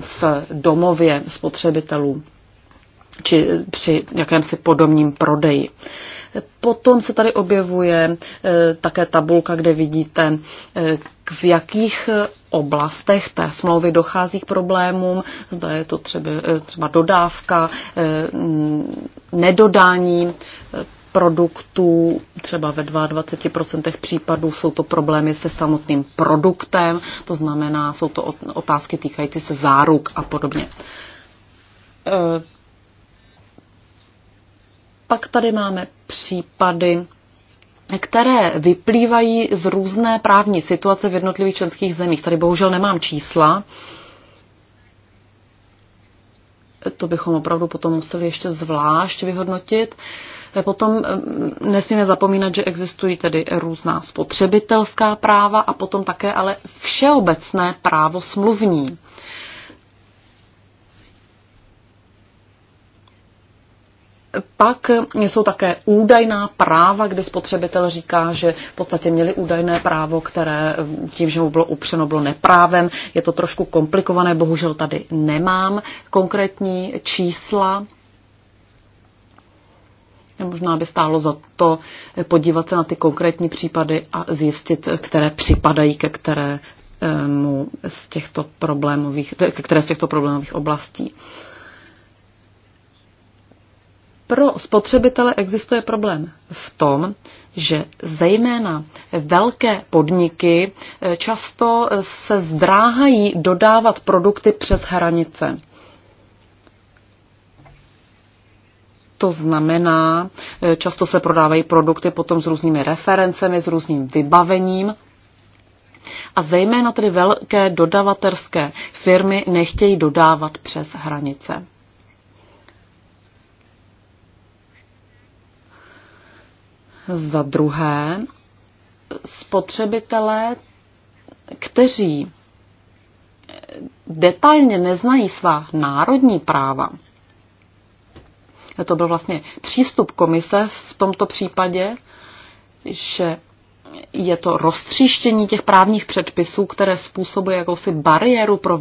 v domově spotřebitelů či při jakémsi podobním prodeji. Potom se tady objevuje eh, také tabulka, kde vidíte, eh, v jakých oblastech té smlouvy dochází k problémům. Zda je to třeba, třeba dodávka, nedodání produktů, třeba ve 22% případů jsou to problémy se samotným produktem, to znamená, jsou to otázky týkající se záruk a podobně. E, pak tady máme případy, které vyplývají z různé právní situace v jednotlivých členských zemích. Tady bohužel nemám čísla, to bychom opravdu potom museli ještě zvlášť vyhodnotit. Uh, Potom eh, nesmíme zapomínat, že existují tedy různá spotřebitelská práva a potom také ale všeobecné právo smluvní. Pak jsou také údajná práva, kdy spotřebitel říká, že v podstatě měli údajné právo, které tím, že mu bylo upřeno, bylo neprávem. Je to trošku komplikované, bohužel tady nemám konkrétní čísla Možná by stálo za to podívat se na ty konkrétní případy a zjistit, které připadají ke kterému z těchto problémových, ke které z těchto problémových oblastí. Pro spotřebitele existuje problém v tom, že zejména velké podniky eh, často se zdráhají dodávat produkty přes hranice. To znamená, eh, často se prodávají produkty potom s různými referencemi, s různým vybavením. A zejména tedy velké dodavatelské firmy nechtějí dodávat přes hranice. Za druhé, spotřebitelé, kteří eh, detailně neznají svá národní práva, to byl vlastně přístup komise v tomto případě, že je to roztříštění těch právních předpisů, které způsobuje jakousi bariéru pro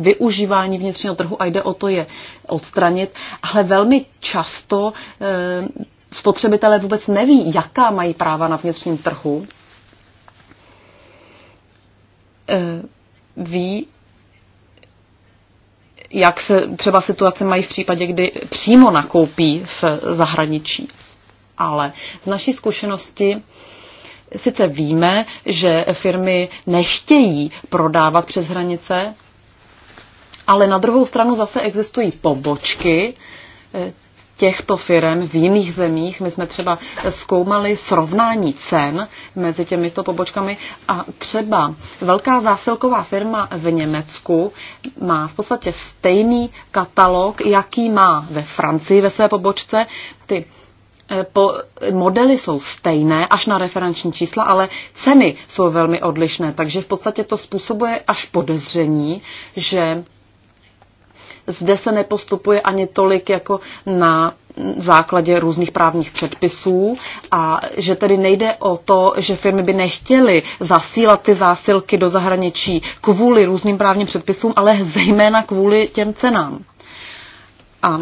využívání vnitřního trhu a jde o to je odstranit, ale velmi často eh, spotřebitelé vůbec neví, jaká mají práva na vnitřním trhu. Eh, ví, jak se třeba situace mají v případě, kdy přímo nakoupí v zahraničí. Ale z naší zkušenosti sice víme, že firmy nechtějí prodávat přes hranice, ale na druhou stranu zase existují pobočky těchto firm v jiných zemích. My jsme třeba zkoumali srovnání cen mezi těmito pobočkami a třeba velká zásilková firma v Německu má v podstatě stejný katalog, jaký má ve Francii ve své pobočce. Ty eh, po, modely jsou stejné až na referenční čísla, ale ceny jsou velmi odlišné, takže v podstatě to způsobuje až podezření, že zde se nepostupuje ani tolik jako na základě různých právních předpisů a že tedy nejde o to, že firmy by nechtěly zasílat ty zásilky do zahraničí kvůli různým právním předpisům, ale zejména kvůli těm cenám. A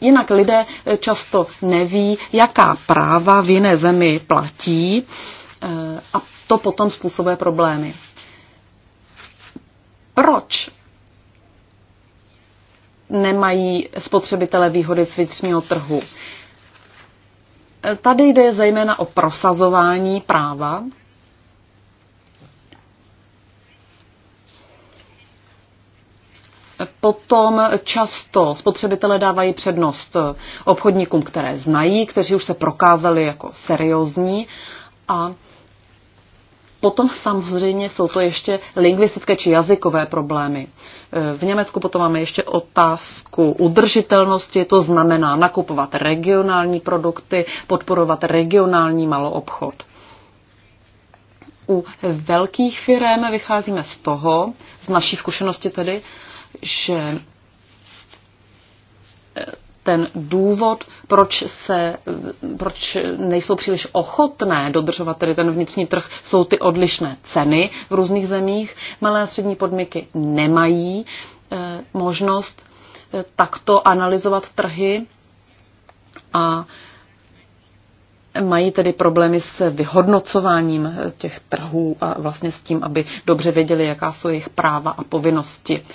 Jinak lidé často neví, jaká práva v jiné zemi platí eh, a to potom způsobuje problémy. Proč nemají spotřebitele výhody z vnitřního trhu. Tady jde zejména o prosazování práva. Potom často spotřebitele dávají přednost obchodníkům, které znají, kteří už se prokázali jako seriózní a Potom samozřejmě jsou to ještě lingvistické či jazykové problémy. E, v Německu potom máme ještě otázku udržitelnosti, to znamená nakupovat regionální produkty, podporovat regionální maloobchod. U velkých firm vycházíme z toho, z naší zkušenosti tedy, že ten důvod, proč, se, proč nejsou příliš ochotné dodržovat tedy ten vnitřní trh, jsou ty odlišné ceny v různých zemích. Malé a střední podniky nemají eh, možnost eh, takto analyzovat trhy a mají tedy problémy s vyhodnocováním eh, těch trhů a vlastně s tím, aby dobře věděli, jaká jsou jejich práva a povinnosti.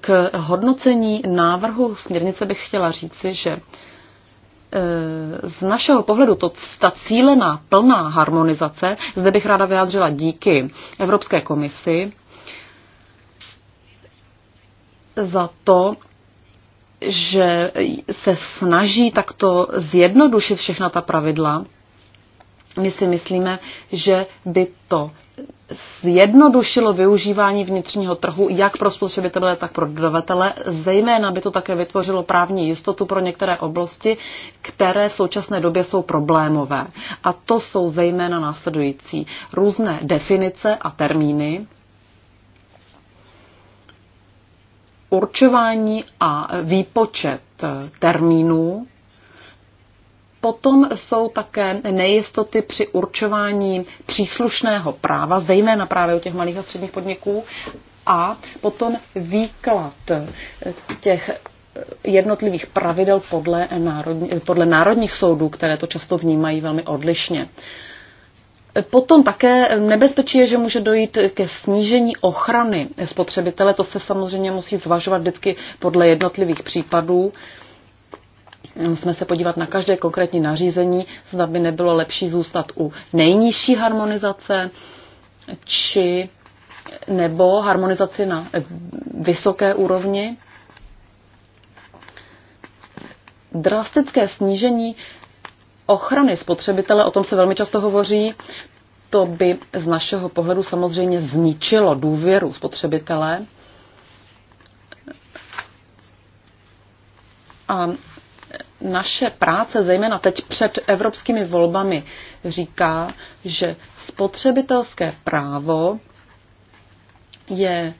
K hodnocení návrhu směrnice bych chtěla říci, že eh, z našeho pohledu to, ta cílená plná harmonizace, zde bych ráda vyjádřila díky Evropské komisi za to, že se snaží takto zjednodušit všechna ta pravidla, my si myslíme, že by to zjednodušilo využívání vnitřního trhu jak pro spotřebitele, tak pro dodavatele. Zejména by to také vytvořilo právní jistotu pro některé oblasti, které v současné době jsou problémové. A to jsou zejména následující různé definice a termíny, určování a výpočet termínů Potom jsou také nejistoty při určování příslušného práva, zejména právě u těch malých a středních podniků, a potom výklad těch jednotlivých pravidel podle, národní, podle národních soudů, které to často vnímají velmi odlišně. Potom také nebezpečí je, že může dojít ke snížení ochrany spotřebitele. To se samozřejmě musí zvažovat vždycky podle jednotlivých případů musíme se podívat na každé konkrétní nařízení, zda by nebylo lepší zůstat u nejnižší harmonizace, či nebo harmonizaci na eh, vysoké úrovni. Drastické snížení ochrany spotřebitele, o tom se velmi často hovoří, to by z našeho pohledu samozřejmě zničilo důvěru spotřebitele. A naše práce, zejména teď před evropskými volbami, říká, že spotřebitelské právo je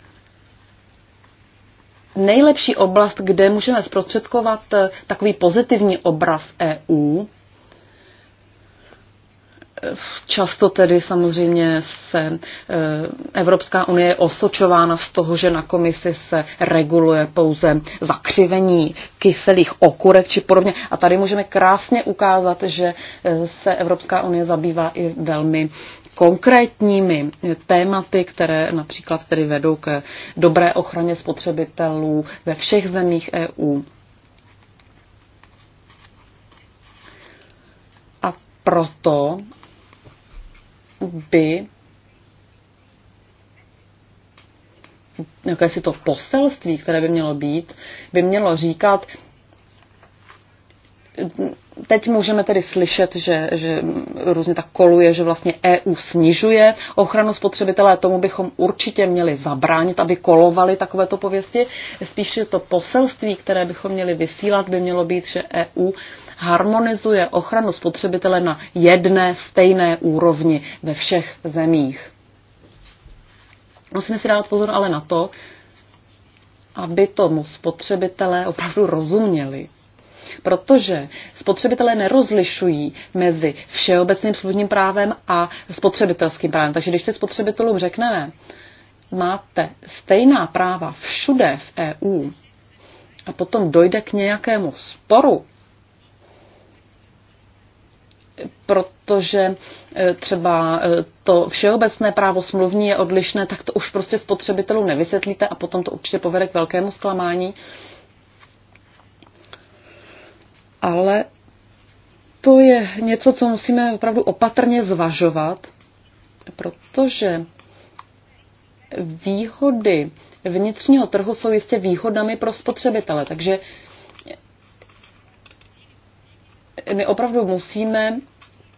nejlepší oblast, kde můžeme zprostředkovat takový pozitivní obraz EU, Často tedy samozřejmě se eh, Evropská unie je osočována z toho, že na komisi se reguluje pouze zakřivení kyselých okurek či podobně. A tady můžeme krásně ukázat, že eh, se Evropská unie zabývá i velmi konkrétními tématy, které například tedy vedou k dobré ochraně spotřebitelů ve všech zemích EU. A proto by si to poselství, které by mělo být, by mělo říkat, teď můžeme tedy slyšet, že, že různě tak koluje, že vlastně EU snižuje ochranu spotřebitele, tomu bychom určitě měli zabránit, aby kolovali takovéto pověsti. Spíše to poselství, které bychom měli vysílat, by mělo být, že EU harmonizuje ochranu spotřebitele na jedné stejné úrovni ve všech zemích. Musíme si dát pozor ale na to, aby tomu spotřebitelé opravdu rozuměli. Protože spotřebitelé nerozlišují mezi všeobecným smluvním právem a spotřebitelským právem. Takže když teď spotřebitelům řekneme, máte stejná práva všude v EU a potom dojde k nějakému sporu protože e, třeba e, to všeobecné právo smluvní je odlišné, tak to už prostě spotřebitelům nevysvětlíte a potom to určitě povede k velkému zklamání. Ale to je něco, co musíme opravdu opatrně zvažovat, protože výhody vnitřního trhu jsou jistě výhodami pro spotřebitele, takže my opravdu musíme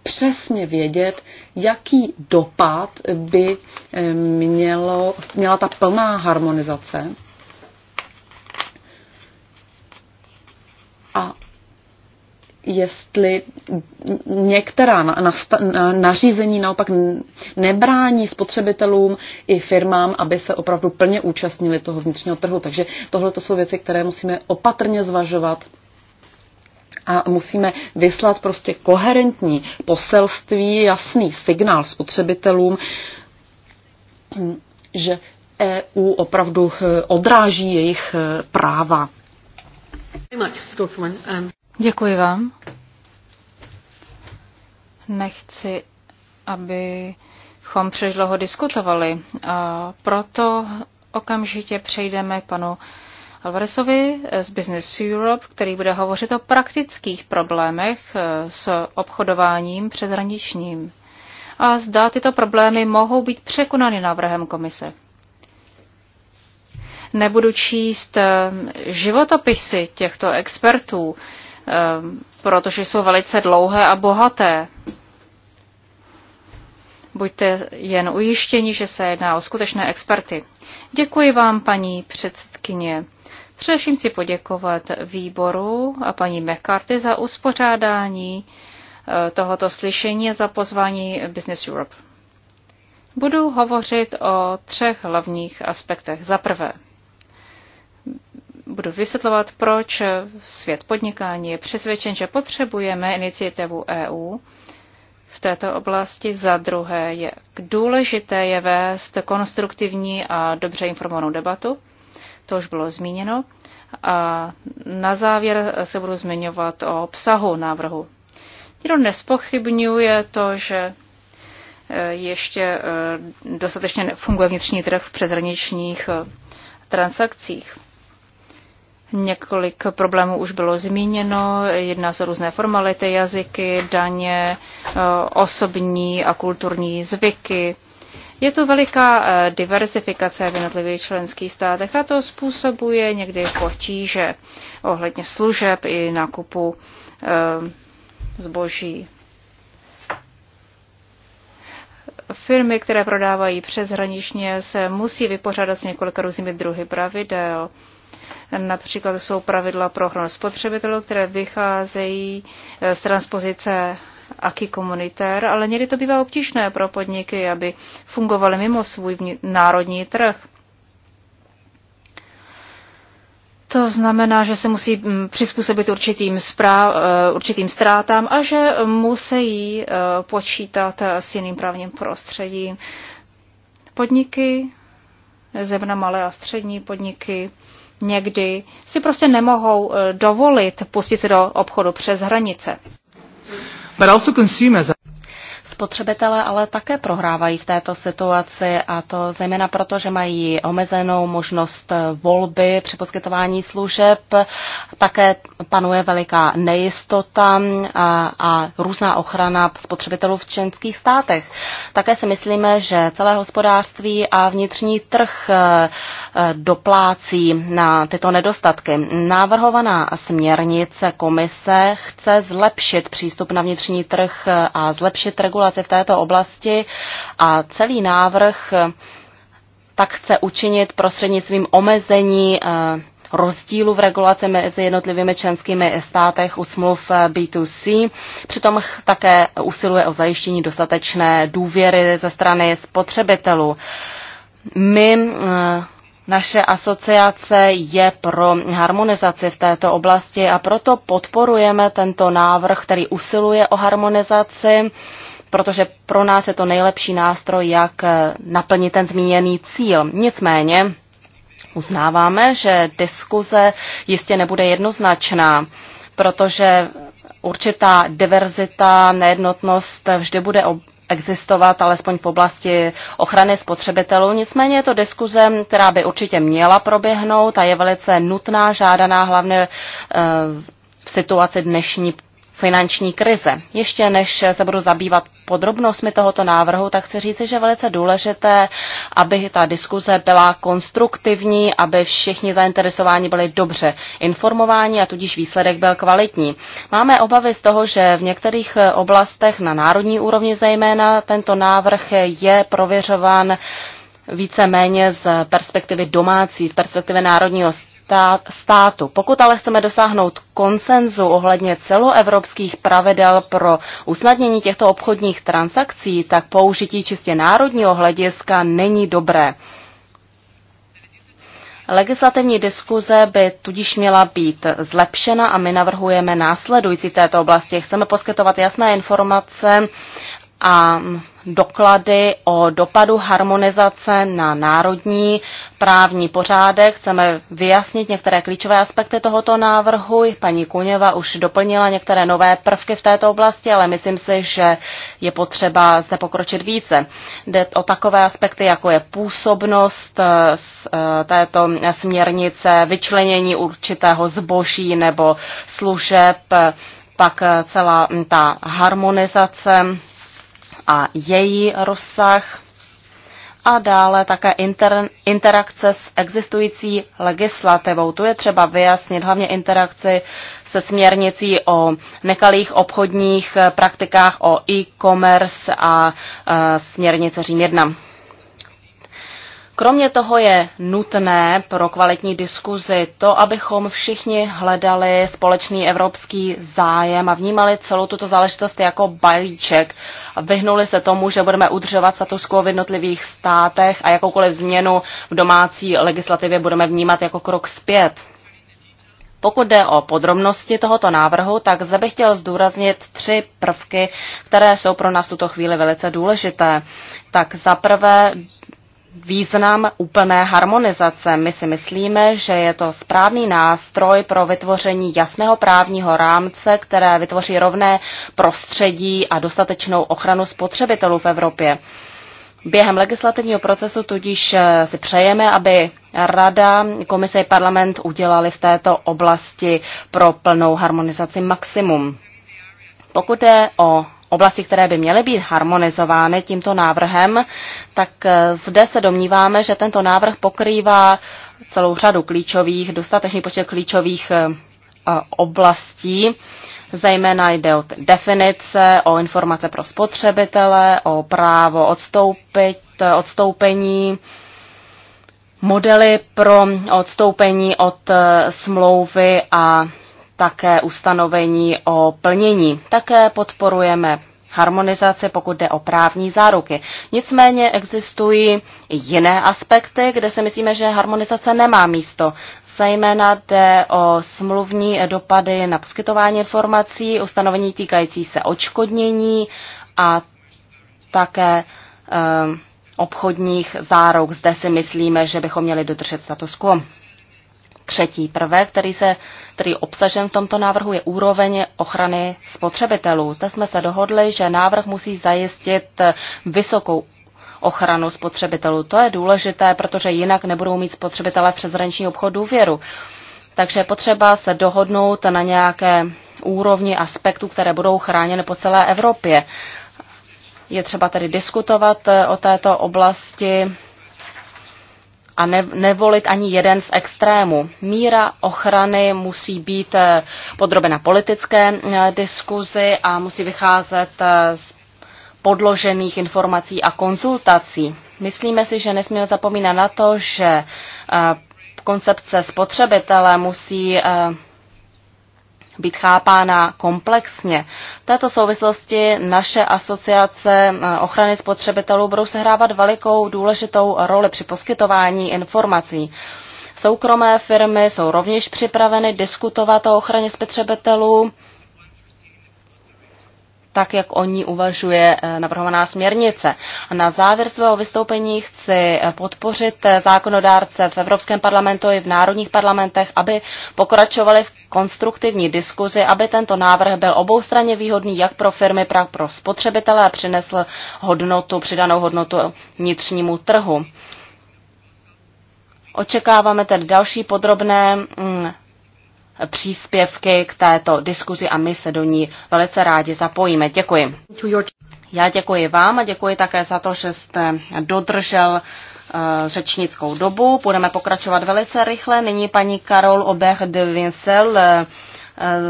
přesně vědět, jaký dopad by eh, mělo, měla ta plná harmonizace. A jestli některá nařízení naopak nebrání spotřebitelům i firmám, aby se opravdu plně účastnili toho vnitřního trhu. Takže tohle to jsou věci, které musíme opatrně zvažovat a musíme vyslat prostě koherentní poselství, jasný signál spotřebitelům, že EU opravdu eh, odráží jejich eh, práva.
Děkuji vám.
Nechci, aby chom přežloho diskutovali. A proto okamžitě přejdeme k panu Alvarezovi z Business Europe, který bude hovořit o praktických problémech eh, s obchodováním přeshraničním a zda tyto problémy mohou být překonány návrhem komise. Nebudu číst eh, životopisy těchto expertů, eh, protože jsou velice dlouhé a bohaté. Buďte jen ujištěni, že se jedná o skutečné experty. Děkuji vám, paní předsedkyně. Především chci poděkovat výboru a paní McCarthy za uspořádání eh, tohoto slyšení a za pozvání Business Europe. Budu hovořit o třech hlavních aspektech. Za prvé, budu vysvětlovat, proč svět podnikání je přesvědčen, že potřebujeme iniciativu EU v této oblasti. Za druhé, jak důležité je vést konstruktivní a dobře informovanou debatu to už bylo zmíněno. A na závěr se budu zmiňovat o obsahu návrhu. Nikdo nespochybňuje to, že e, ještě e, dostatečně funguje vnitřní trh v přezraničních e, transakcích. Několik problémů už bylo zmíněno, jedná se různé formality, jazyky, daně, osobní a kulturní zvyky, je to veliká eh, diversifikace v jednotlivých členských státech a to způsobuje někdy potíže ohledně služeb i nákupu eh, zboží. Firmy, které prodávají přeshraničně, se musí vypořádat s několika různými druhy pravidel. Například jsou pravidla pro ochranu spotřebitelů, které vycházejí eh, z transpozice aký komunitér, ale někdy to bývá obtížné pro podniky, aby fungovaly mimo svůj národní trh. To znamená, že se musí mm, přizpůsobit určitým, správ, eh, určitým ztrátám a že musí eh, počítat eh, s jiným právním prostředím. Podniky, zevna malé a střední podniky, někdy si prostě nemohou dovolit pustit se do obchodu přes hranice
but
also
consumers
Spotřebitelé ale také prohrávají v této situaci a to zejména proto, že mají omezenou možnost volby při poskytování služeb. Také panuje veliká nejistota a, a různá ochrana spotřebitelů v členských státech. Také si myslíme, že celé hospodářství a vnitřní trh e, e, doplácí na tyto nedostatky. Návrhovaná směrnice komise chce zlepšit přístup na vnitřní trh e, a zlepšit regulaci regulaci v této oblasti a celý návrh eh, tak chce učinit prostřednictvím omezení eh, rozdílu v regulaci mezi jednotlivými členskými státech u smluv eh, B2C. Přitom také usiluje o zajištění dostatečné důvěry ze strany spotřebitelů. My naše asociace je pro harmonizaci v této oblasti a proto podporujeme tento návrh, který usiluje o harmonizaci protože pro nás je to nejlepší nástroj, jak eh, naplnit ten zmíněný cíl. Nicméně uznáváme, že diskuze jistě nebude jednoznačná, protože určitá diverzita, nejednotnost vždy bude existovat, alespoň v oblasti ochrany spotřebitelů. Nicméně je to diskuze, která by určitě měla proběhnout a je velice nutná, žádaná hlavně eh, v situaci dnešní finanční krize. Ještě než se budu zabývat podrobnostmi tohoto návrhu, tak chci říci, že je velice důležité, aby ta diskuze byla konstruktivní, aby všichni zainteresováni byli dobře informováni a tudíž výsledek byl kvalitní. Máme obavy z toho, že v některých oblastech na národní úrovni zejména tento návrh je prověřován víceméně z perspektivy domácí, z perspektivy národního státu. Pokud ale chceme dosáhnout konsenzu ohledně celoevropských pravidel pro usnadnění těchto obchodních transakcí, tak použití čistě národního hlediska není dobré. Legislativní diskuze by tudíž měla být zlepšena a my navrhujeme následující v této oblasti. Chceme poskytovat jasné informace a doklady o dopadu harmonizace na národní právní pořádek. Chceme vyjasnit některé klíčové aspekty tohoto návrhu. Paní Kuněva už doplnila některé nové prvky v této oblasti, ale myslím si, že je potřeba zde pokročit více. Jde o takové aspekty, jako je působnost z eh, eh, této směrnice, vyčlenění určitého zboží nebo služeb, pak eh, celá ta harmonizace a její rozsah a dále také inter, interakce s existující legislativou. Tu je třeba vyjasnit hlavně interakci se směrnicí o nekalých obchodních praktikách, o e-commerce a e, směrnice Řím 1. Kromě toho je nutné pro kvalitní diskuzi to, abychom všichni hledali společný evropský zájem a vnímali celou tuto záležitost jako balíček. Vyhnuli se tomu, že budeme udržovat status quo v jednotlivých státech a jakoukoliv změnu v domácí legislativě budeme vnímat jako krok zpět. Pokud jde o podrobnosti tohoto návrhu, tak zde bych chtěl zdůraznit tři prvky, které jsou pro nás v tuto chvíli velice důležité. Tak za prvé význam úplné harmonizace. My si myslíme, že je to správný nástroj pro vytvoření jasného právního rámce, které vytvoří rovné prostředí a dostatečnou ochranu spotřebitelů v Evropě. Během legislativního procesu tudíž eh, si přejeme, aby Rada, Komise i parlament udělali v této oblasti pro plnou harmonizaci maximum. Pokud je o oblasti, které by měly být harmonizovány tímto návrhem, tak eh, zde se domníváme, že tento návrh pokrývá celou řadu klíčových, dostatečný počet klíčových eh, eh, oblastí. Zejména jde o definice, o informace pro spotřebitele, o právo odstoupit, odstoupení, modely pro odstoupení od smlouvy a také ustanovení o plnění. Také podporujeme harmonizaci, pokud jde o právní záruky. Nicméně existují jiné aspekty, kde si myslíme, že harmonizace nemá místo. Zejména jde o smluvní dopady na poskytování informací, ustanovení týkající se očkodnění a také eh, obchodních záruk. Zde si myslíme, že bychom měli dodržet status quo. Třetí prvek, který, se, který obsažen v tomto návrhu, je úroveň ochrany spotřebitelů. Zde jsme se dohodli, že návrh musí zajistit vysokou ochranu spotřebitelů. To je důležité, protože jinak nebudou mít spotřebitelé v přeshraniční obchod důvěru. Takže je potřeba se dohodnout na nějaké úrovni aspektů, které budou chráněny po celé Evropě. Je třeba tedy diskutovat eh, o této oblasti a ne, nevolit ani jeden z extrémů. Míra ochrany musí být eh, podrobena politické eh, diskuzi a musí vycházet eh, z podložených informací a konzultací. Myslíme si, že nesmíme zapomínat na to, že koncepce spotřebitele musí být chápána komplexně. V této souvislosti naše asociace eh, ochrany spotřebitelů budou sehrávat velikou důležitou roli při poskytování informací. Soukromé firmy jsou rovněž připraveny diskutovat o ochraně spotřebitelů tak, jak o ní uvažuje eh, navrhovaná směrnice. A na závěr svého vystoupení chci eh, podpořit eh, zákonodárce v Evropském parlamentu i v národních parlamentech, aby pokračovali v konstruktivní diskuzi, aby tento návrh byl oboustranně výhodný jak pro firmy, tak pro spotřebitele a přinesl hodnotu, přidanou hodnotu vnitřnímu trhu. Očekáváme tedy další podrobné mm, příspěvky k této diskuzi a my se do ní velice rádi zapojíme. Děkuji. Já děkuji vám a děkuji také za to, že jste dodržel eh, řečnickou dobu. Budeme pokračovat velice rychle. Nyní paní Karol Obech de Vincel eh,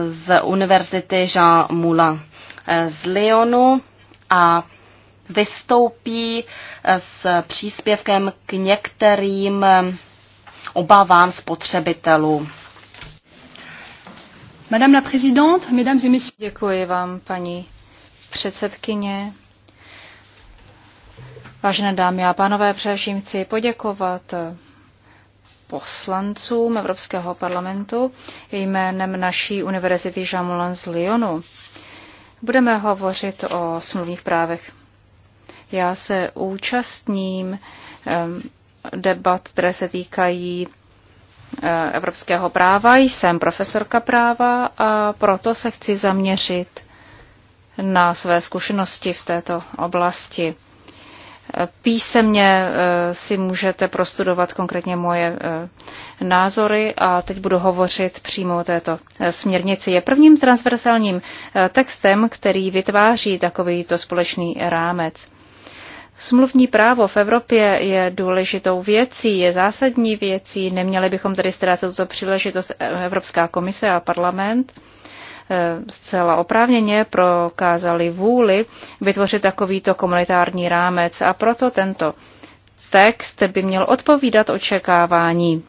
z Univerzity Jean Moulin eh, z Lyonu a vystoupí s příspěvkem k některým obavám spotřebitelů.
Madame la présidente, mesdames et messieurs. Děkuji vám, paní předsedkyně. Vážené dámy a pánové, především chci poděkovat poslancům Evropského parlamentu jménem naší univerzity Jean Moulin z Lyonu. Budeme hovořit o smluvních právech. Já se účastním debat, které se týkají Eh, evropského práva, jsem profesorka práva a proto se chci zaměřit na své zkušenosti v této oblasti. Eh, písemně eh, si můžete prostudovat konkrétně moje názory a teď budu hovořit přímo o této směrnici. Je prvním transversálním textem, který vytváří takovýto společný rámec. Smluvní právo v Evropě je důležitou věcí, je zásadní věcí, neměli bychom tady ztrácet tuto příležitost Evropská komise a parlament eh, zcela oprávněně prokázali vůli vytvořit takovýto komunitární rámec a proto tento text by měl odpovídat očekávání.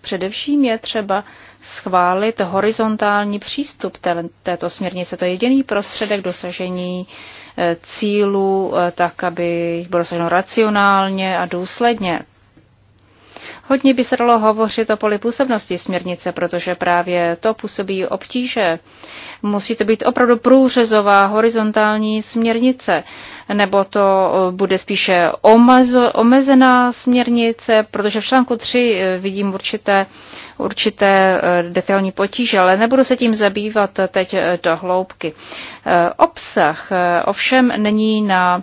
Především je třeba schválit horizontální přístup této směrnice. To je jediný prostředek dosažení uh, Eh, cílů eh, tak, aby jich bylo dosaženo racionálně a důsledně. Hodně by se dalo hovořit o polipůsobnosti směrnice, protože právě to působí obtíže. Musí to být opravdu průřezová horizontální směrnice, nebo to eh, bude spíše omezo, omezená směrnice, protože v článku 3 vidím určité určité eh, detailní potíže, ale nebudu se tím zabývat eh, teď eh, do hloubky. Obsah ovšem není na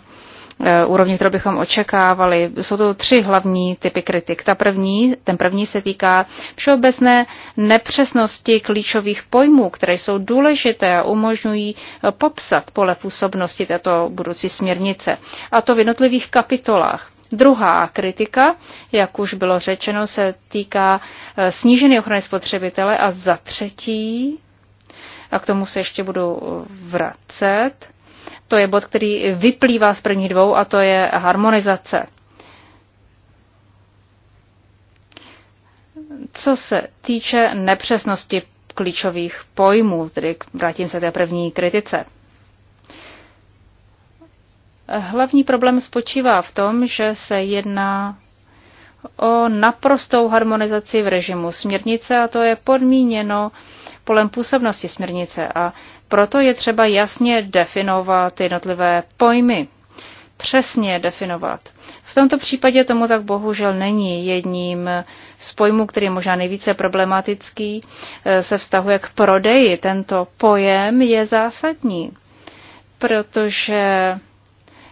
úrovni, kterou bychom očekávali. Jsou to tři hlavní typy kritik. Ta první, ten první se týká všeobecné nepřesnosti klíčových pojmů, které jsou důležité a umožňují popsat pole působnosti této budoucí směrnice. A to v jednotlivých kapitolách. Druhá kritika, jak už bylo řečeno, se týká eh, snížené ochrany spotřebitele a za třetí, a k tomu se ještě budu vracet, to je bod, který vyplývá z prvních dvou a to je harmonizace. Co se týče nepřesnosti klíčových pojmů, tedy vrátím se té první kritice. Hlavní problém spočívá v tom, že se jedná o naprostou harmonizaci v režimu směrnice a to je podmíněno polem působnosti směrnice a proto je třeba jasně definovat jednotlivé pojmy. Přesně definovat. V tomto případě tomu tak bohužel není. Jedním z pojmů, který je možná nejvíce problematický, eh, se vztahuje k prodeji. Tento pojem je zásadní, protože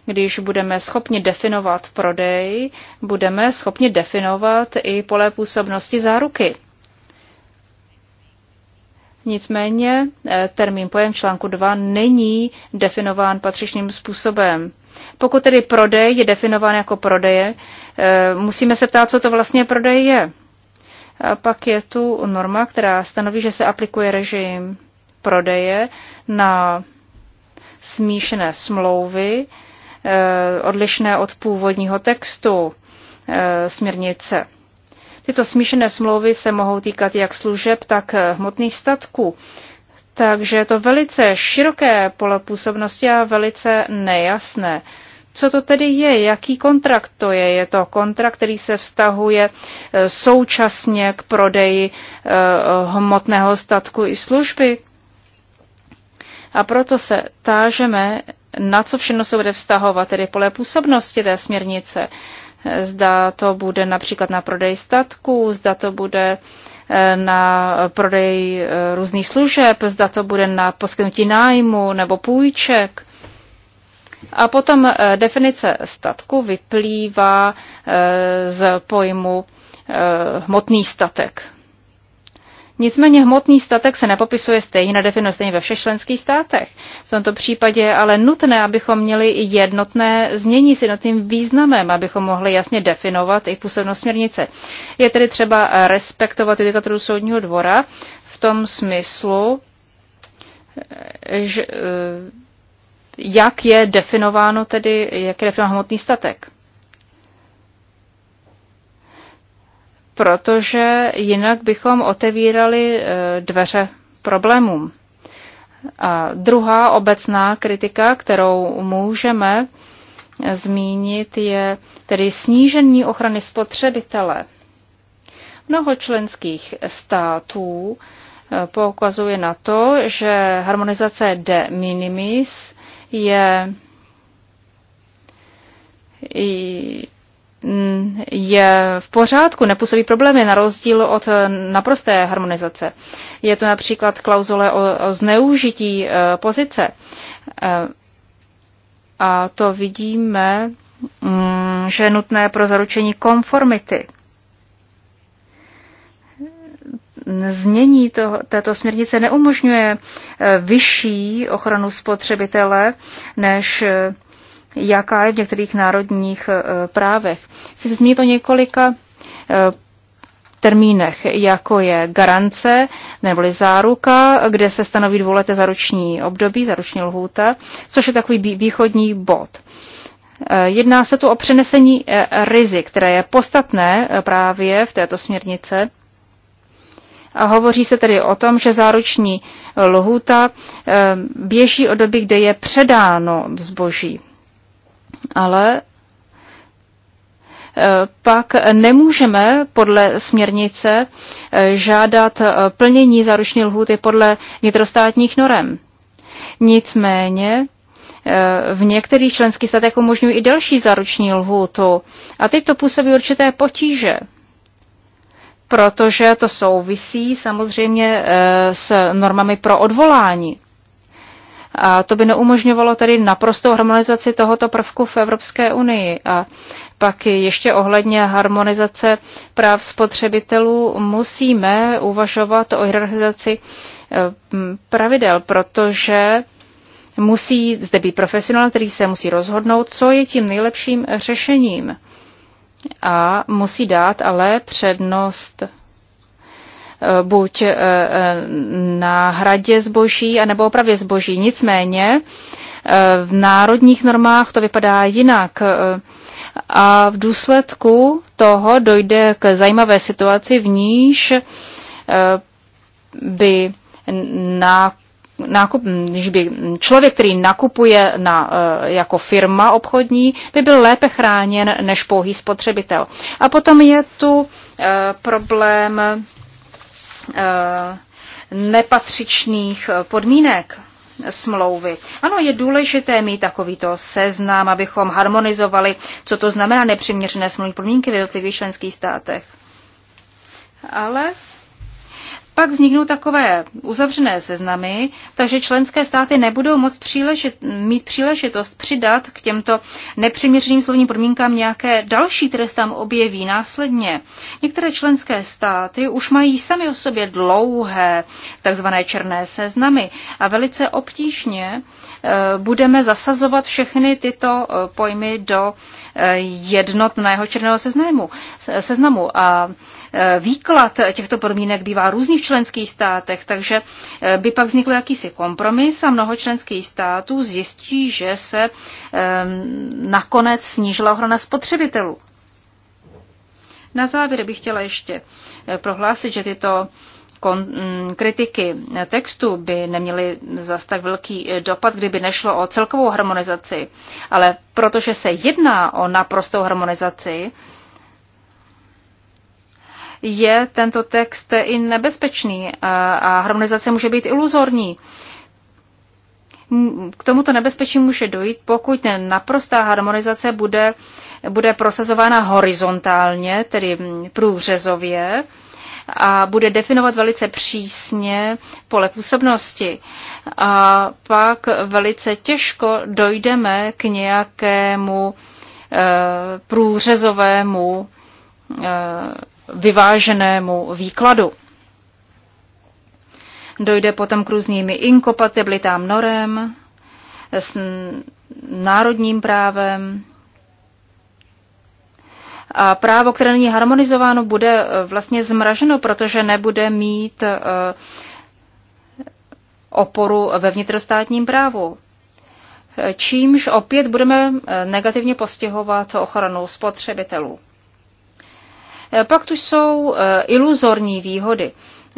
když budeme schopni definovat prodej, budeme schopni definovat i pole působnosti záruky. Nicméně eh, termín pojem článku 2 není definován patřičným způsobem. Pokud tedy prodej je definován jako prodeje, eh, musíme se ptát, co to vlastně prodej je. A pak je tu norma, která stanoví, že se aplikuje režim prodeje na smíšené smlouvy, Eh, odlišné od původního textu eh, směrnice. Tyto smíšené smlouvy se mohou týkat jak služeb, tak eh, hmotných statků. Takže je to velice široké pole působnosti a velice nejasné. Co to tedy je? Jaký kontrakt to je? Je to kontrakt, který se vztahuje současně k prodeji hmotného statku i služby? A proto se tážeme, na co všechno se bude vztahovat, tedy pole působnosti té směrnice. Zda to bude například na prodej statků, zda to bude eh, na prodej eh, různých služeb, zda to bude na poskytnutí nájmu nebo půjček. A potom eh, definice statku vyplývá z pojmu hmotný statek, Nicméně hmotný statek se nepopisuje stejně, nedefinuje stejně ve všech členských státech. V tomto případě je ale nutné, abychom měli i jednotné znění s jednotným významem, abychom mohli jasně definovat i působnost směrnice. Je tedy třeba respektovat judikaturu soudního dvora v tom smyslu, že, eh, jak je definováno tedy, jak je definován hmotný statek. protože jinak bychom otevírali eh, dveře problémům. A druhá obecná kritika, kterou můžeme eh, zmínit, je tedy snížení ochrany spotřebitele. Mnoho členských států eh, poukazuje na to, že harmonizace de minimis je Mm, je v pořádku, nepůsobí problémy na rozdíl od eh, naprosté harmonizace. Je to například klauzule o, o zneužití eh, pozice. Eh, a to vidíme, mm, že je nutné pro zaručení konformity. Znění to, této směrnice neumožňuje vyšší ochranu spotřebitele než jaká je v některých národních eh, právech. Chci se zmínit o několika eh, termínech, jako je garance neboli záruka, kde se stanoví dvouleté zaruční období, zaruční lhůta, což je takový východní bod. Eh, jedná se tu o přenesení rizik, které je podstatné právě v této směrnice. A hovoří se tedy o tom, že záruční lhůta běží od doby, kde je předáno zboží ale eh, pak nemůžeme podle směrnice eh, žádat eh, plnění záruční lhůty podle vnitrostátních norem. Nicméně v některých členských státech umožňují i delší záruční lhůtu a teď to působí určité potíže protože to souvisí samozřejmě s normami pro odvolání. A to by neumožňovalo tedy naprostou harmonizaci tohoto prvku v Evropské unii. A pak ještě ohledně harmonizace práv spotřebitelů musíme uvažovat o hierarchizaci eh, pravidel, protože musí zde být profesionál, který se musí rozhodnout, co je tím nejlepším řešením. A musí dát ale přednost buď eh, eh, na hradě zboží, anebo opravě zboží. Nicméně eh, v národních normách to vypadá jinak. A v důsledku toho dojde k zajímavé situaci, v níž by na nákup, když by člověk, který nakupuje na, jako firma obchodní, by byl lépe chráněn než pouhý spotřebitel. A potom je tu problém Eh, nepatřičných podmínek smlouvy. Ano, je důležité mít takovýto seznam, abychom harmonizovali, co to znamená nepřiměřené smluvní podmínky v jednotlivých členských státech. Ale pak vzniknou takové uzavřené seznamy, takže členské státy nebudou moc příležit, mít příležitost přidat k těmto nepřiměřeným slovním podmínkám nějaké další, které se tam objeví následně. Některé členské státy už mají sami o sobě dlouhé takzvané černé seznamy a velice obtížně eh, budeme zasazovat všechny tyto eh, pojmy do eh, jednotného černého seznamu. seznamu. A Eh, výklad těchto podmínek bývá různý v členských státech, takže eh, by pak vznikl jakýsi kompromis a mnoho členských států zjistí, že se ehm, nakonec snížila ochrana spotřebitelů. Na závěr bych chtěla ještě eh, prohlásit, že tyto kon, mm, kritiky textu by neměly zas tak velký dopad, kdyby nešlo o celkovou harmonizaci, ale protože se jedná o naprostou harmonizaci, je tento text i nebezpečný a harmonizace může být iluzorní. K tomuto nebezpečí může dojít, pokud naprostá harmonizace bude, bude prosazována horizontálně, tedy průřezově, a bude definovat velice přísně pole působnosti. A pak velice těžko dojdeme k nějakému e, průřezovému e, vyváženému výkladu. Dojde potom k různým inkompatibilitám norem, s národním právem. A právo, které není harmonizováno, bude eh, vlastně zmraženo, protože nebude mít eh, oporu ve vnitrostátním právu. Čímž opět budeme eh, negativně postihovat ochranu spotřebitelů. Eh, pak tu jsou eh, iluzorní výhody.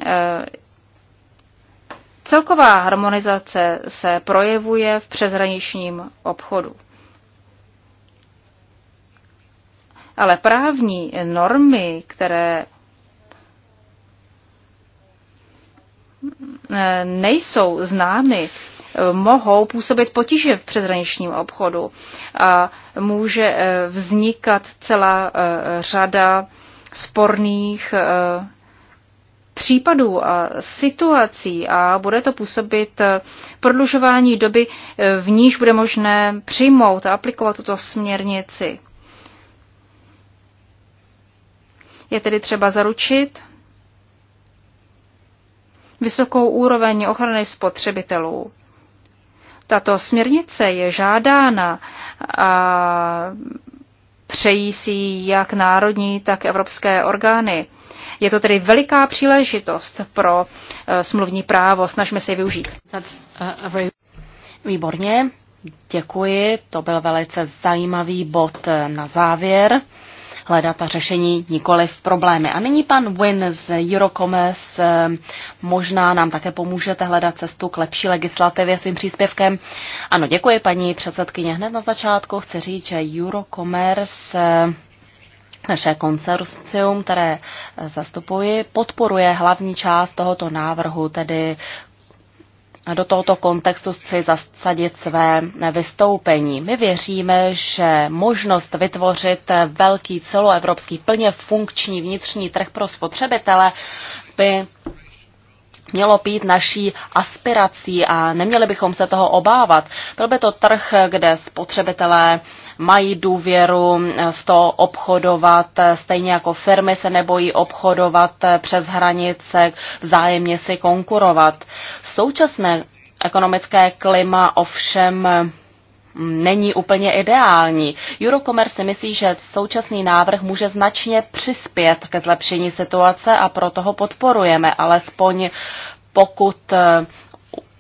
Eh, celková harmonizace se projevuje v přeshraničním obchodu. Ale právní normy, které nejsou známy, mohou působit potíže v přeshraničním obchodu a může vznikat celá řada sporných eh, případů a situací a bude to působit eh, prodlužování doby, eh, v níž bude možné přijmout a aplikovat tuto směrnici. Je tedy třeba zaručit vysokou úroveň ochrany spotřebitelů. Tato směrnice je žádána a Přejí si jak národní, tak evropské orgány. Je to tedy veliká příležitost pro eh,
smluvní právo. Snažme se ji využít. Eh, Výborně, děkuji. To byl velice zajímavý bod eh, na závěr hledat řešení, nikoli v problémy. A nyní pan Win z Eurocommerce eh, možná nám také pomůžete hledat cestu k lepší legislativě svým příspěvkem. Ano, děkuji paní předsedkyně. Hned na začátku chci říct, že Eurocommerce eh, naše koncercium, které zastupuji, podporuje hlavní část tohoto návrhu, tedy do tohoto kontextu chci zasadit své vystoupení. My věříme, že možnost vytvořit velký celoevropský plně funkční vnitřní trh pro spotřebitele by mělo být naší aspirací a neměli bychom se toho obávat. Byl by to trh, kde spotřebitelé mají důvěru eh, v to obchodovat, eh, stejně jako firmy se nebojí obchodovat eh, přes hranice, vzájemně si konkurovat. Současné ekonomické klima ovšem není úplně ideální. Eurocommerce si myslí, že současný návrh může značně přispět ke zlepšení situace a proto ho podporujeme, alespoň pokud eh,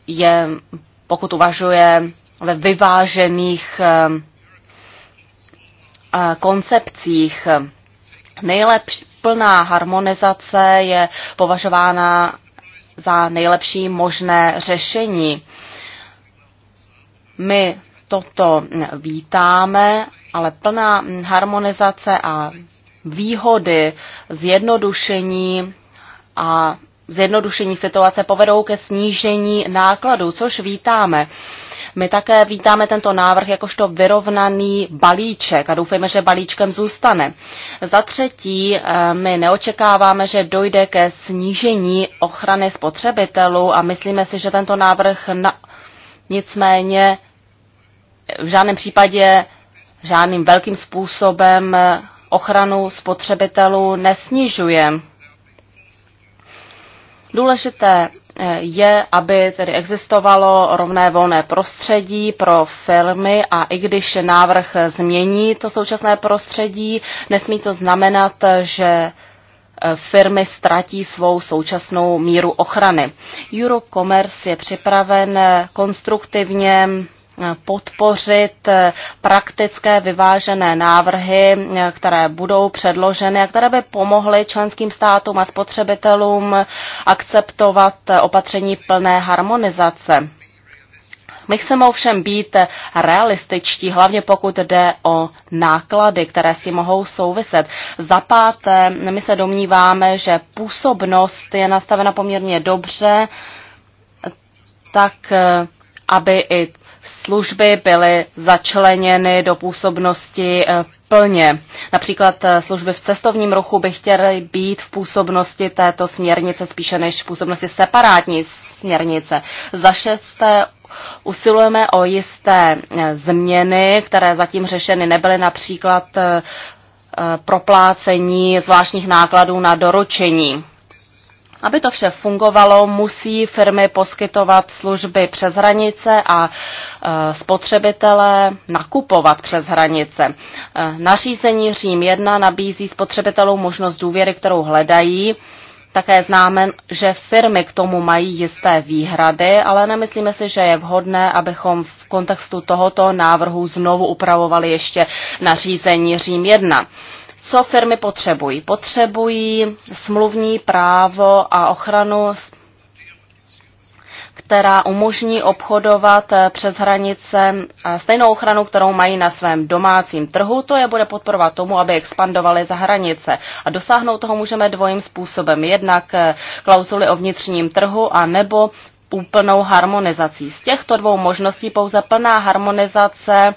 je, pokud uvažuje ve vyvážených eh, eh, koncepcích. Nejlepší plná harmonizace je považována za nejlepší možné řešení. My toto vítáme, ale plná harmonizace a výhody zjednodušení a zjednodušení situace povedou ke snížení nákladů, což vítáme. My také vítáme tento návrh jakožto vyrovnaný balíček a doufejme, že balíčkem zůstane. Za třetí, eh, my neočekáváme, že dojde ke snížení ochrany spotřebitelů a myslíme si, že tento návrh na... nicméně v žádném případě žádným velkým způsobem ochranu spotřebitelů nesnižuje. Důležité eh, je, aby tedy existovalo rovné volné prostředí pro firmy a i když návrh změní to současné prostředí, nesmí to znamenat, že eh, firmy ztratí svou současnou míru ochrany. Eurocommerce je připraven eh, konstruktivně podpořit eh, praktické vyvážené návrhy, eh, které budou předloženy a které by pomohly členským státům a spotřebitelům akceptovat eh, opatření plné harmonizace. My chceme ovšem být realističtí, hlavně pokud jde o náklady, které si mohou souviset. Za páté, my se domníváme, že působnost je nastavena poměrně dobře, tak aby i služby byly začleněny do působnosti eh, plně. Například eh, služby v cestovním ruchu by chtěly být v působnosti této směrnice spíše než v působnosti separátní směrnice. Za šesté usilujeme o jisté eh, změny, které zatím řešeny nebyly, například proplácení zvláštních nákladů na doručení. Aby to vše fungovalo, musí firmy poskytovat služby přes hranice a e, spotřebitelé nakupovat přes hranice. E, nařízení Řím 1 nabízí spotřebitelům možnost důvěry, kterou hledají. Také známe, že firmy k tomu mají jisté výhrady, ale nemyslíme si, že je vhodné, abychom v kontextu tohoto návrhu znovu upravovali ještě nařízení Řím 1 co firmy potřebují. Potřebují smluvní právo a ochranu, která umožní obchodovat eh, přes hranice stejnou ochranu, kterou mají na svém domácím trhu. To je bude podporovat tomu, aby expandovaly za hranice. A dosáhnout toho můžeme dvojím způsobem. Jednak eh, klauzuly o vnitřním trhu a nebo úplnou harmonizací. Z těchto dvou možností pouze plná harmonizace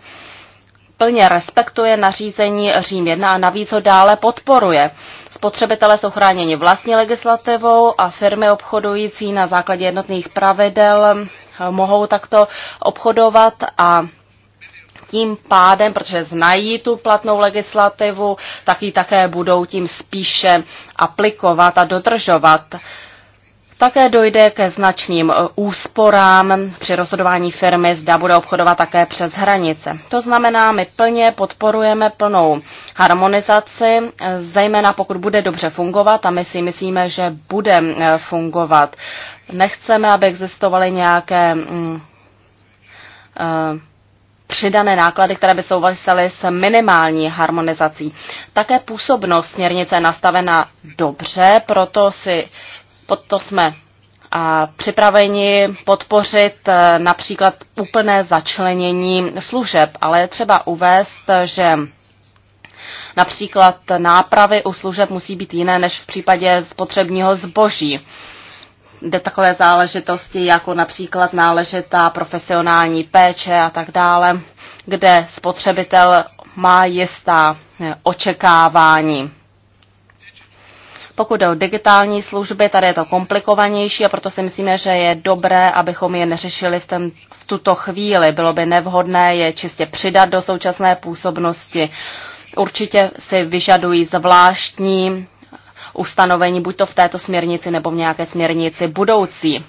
plně respektuje nařízení Řím 1 a navíc ho dále podporuje. Spotřebitelé jsou chráněni vlastní legislativou a firmy obchodující na základě jednotných pravidel eh, mohou takto obchodovat a tím pádem, protože znají tu platnou legislativu, tak ji také budou tím spíše aplikovat a dodržovat. Také dojde ke značným eh, úsporám při rozhodování firmy, zda bude obchodovat také přes hranice. To znamená, my plně podporujeme plnou harmonizaci, eh, zejména pokud bude dobře fungovat a my si myslíme, že bude eh, fungovat. Nechceme, aby existovaly nějaké mm, přidané náklady, které by souvisely s minimální harmonizací. Také působnost směrnice je nastavena dobře, proto si pod to jsme a připraveni podpořit eh, například úplné začlenění služeb, ale je třeba uvést, že například nápravy u služeb musí být jiné než v případě spotřebního zboží jde takové záležitosti, jako například náležitá profesionální péče a tak dále, kde spotřebitel má jistá eh, očekávání. Pokud jde o digitální služby, tady je to komplikovanější a proto si myslíme, že je dobré, abychom je neřešili v, ten, v tuto chvíli. Bylo by nevhodné je čistě přidat do současné působnosti. Určitě si vyžadují zvláštní ustanovení, buď to v této směrnici nebo v nějaké směrnici budoucí.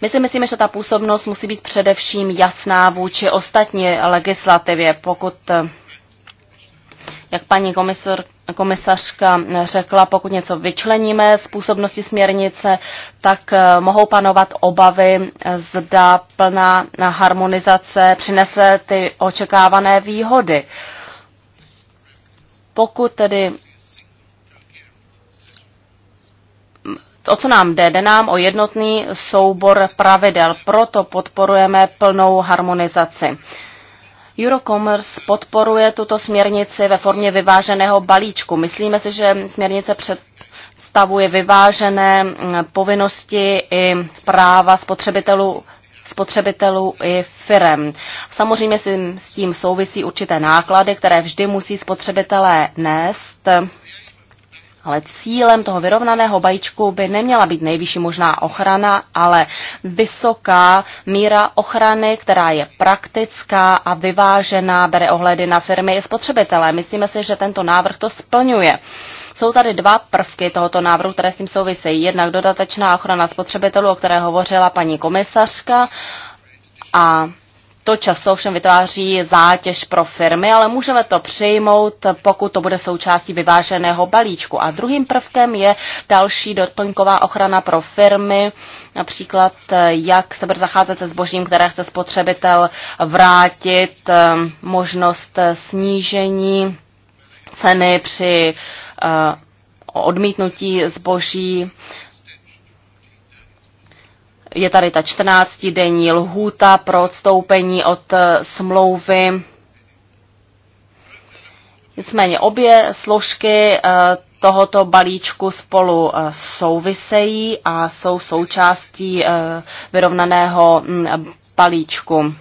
My si myslíme, že ta působnost musí být především jasná vůči ostatní legislativě. Pokud eh, jak paní komisor, komisařka řekla, pokud něco vyčleníme z působnosti směrnice, tak eh, mohou panovat obavy, eh, zda plná harmonizace přinese ty očekávané výhody. Pokud tedy O co nám jde? Jde nám o jednotný soubor pravidel, proto podporujeme plnou harmonizaci. Eurocommerce podporuje tuto směrnici ve formě vyváženého balíčku. Myslíme si, že směrnice představuje vyvážené mm, povinnosti i práva spotřebitelů spotřebitelů i firem. Samozřejmě s tím souvisí určité náklady, které vždy musí spotřebitelé nést. Ale cílem toho vyrovnaného balíčku by neměla být nejvyšší možná ochrana, ale vysoká míra ochrany, která je praktická a vyvážená, bere ohledy na firmy i spotřebitelé. Myslíme si, že tento návrh to splňuje. Jsou tady dva prvky tohoto návrhu, které s tím souvisejí. Jednak dodatečná ochrana spotřebitelů, o které hovořila paní komisařka, a to často ovšem vytváří zátěž pro firmy, ale můžeme to přijmout, pokud to bude součástí vyváženého balíčku. A druhým prvkem je další doplňková ochrana pro firmy, například eh, jak se bude zacházet se zbožím, které chce spotřebitel vrátit, eh, možnost eh, snížení ceny při odmítnutí zboží je tady ta 14-denní lhůta pro odstoupení od eh, smlouvy. Nicméně obě složky eh, tohoto balíčku spolu eh, souvisejí a jsou součástí vyrovnaného mm, balíčku.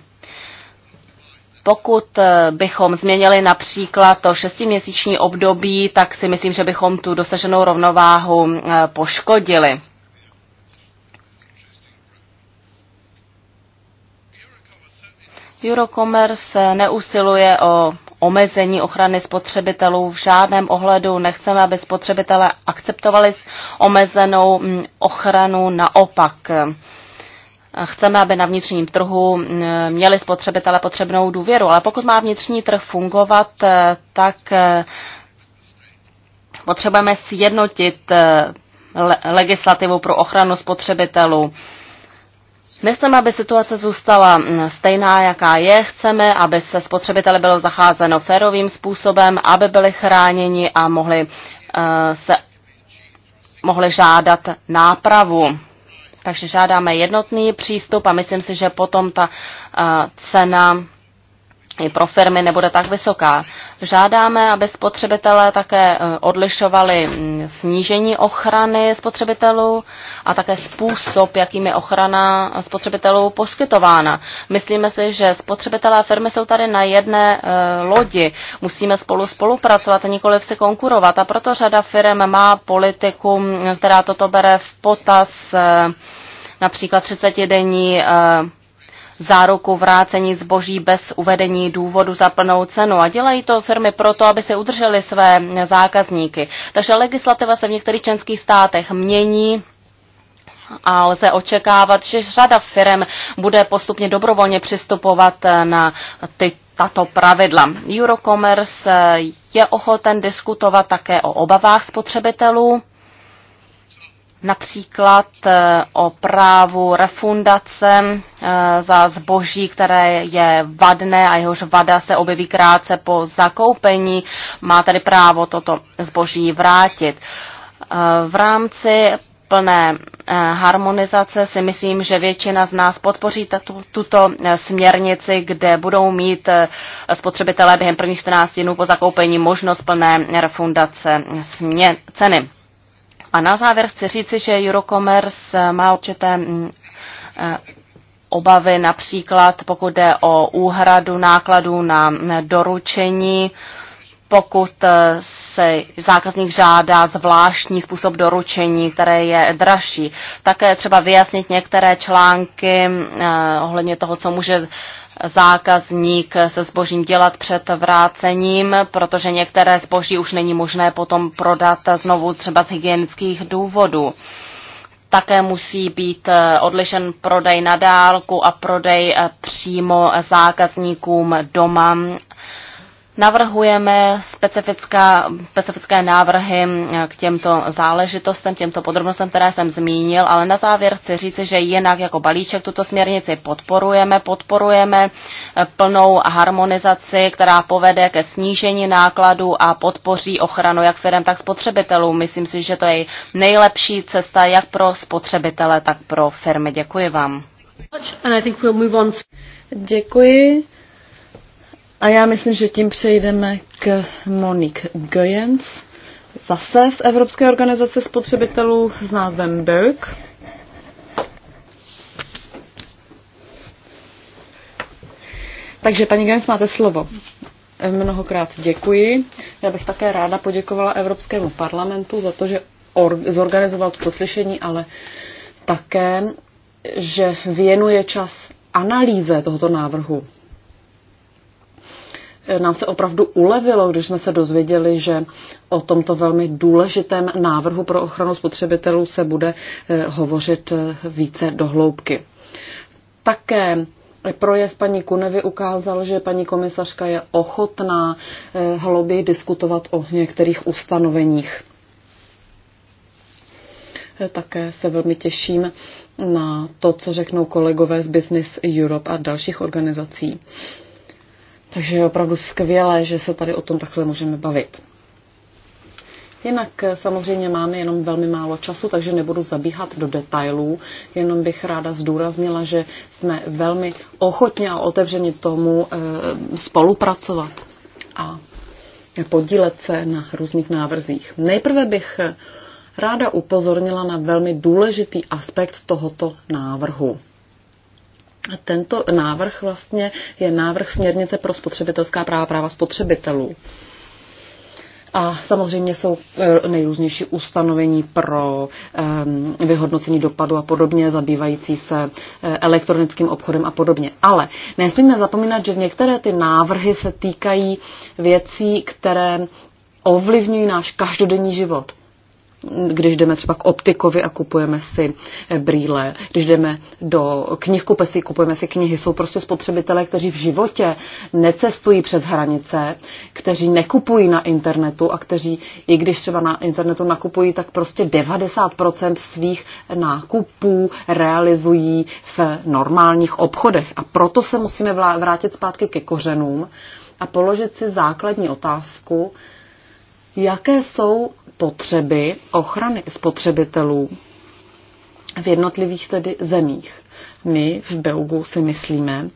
Pokud bychom změnili například to šestiměsíční období, tak si myslím, že bychom tu dosaženou rovnováhu poškodili. Eurocommerce neusiluje o omezení ochrany spotřebitelů v žádném ohledu. Nechceme, aby spotřebitelé akceptovali omezenou mm, ochranu. Naopak, chceme, aby na vnitřním trhu mm, měli spotřebitelé potřebnou důvěru. Ale pokud má vnitřní trh fungovat, eh, tak eh, potřebujeme sjednotit eh, legislativu pro ochranu spotřebitelů. Chceme, aby situace zůstala mm, stejná, jaká je. Chceme, aby se spotřebiteli bylo zacházeno férovým způsobem, aby byli chráněni a mohli eh, se mohli žádat nápravu. Takže žádáme jednotný přístup a myslím si, že potom ta eh, cena i pro firmy nebude tak vysoká. Žádáme, aby spotřebitelé také e, odlišovali mm, snížení ochrany spotřebitelů a také způsob, jakým je ochrana spotřebitelů poskytována. Myslíme si, že spotřebitelé a firmy jsou tady na jedné e, lodi. Musíme spolu spolupracovat a nikoliv si konkurovat. A proto řada firm má politiku, která toto bere v potaz, e, například 30-denní záruku vrácení zboží bez uvedení důvodu za plnou cenu. A dělají to firmy proto, aby se udržely své zákazníky. Takže legislativa se v některých členských státech mění a lze očekávat, že řada firm bude postupně dobrovolně přistupovat eh, na ty tato pravidla. Eurocommerce eh, je ochoten diskutovat také o obavách spotřebitelů například eh, o právu refundace eh, za zboží, které je vadné a jehož vada se objeví krátce po zakoupení, má tedy právo toto zboží vrátit. Eh, v rámci plné harmonizace si myslím, že většina z nás podpoří tuto směrnici, kde budou mít spotřebitelé během prvních 14 dnů po zakoupení možnost plné refundace ceny. A na závěr chci říci, že Eurocommerce eh, má určité mm, eh, obavy, například pokud jde o úhradu nákladů na doručení, pokud eh, se zákazník žádá zvláštní způsob doručení, které je dražší. Také třeba vyjasnit některé články ohledně toho, co může zákazník se zbožím dělat před vrácením, protože některé zboží už není možné potom prodat znovu třeba z hygienických důvodů. Také musí být eh, odlišen prodej na dálku a prodej eh, přímo zákazníkům doma Navrhujeme specifická, specifické návrhy k těmto záležitostem, těmto podrobnostem, které jsem zmínil, ale na závěr chci říci, že jinak jako balíček tuto směrnici podporujeme. Podporujeme e, plnou harmonizaci, která povede ke snížení nákladů a podpoří ochranu jak firm, tak spotřebitelů. Myslím si, že to je nejlepší cesta jak pro spotřebitele, tak pro firmy. Děkuji vám.
Děkuji. A já myslím, že tím přejdeme k Monique Goyens, zase z Evropské organizace spotřebitelů s názvem BERG. Takže paní Goyens, máte slovo. Mnohokrát děkuji. Já bych také ráda poděkovala Evropskému parlamentu za to, že zorganizoval toto slyšení, ale také, že věnuje čas analýze tohoto návrhu nám se opravdu ulevilo, když jsme se dozvěděli, že o tomto velmi důležitém návrhu pro ochranu spotřebitelů se bude eh, hovořit eh, více dohloubky. Také projev paní Kunevy ukázal, že paní komisařka je ochotná eh, hlouběji diskutovat o některých ustanoveních. Také se velmi těším na to, co řeknou kolegové z Business Europe a dalších organizací. Takže je opravdu skvělé, že se tady o tom takhle můžeme bavit. Jinak eh, samozřejmě máme jenom velmi málo času, takže nebudu zabíhat do detailů, jenom bych ráda zdůraznila, že jsme velmi ochotně a otevřeni tomu eh, spolupracovat a podílet se na různých návrzích. Nejprve bych eh, ráda upozornila na velmi důležitý aspekt tohoto návrhu. Tento návrh vlastně je návrh směrnice pro spotřebitelská práva, práva spotřebitelů. A samozřejmě jsou eh, nejrůznější ustanovení pro ehm, vyhodnocení dopadu a podobně, zabývající se eh, elektronickým obchodem a podobně. Ale nesmíme zapomínat, že některé ty návrhy se týkají věcí, které ovlivňují náš každodenní život když jdeme třeba k optikovi a kupujeme si eh, brýle, když jdeme do knihkupectví, kupujeme si knihy, jsou prostě spotřebitelé, kteří v životě necestují přes hranice, kteří nekupují na internetu a kteří, i když třeba na internetu nakupují, tak prostě 90% svých nákupů realizují v normálních obchodech. A proto se musíme vrátit zpátky ke kořenům a položit si základní otázku, jaké jsou potřeby ochrany spotřebitelů v jednotlivých tedy zemích. My v Belgu si myslíme,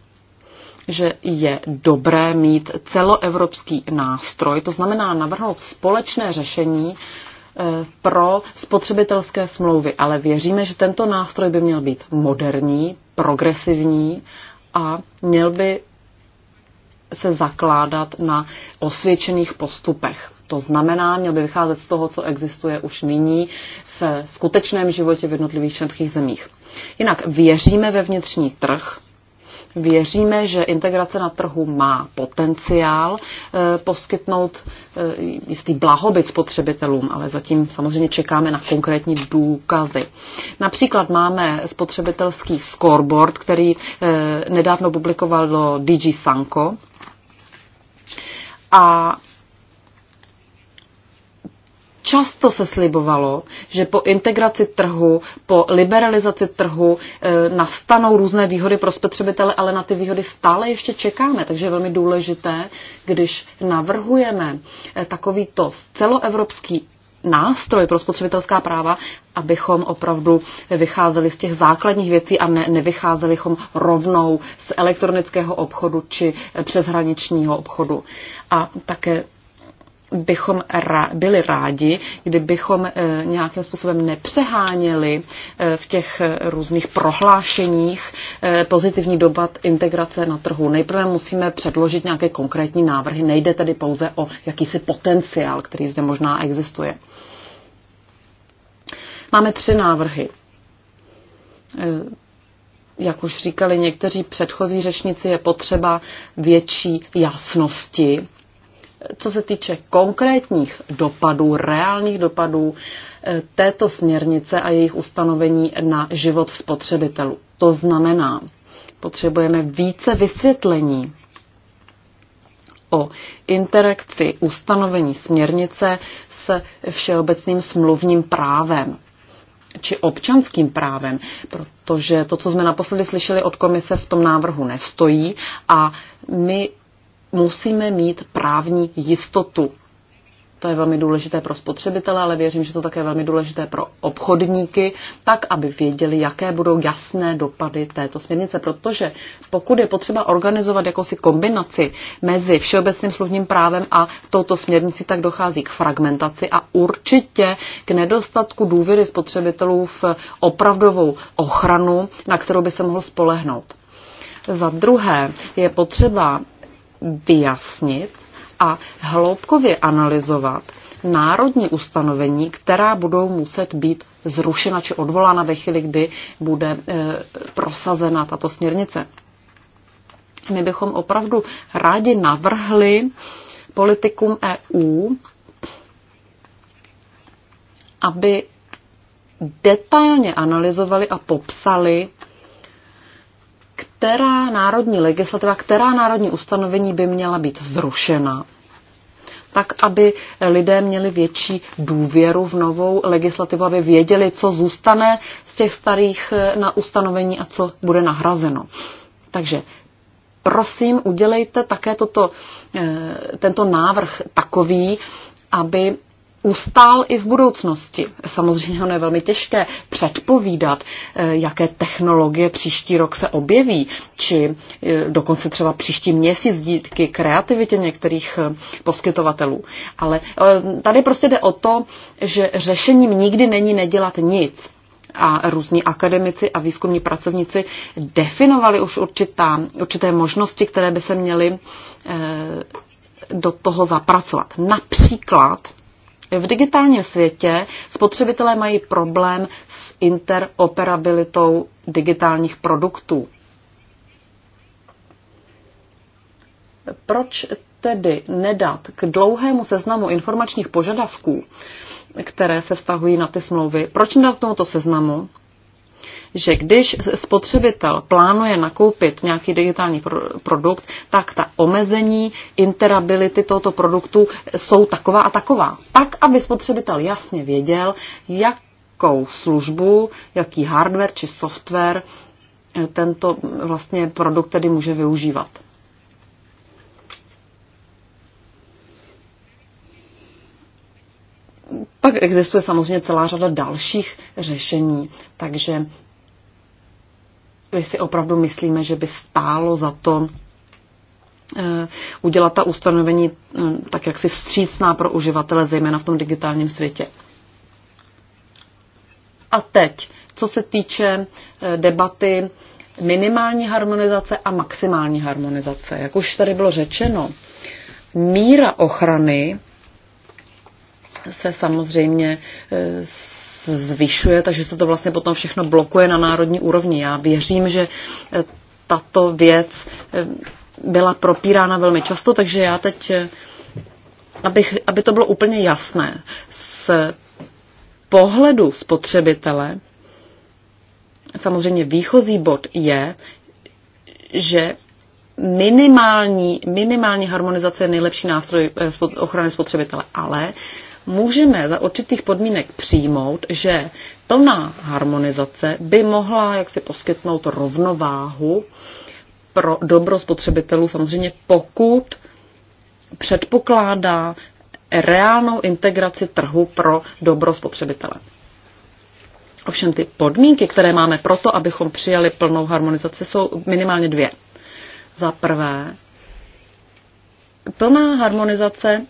že je dobré mít celoevropský nástroj, to znamená navrhnout společné řešení eh, pro spotřebitelské smlouvy, ale věříme, že tento nástroj by měl být moderní, progresivní a měl by se zakládat na osvědčených postupech. To znamená, měl by vycházet z toho, co existuje už nyní v skutečném životě v jednotlivých členských zemích. Jinak věříme ve vnitřní trh, Věříme, že integrace na trhu má potenciál e, poskytnout e, jistý blahobyt spotřebitelům, ale zatím samozřejmě čekáme na konkrétní důkazy. Například máme spotřebitelský scoreboard, který e, nedávno publikovalo DG Sanko. A Často se slibovalo, že po integraci trhu, po liberalizaci trhu eh, nastanou různé výhody pro spotřebitele, ale na ty výhody stále ještě čekáme. Takže je velmi důležité, když navrhujeme eh, takovýto celoevropský nástroj pro spotřebitelská práva, abychom opravdu vycházeli z těch základních věcí a ne, nevycházeli chom rovnou z elektronického obchodu či eh, přeshraničního obchodu. A také bychom byli rádi, kdybychom eh, nějakým způsobem nepřeháněli eh, v těch eh, různých prohlášeních pozitivní dobat integrace na trhu. Nejprve musíme předložit nějaké konkrétní návrhy, nejde tedy pouze o jakýsi potenciál, který zde možná existuje. Máme tři návrhy. Jak už říkali někteří předchozí řečníci, je potřeba větší jasnosti co se týče konkrétních dopadů, reálných dopadů eh, této směrnice a jejich ustanovení na život spotřebitelů. To znamená, potřebujeme více vysvětlení o interakci ustanovení směrnice s všeobecným smluvním právem či občanským právem, protože to, co jsme naposledy slyšeli od komise, v tom návrhu nestojí a my musíme mít právní jistotu. To je velmi důležité pro spotřebitele, ale věřím, že to také je velmi důležité pro obchodníky, tak aby věděli, jaké budou jasné dopady této směrnice. Protože pokud je potřeba organizovat jakousi kombinaci mezi všeobecným slovním právem a touto směrnici, tak dochází k fragmentaci a určitě k nedostatku důvěry spotřebitelů v opravdovou ochranu, na kterou by se mohlo spolehnout. Za druhé je potřeba vyjasnit a hloubkově analyzovat národní ustanovení, která budou muset být zrušena či odvolána ve chvíli, kdy bude e, prosazena tato směrnice. My bychom opravdu rádi navrhli politikům EU, aby detailně analyzovali a popsali která národní legislativa, která národní ustanovení by měla být zrušena, tak aby lidé měli větší důvěru v novou legislativu, aby věděli, co zůstane z těch starých eh, na ustanovení a co bude nahrazeno. Takže prosím, udělejte také toto, eh, tento návrh takový, aby ustál i v budoucnosti. Samozřejmě ono je velmi těžké předpovídat, eh, jaké technologie příští rok se objeví, či eh, dokonce třeba příští měsíc díky kreativitě některých eh, poskytovatelů. Ale tady prostě jde o to, že řešením nikdy není nedělat nic a různí akademici a výzkumní pracovníci definovali už určitá, určité možnosti, které by se měly do toho zapracovat. Například v digitálním světě spotřebitelé mají problém s interoperabilitou digitálních produktů. Proč tedy nedat k dlouhému seznamu informačních požadavků, které se vztahují na ty smlouvy, proč nedat k tomuto seznamu že když spotřebitel plánuje nakoupit nějaký digitální produkt, tak ta omezení interability tohoto produktu jsou taková a taková. Tak, aby spotřebitel jasně věděl, jakou službu, jaký hardware či software eh, tento vlastně produkt tedy může využívat. Pak existuje samozřejmě celá řada dalších řešení, takže my si opravdu myslíme, že by stálo za to eh, udělat ta ustanovení eh, tak jaksi vstřícná pro uživatele, zejména v tom digitálním světě. A teď, co se týče eh, debaty minimální harmonizace a maximální harmonizace. Jak už tady bylo řečeno, míra ochrany se samozřejmě zvyšuje, takže se to vlastně potom všechno blokuje na národní úrovni. Já věřím, že eh, tato věc eh, byla propírána velmi často, takže já teď, eh, abych, aby to bylo úplně jasné, z pohledu spotřebitele, samozřejmě výchozí bod je, že minimální, minimální harmonizace je nejlepší nástroj ochrany spotřebitele, ale můžeme za určitých podmínek přijmout, že plná harmonizace by mohla jaksi poskytnout rovnováhu pro dobro spotřebitelů, samozřejmě pokud předpokládá reálnou integraci trhu pro dobro spotřebitele. Ovšem ty podmínky, které máme pro to, abychom přijali plnou harmonizaci, jsou minimálně dvě. Za prvé, plná harmonizace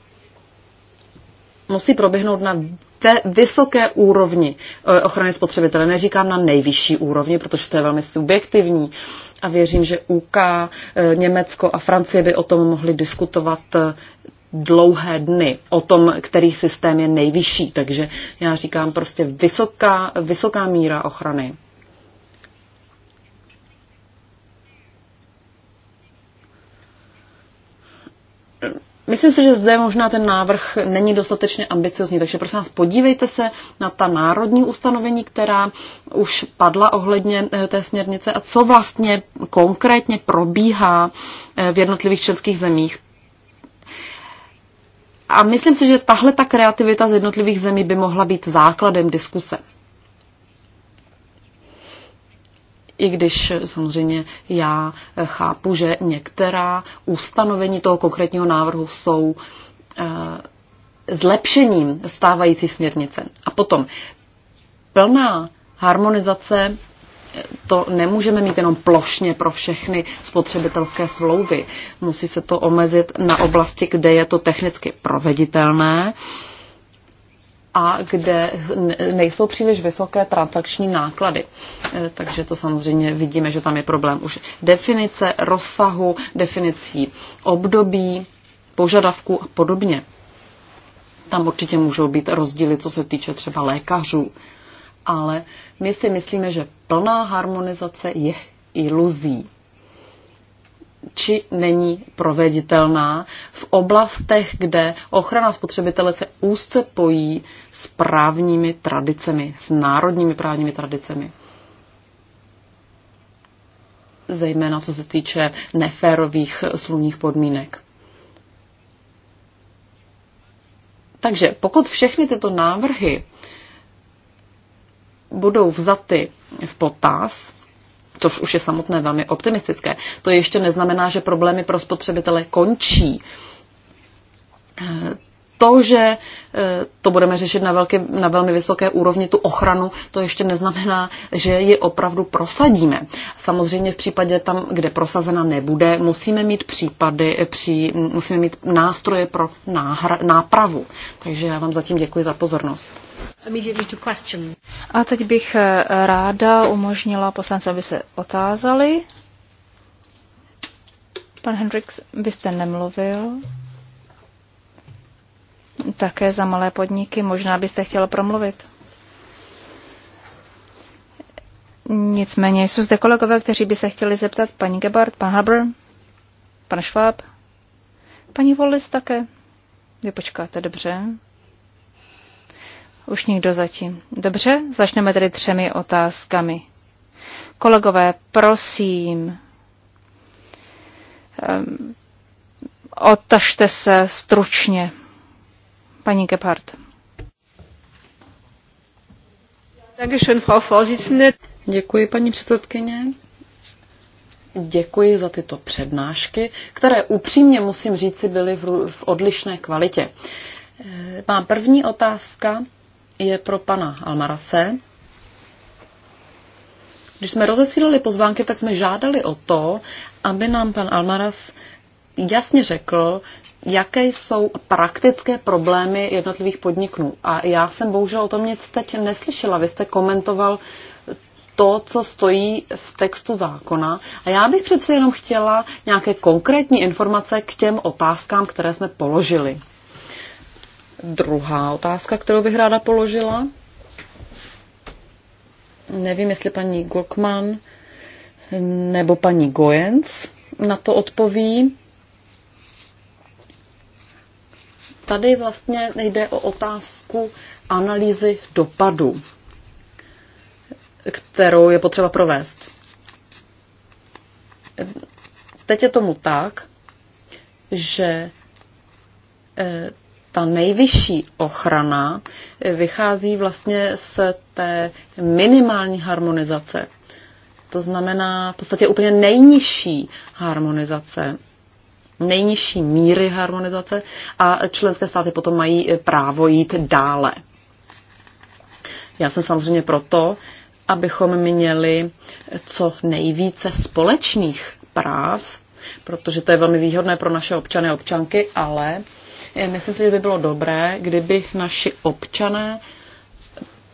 musí proběhnout na té vysoké úrovni eh, ochrany spotřebitele. Neříkám na nejvyšší úrovni, protože to je velmi subjektivní a věřím, že UK, eh, Německo a Francie by o tom mohli diskutovat eh, dlouhé dny o tom, který systém je nejvyšší. Takže já říkám prostě vysoká, vysoká míra ochrany. Myslím si, že zde možná ten návrh není dostatečně ambiciozní, takže prosím vás, podívejte se na ta národní ustanovení, která už padla ohledně eh, té směrnice a co vlastně konkrétně probíhá eh, v jednotlivých členských zemích. A myslím si, že tahle ta kreativita z jednotlivých zemí by mohla být základem diskuse. i když samozřejmě já eh, chápu, že některá ustanovení toho konkrétního návrhu jsou eh, zlepšením stávající směrnice. A potom plná harmonizace eh, to nemůžeme mít jenom plošně pro všechny spotřebitelské smlouvy. Musí se to omezit na oblasti, kde je to technicky proveditelné. Uh, a kde nejsou příliš vysoké transakční náklady. Eh, takže to samozřejmě vidíme, že tam je problém už definice rozsahu, definicí období, požadavku a podobně. Tam určitě můžou být rozdíly, co se týče třeba lékařů. Ale my si myslíme, že plná harmonizace je iluzí či není proveditelná v oblastech, kde ochrana spotřebitele se úzce pojí s právními tradicemi, s národními právními tradicemi. Zejména co se týče neférových sluních podmínek. Takže pokud všechny tyto návrhy budou vzaty v potaz, což už je samotné velmi optimistické. To ještě neznamená, že problémy pro spotřebitele končí to, že eh, to budeme řešit na, velké, na velmi vysoké úrovni, tu ochranu, to ještě neznamená, že ji opravdu prosadíme. Samozřejmě v případě tam, kde prosazena nebude, musíme mít případy, eh, při, musíme mít nástroje pro náhra, nápravu. Takže já vám zatím děkuji za pozornost.
A teď bych eh, ráda umožnila poslance, aby se otázali. Pan Hendricks, byste nemluvil také za malé podniky. Možná byste chtěla promluvit. Nicméně jsou zde kolegové, kteří by se chtěli zeptat. Paní Gebhardt, pan Haber, pan Schwab, paní Wallis také. Vy počkáte, dobře. Už nikdo zatím. Dobře, začneme tedy třemi otázkami. Kolegové, prosím, ehm, otažte se stručně. Paní Gebhardt.
Děkuji, paní předsedkyně. Děkuji za tyto přednášky, které upřímně musím říci byly v odlišné kvalitě. Eh, má první otázka je pro pana Almarase. Když jsme rozesílali pozvánky, tak jsme žádali o to, aby nám pan Almaras jasně řekl, jaké jsou praktické problémy jednotlivých podniků. A já jsem bohužel o tom nic teď neslyšela. Vy jste komentoval to, co stojí v textu zákona. A já bych přece jenom chtěla nějaké konkrétní informace k těm otázkám, které jsme položili. Druhá otázka, kterou bych ráda položila. Nevím, jestli paní Gorkman nebo paní Gojenc na to odpoví. Tady vlastně jde o otázku analýzy dopadu, kterou je potřeba provést. Teď je tomu tak, že eh, ta nejvyšší ochrana vychází vlastně z té minimální harmonizace. To znamená v podstatě úplně nejnižší harmonizace nejnižší míry harmonizace a členské státy potom mají eh, právo jít dále. Já jsem samozřejmě proto, abychom měli eh, co nejvíce společných práv, protože to je velmi výhodné pro naše občany a občanky, ale eh, myslím si, že by bylo dobré, kdyby naši občané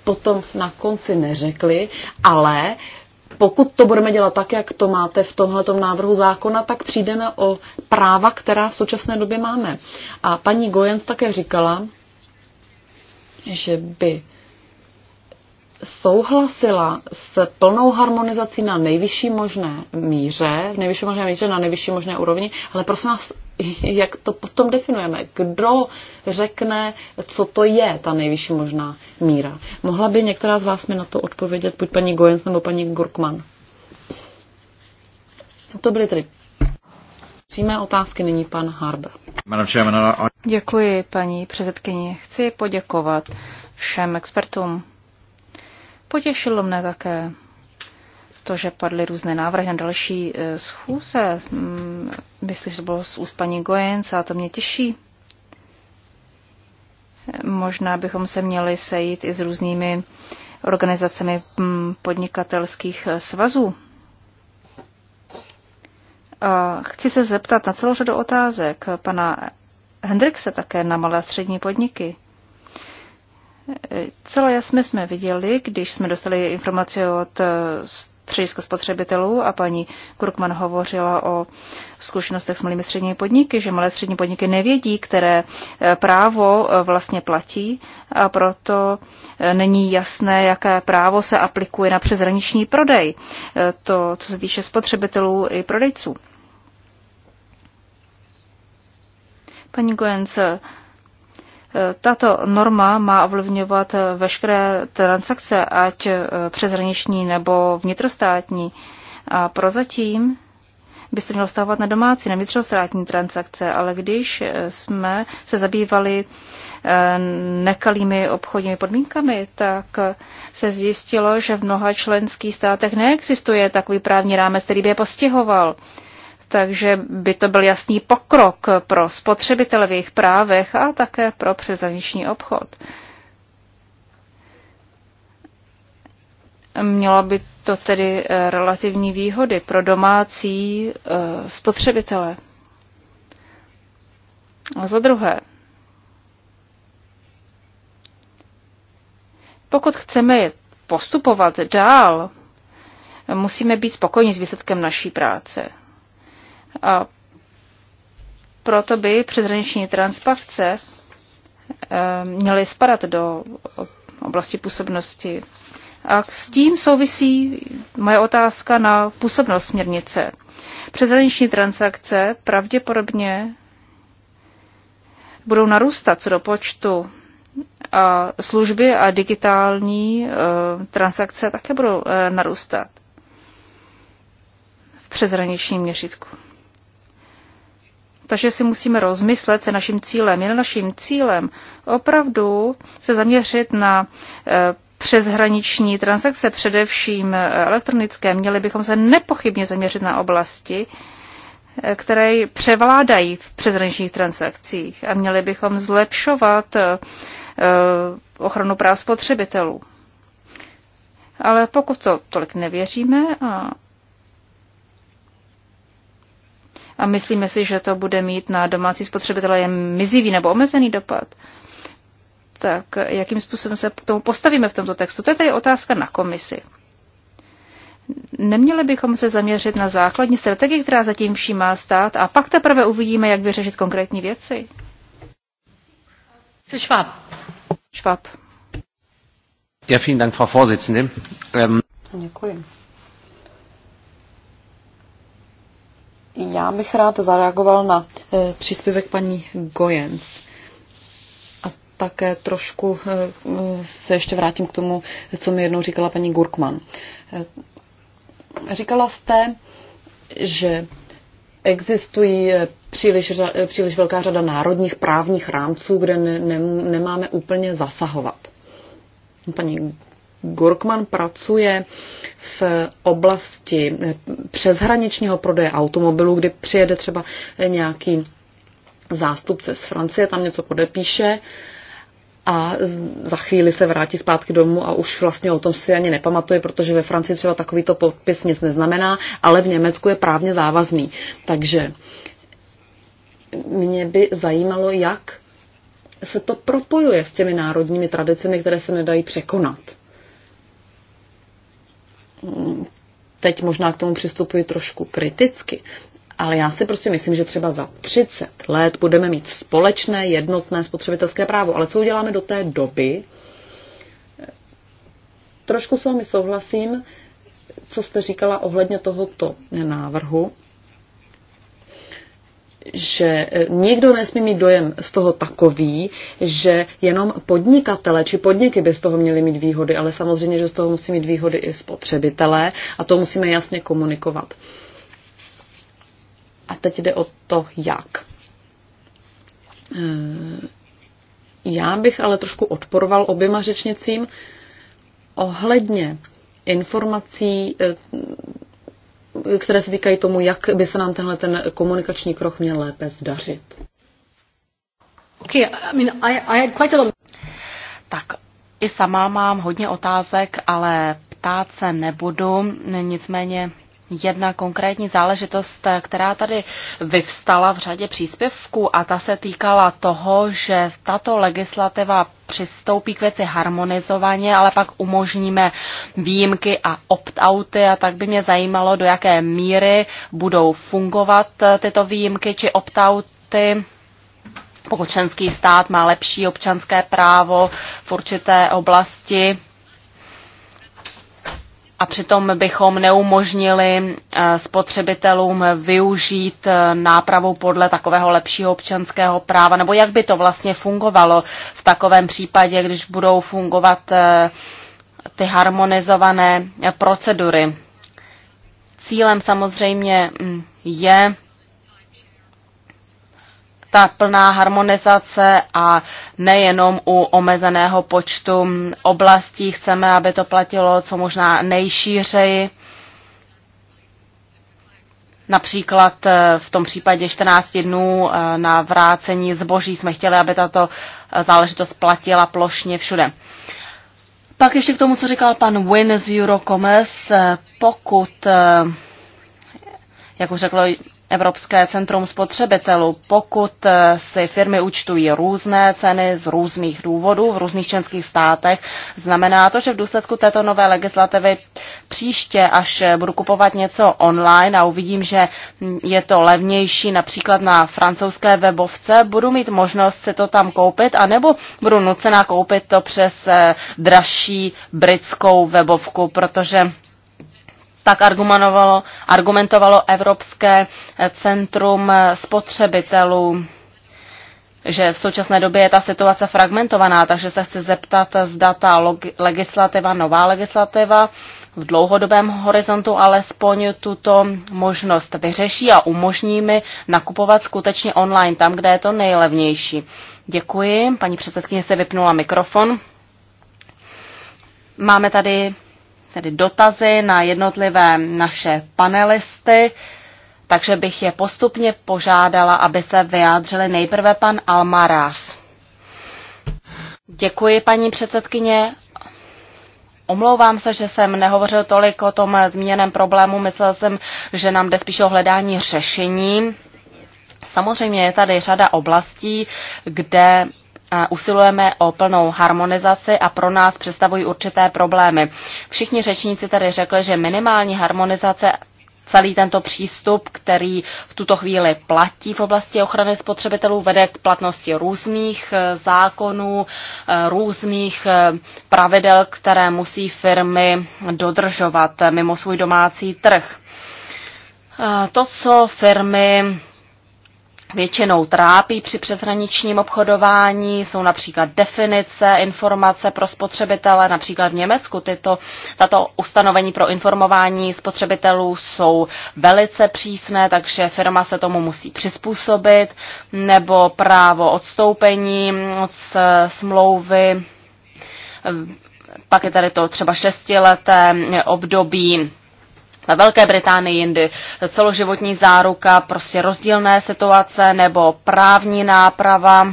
potom na konci neřekli, ale pokud to budeme dělat tak, jak to máte v tomhletom návrhu zákona, tak přijdeme o práva, která v současné době máme. A paní Gojens také říkala, že by souhlasila s plnou harmonizací na nejvyšší možné míře, v nejvyšší možné míře na nejvyšší možné úrovni, ale prosím vás, jak to potom definujeme? Kdo řekne, co to je ta nejvyšší možná míra? Mohla by některá z vás mi na to odpovědět, buď paní Gojens nebo paní Gurkman? To byly tedy přímé otázky, nyní pan Harber. Děkuji, paní předsedkyně. Chci poděkovat
všem expertům Potěšilo mne také to, že padly různé návrhy na další e, schůze. Mm, myslím, že to bylo z úst paní Gojenc a to mě těší. Možná bychom se měli sejít i s různými organizacemi mm, podnikatelských e, svazů. A chci se zeptat na celou řadu otázek pana Hendrikse také na malé a střední podniky. Celé jasně jsme viděli, když jsme dostali informaci od eh, středisko spotřebitelů a paní Kurkman hovořila o zkušenostech s malými středními podniky, že malé střední podniky nevědí, které eh, právo eh, vlastně platí a proto není jasné, jaké právo se aplikuje na přezraniční prodej, to, co se týče spotřebitelů i prodejců. Paní Goenc tato norma má ovlivňovat veškeré transakce, ať eh, přeshraniční nebo vnitrostátní. A prozatím by se mělo stávat na domácí, na vnitrostátní transakce, ale když eh, jsme se zabývali eh, nekalými obchodními podmínkami, tak se zjistilo, že v mnoha členských státech neexistuje takový právní rámec, který by je postihoval takže by to byl jasný pokrok pro spotřebitele v jejich právech a také pro přeshraniční obchod. Mělo by to tedy eh, relativní výhody pro domácí eh, spotřebitele. A za druhé, pokud chceme postupovat dál, musíme být spokojeni s výsledkem naší práce. A proto by přeshraniční transakce eh, měly spadat do oblasti působnosti. A s tím souvisí moje otázka na působnost směrnice. Přeshraniční transakce pravděpodobně budou narůstat co do počtu a služby a digitální eh, transakce také budou eh, narůstat v přeshraničním měřitku. Takže si musíme rozmyslet se naším cílem. Je naším cílem opravdu se zaměřit na e, přeshraniční transakce, především e, elektronické. Měli bychom se nepochybně zaměřit na oblasti, e, které převládají v přeshraničních transakcích a měli bychom zlepšovat ochranu práv spotřebitelů. Ale pokud to tolik nevěříme a a myslíme si, že to bude mít na domácí spotřebitele jen mizivý nebo omezený dopad, tak jakým způsobem se k tomu postavíme v tomto textu? To je tedy otázka na komisi. Neměli bychom se zaměřit na základní strategii, která zatím vším má stát, a pak teprve uvidíme, jak vyřešit konkrétní věci.
Co Schwab? Schwab.
Ja, vielen Dank, Frau Vorsitzende. Ähm,
Děkuji. Já bych rád zareagoval na e, příspěvek paní Gojens. A také trošku e, se ještě vrátím k tomu, co mi jednou říkala paní Gurkman. E, říkala jste, že existují příliš, příliš velká řada národních právních rámců, kde ne, ne, nemáme úplně zasahovat. Paní Gorkman pracuje v oblasti přeshraničního prodeje automobilů, kdy přijede třeba nějaký zástupce z Francie, tam něco podepíše a za chvíli se vrátí zpátky domů a už vlastně o tom si ani nepamatuje, protože ve Francii třeba takovýto podpis nic neznamená, ale v Německu je právně závazný. Takže mě by zajímalo, jak se to propojuje s těmi národními tradicemi, které se nedají překonat teď možná k tomu přistupuji trošku kriticky, ale já si prostě myslím, že třeba za 30 let budeme mít společné jednotné spotřebitelské právo. Ale co uděláme do té doby? Trošku s vámi souhlasím, co jste říkala ohledně tohoto návrhu že e, nikdo nesmí mít dojem z toho takový, že jenom podnikatele či podniky by z toho měly mít výhody, ale samozřejmě, že z toho musí mít výhody i spotřebitelé a to musíme jasně komunikovat. A teď jde o to, jak. E, já bych ale trošku odporoval oběma řečnicím ohledně informací e, které se týkají tomu, jak by se nám tenhle ten komunikační krok měl lépe zdařit.
Okay, I mean, I, I had quite a lot... Tak, i sama mám hodně otázek, ale ptát se nebudu. Nicméně jedna konkrétní záležitost, která tady vyvstala v řadě příspěvků a ta se týkala toho, že tato legislativa přistoupí k věci harmonizovaně, ale pak umožníme výjimky a opt-outy a tak by mě zajímalo, do jaké míry budou fungovat tyto výjimky či opt-outy pokud členský stát má lepší občanské právo v určité oblasti, a přitom bychom neumožnili eh, spotřebitelům využít eh, nápravu podle takového lepšího občanského práva, nebo jak by to vlastně fungovalo v takovém případě, když budou fungovat eh, ty harmonizované procedury. Cílem samozřejmě mm, je ta plná harmonizace a nejenom u omezeného počtu oblastí. Chceme, aby to platilo co možná nejšířeji. Například eh, v tom případě 14 dnů eh, na vrácení zboží jsme chtěli, aby tato eh, záležitost platila plošně všude. Pak ještě k tomu, co říkal pan Win z Eurocommerce, pokud, jak už řekl Evropské centrum spotřebitelů. Pokud eh, si firmy účtují různé ceny z různých důvodů v různých členských státech, znamená to, že v důsledku této nové legislativy příště, až eh, budu kupovat něco online a uvidím, že hm, je to levnější například na francouzské webovce, budu mít možnost si to tam koupit, anebo budu nucená koupit to přes eh, dražší britskou webovku, protože tak argumentovalo, argumentovalo Evropské eh, centrum eh, spotřebitelů že v současné době je ta situace fragmentovaná, takže se chci zeptat, zda ta legislativa, nová legislativa v dlouhodobém horizontu alespoň tuto možnost vyřeší a umožní mi nakupovat skutečně online tam, kde je to nejlevnější. Děkuji. Paní předsedkyně se vypnula mikrofon. Máme tady tedy dotazy na jednotlivé naše panelisty, takže bych je postupně požádala, aby se vyjádřili nejprve pan Almaraz. Děkuji, paní předsedkyně. Omlouvám se, že jsem nehovořil tolik o tom zmíněném problému. Myslel jsem, že nám jde spíš o hledání řešení. Samozřejmě je tady řada oblastí, kde usilujeme o plnou harmonizaci a pro nás představují určité problémy. Všichni řečníci tady řekli, že minimální harmonizace celý tento přístup, který v tuto chvíli platí v oblasti ochrany spotřebitelů, vede k platnosti různých eh, zákonů, eh, různých eh, pravidel, které musí firmy dodržovat mimo svůj domácí trh. To, co firmy většinou trápí při přeshraničním obchodování, jsou například definice, informace pro spotřebitele, například v Německu tyto, tato ustanovení pro informování spotřebitelů jsou velice přísné, takže firma se tomu musí přizpůsobit, nebo právo odstoupení od smlouvy, ehm, pak je tady to třeba šestileté období ve Velké Británii jindy celoživotní záruka, prostě rozdílné situace nebo právní náprava.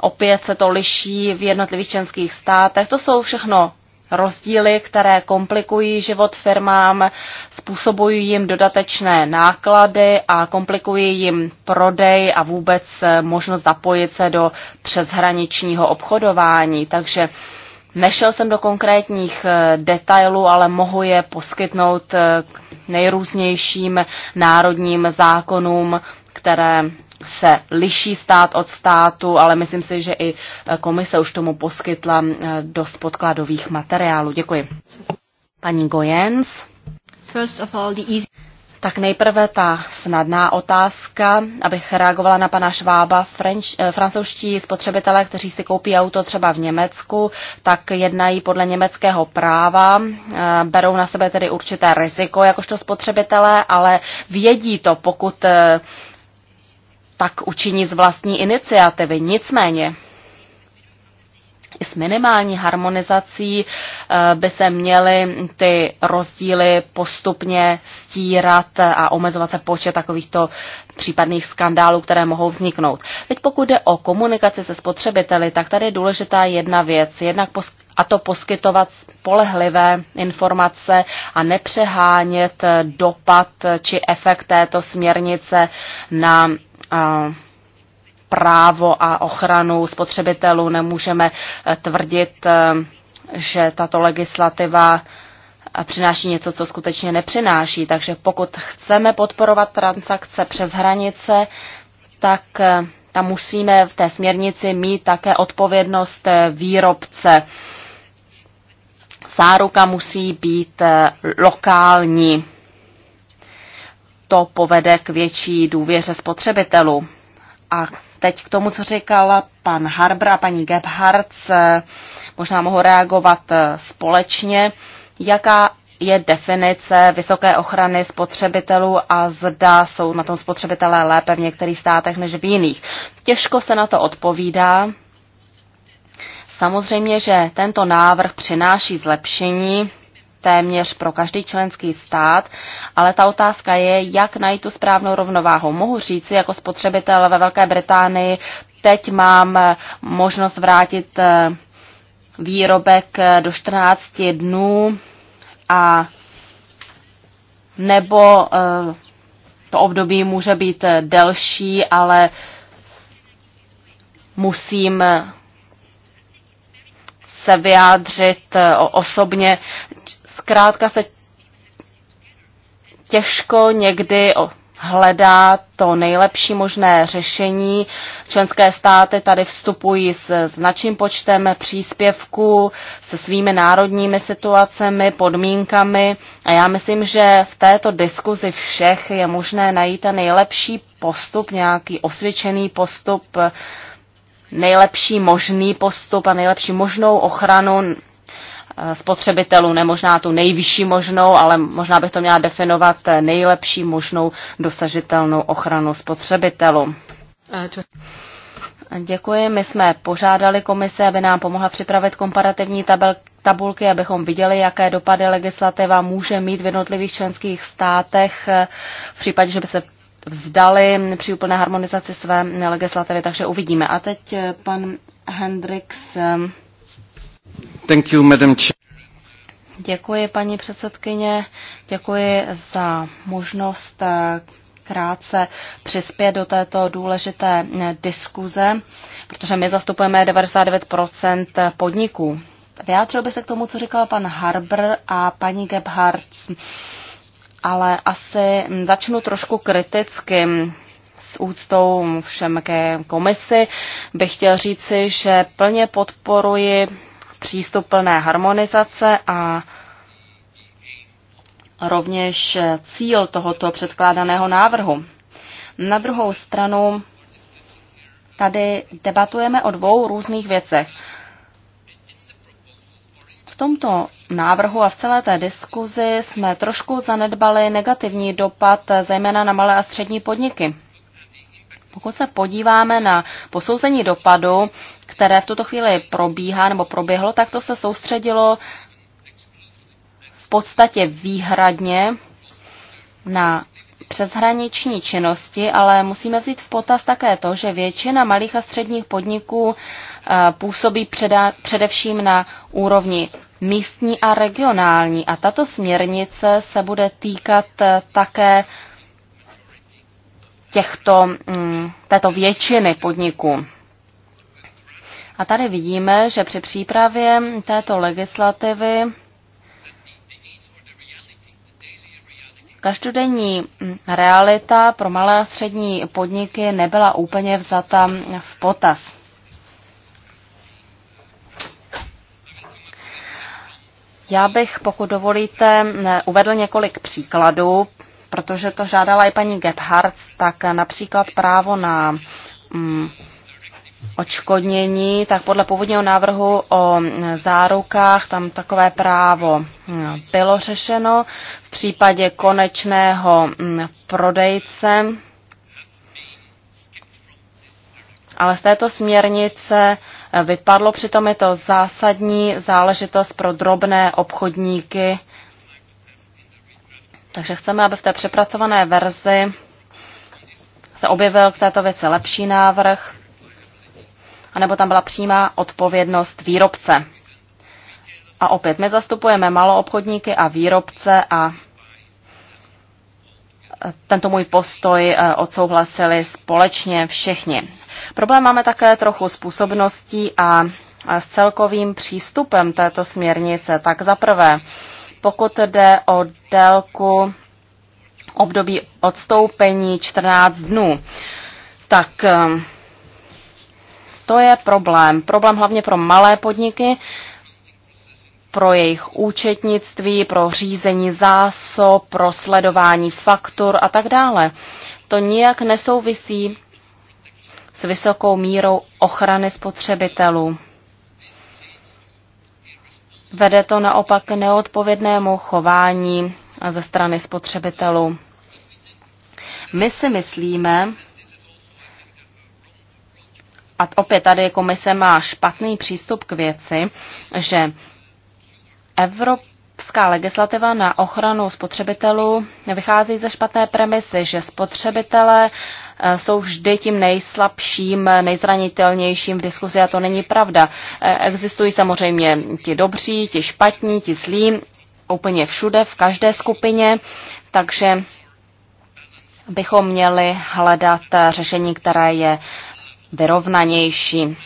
Opět se to liší v jednotlivých členských státech. To jsou všechno rozdíly, které komplikují život firmám, způsobují jim dodatečné náklady a komplikují jim prodej a vůbec eh, možnost zapojit se do přeshraničního obchodování. Takže Nešel jsem do konkrétních eh, detailů, ale mohu je poskytnout eh, k nejrůznějším národním zákonům, které se liší stát od státu, ale myslím si, že i eh, komise už tomu poskytla dost podkladových materiálů. Děkuji. Paní Gojens. First of all, the easy... Tak nejprve ta snadná otázka, abych reagovala na pana Švába. French, eh, francouzští spotřebitelé, kteří si koupí auto třeba v Německu, tak jednají podle německého práva, eh, berou na sebe tedy určité riziko jakožto spotřebitelé, ale vědí to, pokud eh, tak učiní z vlastní iniciativy. Nicméně i s minimální harmonizací eh, by se měly ty rozdíly postupně stírat a omezovat se počet takovýchto případných skandálů, které mohou vzniknout. Teď pokud jde o komunikaci se spotřebiteli, tak tady je důležitá jedna věc. Jednak a to poskytovat spolehlivé informace a nepřehánět dopad či efekt této směrnice na eh, právo a ochranu spotřebitelů. Nemůžeme eh, tvrdit, eh, že tato legislativa eh, přináší něco, co skutečně nepřináší. Takže pokud chceme podporovat transakce přes hranice, tak tam musíme v té směrnici mít také odpovědnost výrobce. Záruka musí být lokální. To povede k větší důvěře spotřebitelů a Teď k tomu, co říkal pan Harbr a paní Gebhardt, eh, možná mohu reagovat eh, společně. Jaká je definice vysoké ochrany spotřebitelů a zda jsou na tom spotřebitelé lépe v některých státech než v jiných. Těžko se na to odpovídá. Samozřejmě, že tento návrh přináší zlepšení, téměř pro každý členský stát, ale ta otázka je, jak najít tu správnou rovnováhu. Mohu říci jako spotřebitel ve Velké Británii, teď mám eh, možnost vrátit eh, výrobek eh, do 14 dnů a nebo to období může být delší, ale musím se vyjádřit osobně zkrátka se těžko někdy hledá to nejlepší možné řešení. Členské státy tady vstupují s značným počtem příspěvků, se svými národními situacemi, podmínkami a já myslím, že v této diskuzi všech je možné najít ten nejlepší postup, nějaký osvědčený postup, nejlepší možný postup a nejlepší možnou ochranu Eh, spotřebitelů, ne možná tu nejvyšší možnou, ale možná bych to měla definovat eh, nejlepší možnou dosažitelnou ochranu spotřebitelů. Eh, Děkuji. My jsme požádali komise, aby nám pomohla připravit komparativní tabel, tabulky, abychom viděli, jaké dopady legislativa může mít v jednotlivých členských státech v případě, že by se vzdali při úplné harmonizaci své legislativy, takže uvidíme. A teď pan Hendricks
Thank you, Madam Chair.
Děkuji, paní předsedkyně. Děkuji za možnost eh, krátce přispět do této důležité eh, diskuze, protože my zastupujeme 99 eh, podniků. Vyjádřil by se k tomu, co říkal pan Harbr a paní Gebhardt, ale asi hm, začnu trošku kriticky hm, s úctou všem ke komisi. Bych chtěl říci, že plně podporuji přístup plné harmonizace a rovněž cíl tohoto předkládaného návrhu. Na druhou stranu tady debatujeme o dvou různých věcech. V tomto návrhu a v celé té diskuzi jsme trošku zanedbali negativní dopad zejména na malé a střední podniky. Pokud se podíváme na posouzení dopadu, které v tuto chvíli probíhá nebo proběhlo, tak to se soustředilo v podstatě výhradně na přeshraniční činnosti, ale musíme vzít v potaz také to, že většina malých a středních podniků eh, působí především na úrovni místní a regionální. A tato směrnice se bude týkat eh, také těchto, mm, této většiny podniků. A tady vidíme, že při přípravě této legislativy každodenní realita pro malé a střední podniky nebyla úplně vzata v potaz. Já bych, pokud dovolíte, uvedl několik příkladů, protože to žádala i paní Gebhardt, tak například právo na mm, odškodnění, tak podle původního návrhu o zárukách tam takové právo hm, bylo řešeno. V případě konečného hm, prodejce ale z této směrnice eh, vypadlo, přitom je to zásadní záležitost pro drobné obchodníky. Takže chceme, aby v té přepracované verzi se objevil k této věci lepší návrh anebo tam byla přímá odpovědnost výrobce. A opět, my zastupujeme maloobchodníky a výrobce a e, tento můj postoj e, odsouhlasili společně všichni. Problém máme také trochu s působností a s celkovým přístupem této směrnice. Tak zaprvé, pokud jde o délku období odstoupení 14 dnů, tak e, to je problém. Problém hlavně pro malé podniky, pro jejich účetnictví, pro řízení zásob, pro sledování faktur a tak dále. To nijak nesouvisí s vysokou mírou ochrany spotřebitelů. Vede to naopak k neodpovědnému chování ze strany spotřebitelů. My si myslíme, a opět tady komise má špatný přístup k věci, že Evropa Evropská legislativa na ochranu spotřebitelů vychází ze špatné premisy, že spotřebitelé e, jsou vždy tím nejslabším, nejzranitelnějším v diskuzi a to není pravda. E, existují samozřejmě ti dobří, ti špatní, ti zlí, úplně všude, v každé skupině, takže bychom měli hledat řešení, které je vyrovnanější.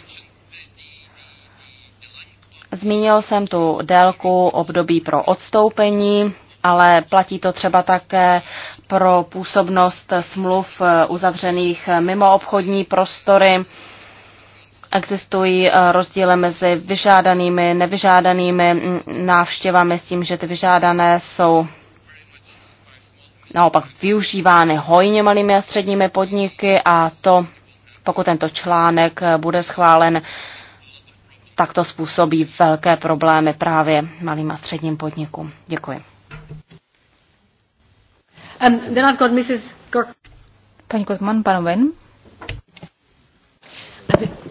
Zmínil jsem tu délku období pro odstoupení, ale platí to třeba také pro působnost smluv uzavřených mimo obchodní prostory. Existují rozdíly mezi vyžádanými, nevyžádanými návštěvami s tím, že ty vyžádané jsou naopak využívány hojně malými a středními podniky a to pokud tento článek bude schválen, tak to způsobí velké problémy právě malým a středním podnikům. Děkuji. Um,
then I've got Mrs. Gork. Paní Kotman, pan Wen.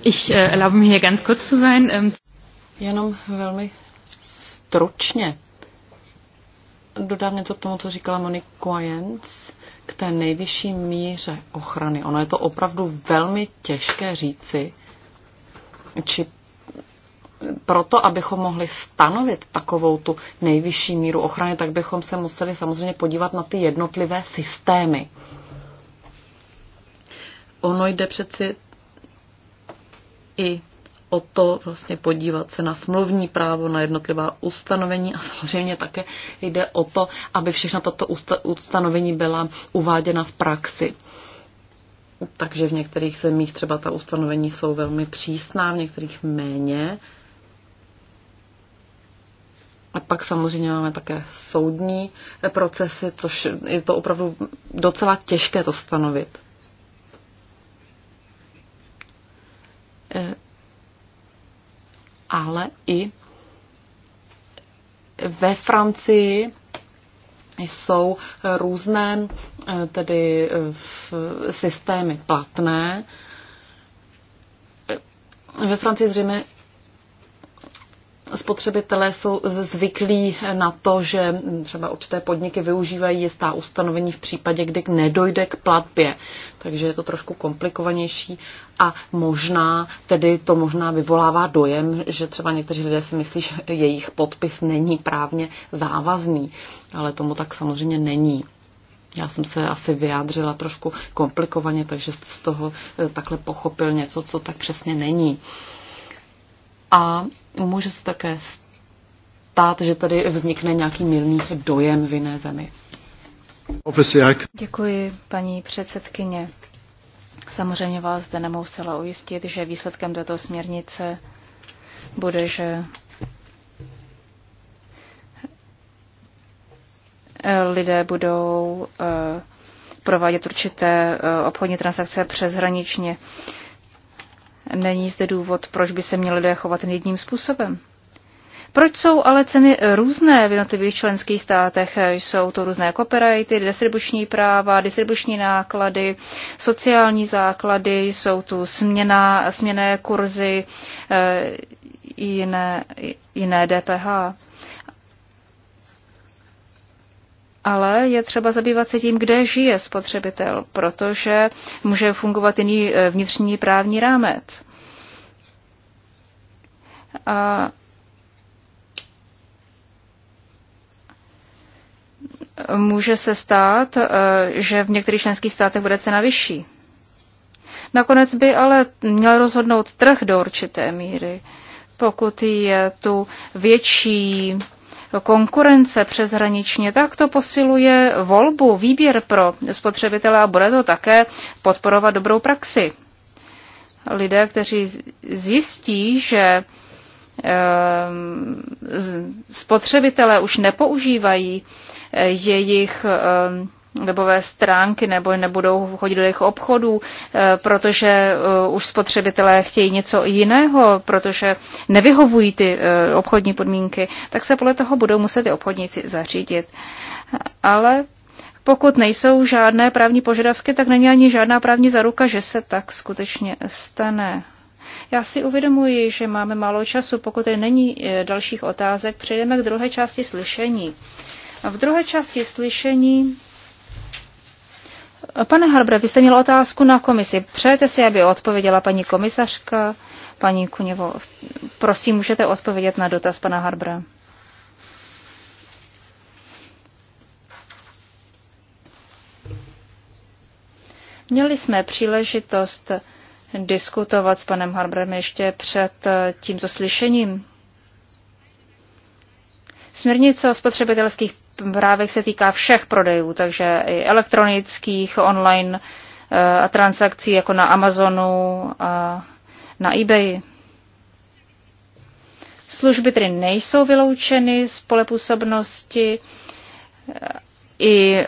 ich äh, erlaube mir hier ganz kurz zu sein. Ähm, Jenom velmi stručně dodám něco k tomu, co říkala Monique Quayens té nejvyšší míře ochrany. Ono je to opravdu velmi těžké říci, či proto, abychom mohli stanovit takovou tu nejvyšší míru ochrany, tak bychom se museli samozřejmě podívat na ty jednotlivé systémy. Ono jde přeci i o to vlastně podívat se na smluvní právo, na jednotlivá ustanovení a samozřejmě také jde o to, aby všechna tato ustanovení byla uváděna v praxi. Takže v některých zemích třeba ta ustanovení jsou velmi přísná, v některých méně. A pak samozřejmě máme také soudní procesy, což je to opravdu docela těžké to stanovit eh, ale i ve Francii jsou různé eh, tedy eh, systémy platné. Ve Francii zřejmě spotřebitelé jsou zvyklí na to, že třeba určité podniky využívají jistá ustanovení v případě, kdy nedojde k platbě. Takže je to trošku komplikovanější a možná, tedy to možná vyvolává dojem, že třeba někteří lidé si myslí, že jejich podpis není právně závazný, ale tomu tak samozřejmě není. Já jsem se asi vyjádřila trošku komplikovaně, takže jste z toho eh, takhle pochopil něco, co tak přesně není. Uh, a může se také stát, že tady vznikne nějaký milný dojem v jiné zemi.
Děkuji, paní předsedkyně. Samozřejmě vás zde nemohu zcela ujistit, že výsledkem této směrnice bude, že eh, lidé budou eh, provádět určité eh, obchodní transakce přeshraničně. Není zde důvod, proč by se měli lidé chovat jedním způsobem. Proč jsou ale ceny různé v jednotlivých členských státech? Jsou to různé copyrighty, distribuční práva, distribuční náklady, sociální základy, jsou tu směna, směné kurzy, eh, jiné, jiné DPH. ale je třeba zabývat se tím, kde žije spotřebitel, protože může fungovat jiný eh, vnitřní právní rámec. A může se stát, eh, že v některých členských státech bude cena vyšší. Nakonec by ale měl rozhodnout trh do určité míry. Pokud je tu větší konkurence přeshraničně, tak to posiluje volbu, výběr pro spotřebitele a bude to také podporovat dobrou praxi. Lidé, kteří zjistí, že ehm, spotřebitelé už nepoužívají eh, jejich ehm, webové stránky nebo nebudou chodit do jejich obchodů, eh, protože eh, už spotřebitelé chtějí něco jiného, protože nevyhovují ty eh, obchodní podmínky, tak se podle toho budou muset i obchodníci zařídit. Ale pokud nejsou žádné právní požadavky, tak není ani žádná právní zaruka, že se tak skutečně stane. Já si uvědomuji, že máme málo času. Pokud tady není dalších otázek, přejdeme k druhé části slyšení. V druhé části slyšení Pane Harbre, vy jste měl otázku na komisi. Přejete si, aby odpověděla paní komisařka? Paní Kuněvo, prosím, můžete odpovědět na dotaz pana Harbra. Měli jsme příležitost diskutovat s panem Harbrem ještě před eh, tímto slyšením. Směrnice o spotřebitelských právě se týká všech prodejů, takže i elektronických, online eh, a transakcí jako na Amazonu a na eBay. Služby tedy nejsou vyloučeny z pole působnosti eh, i e,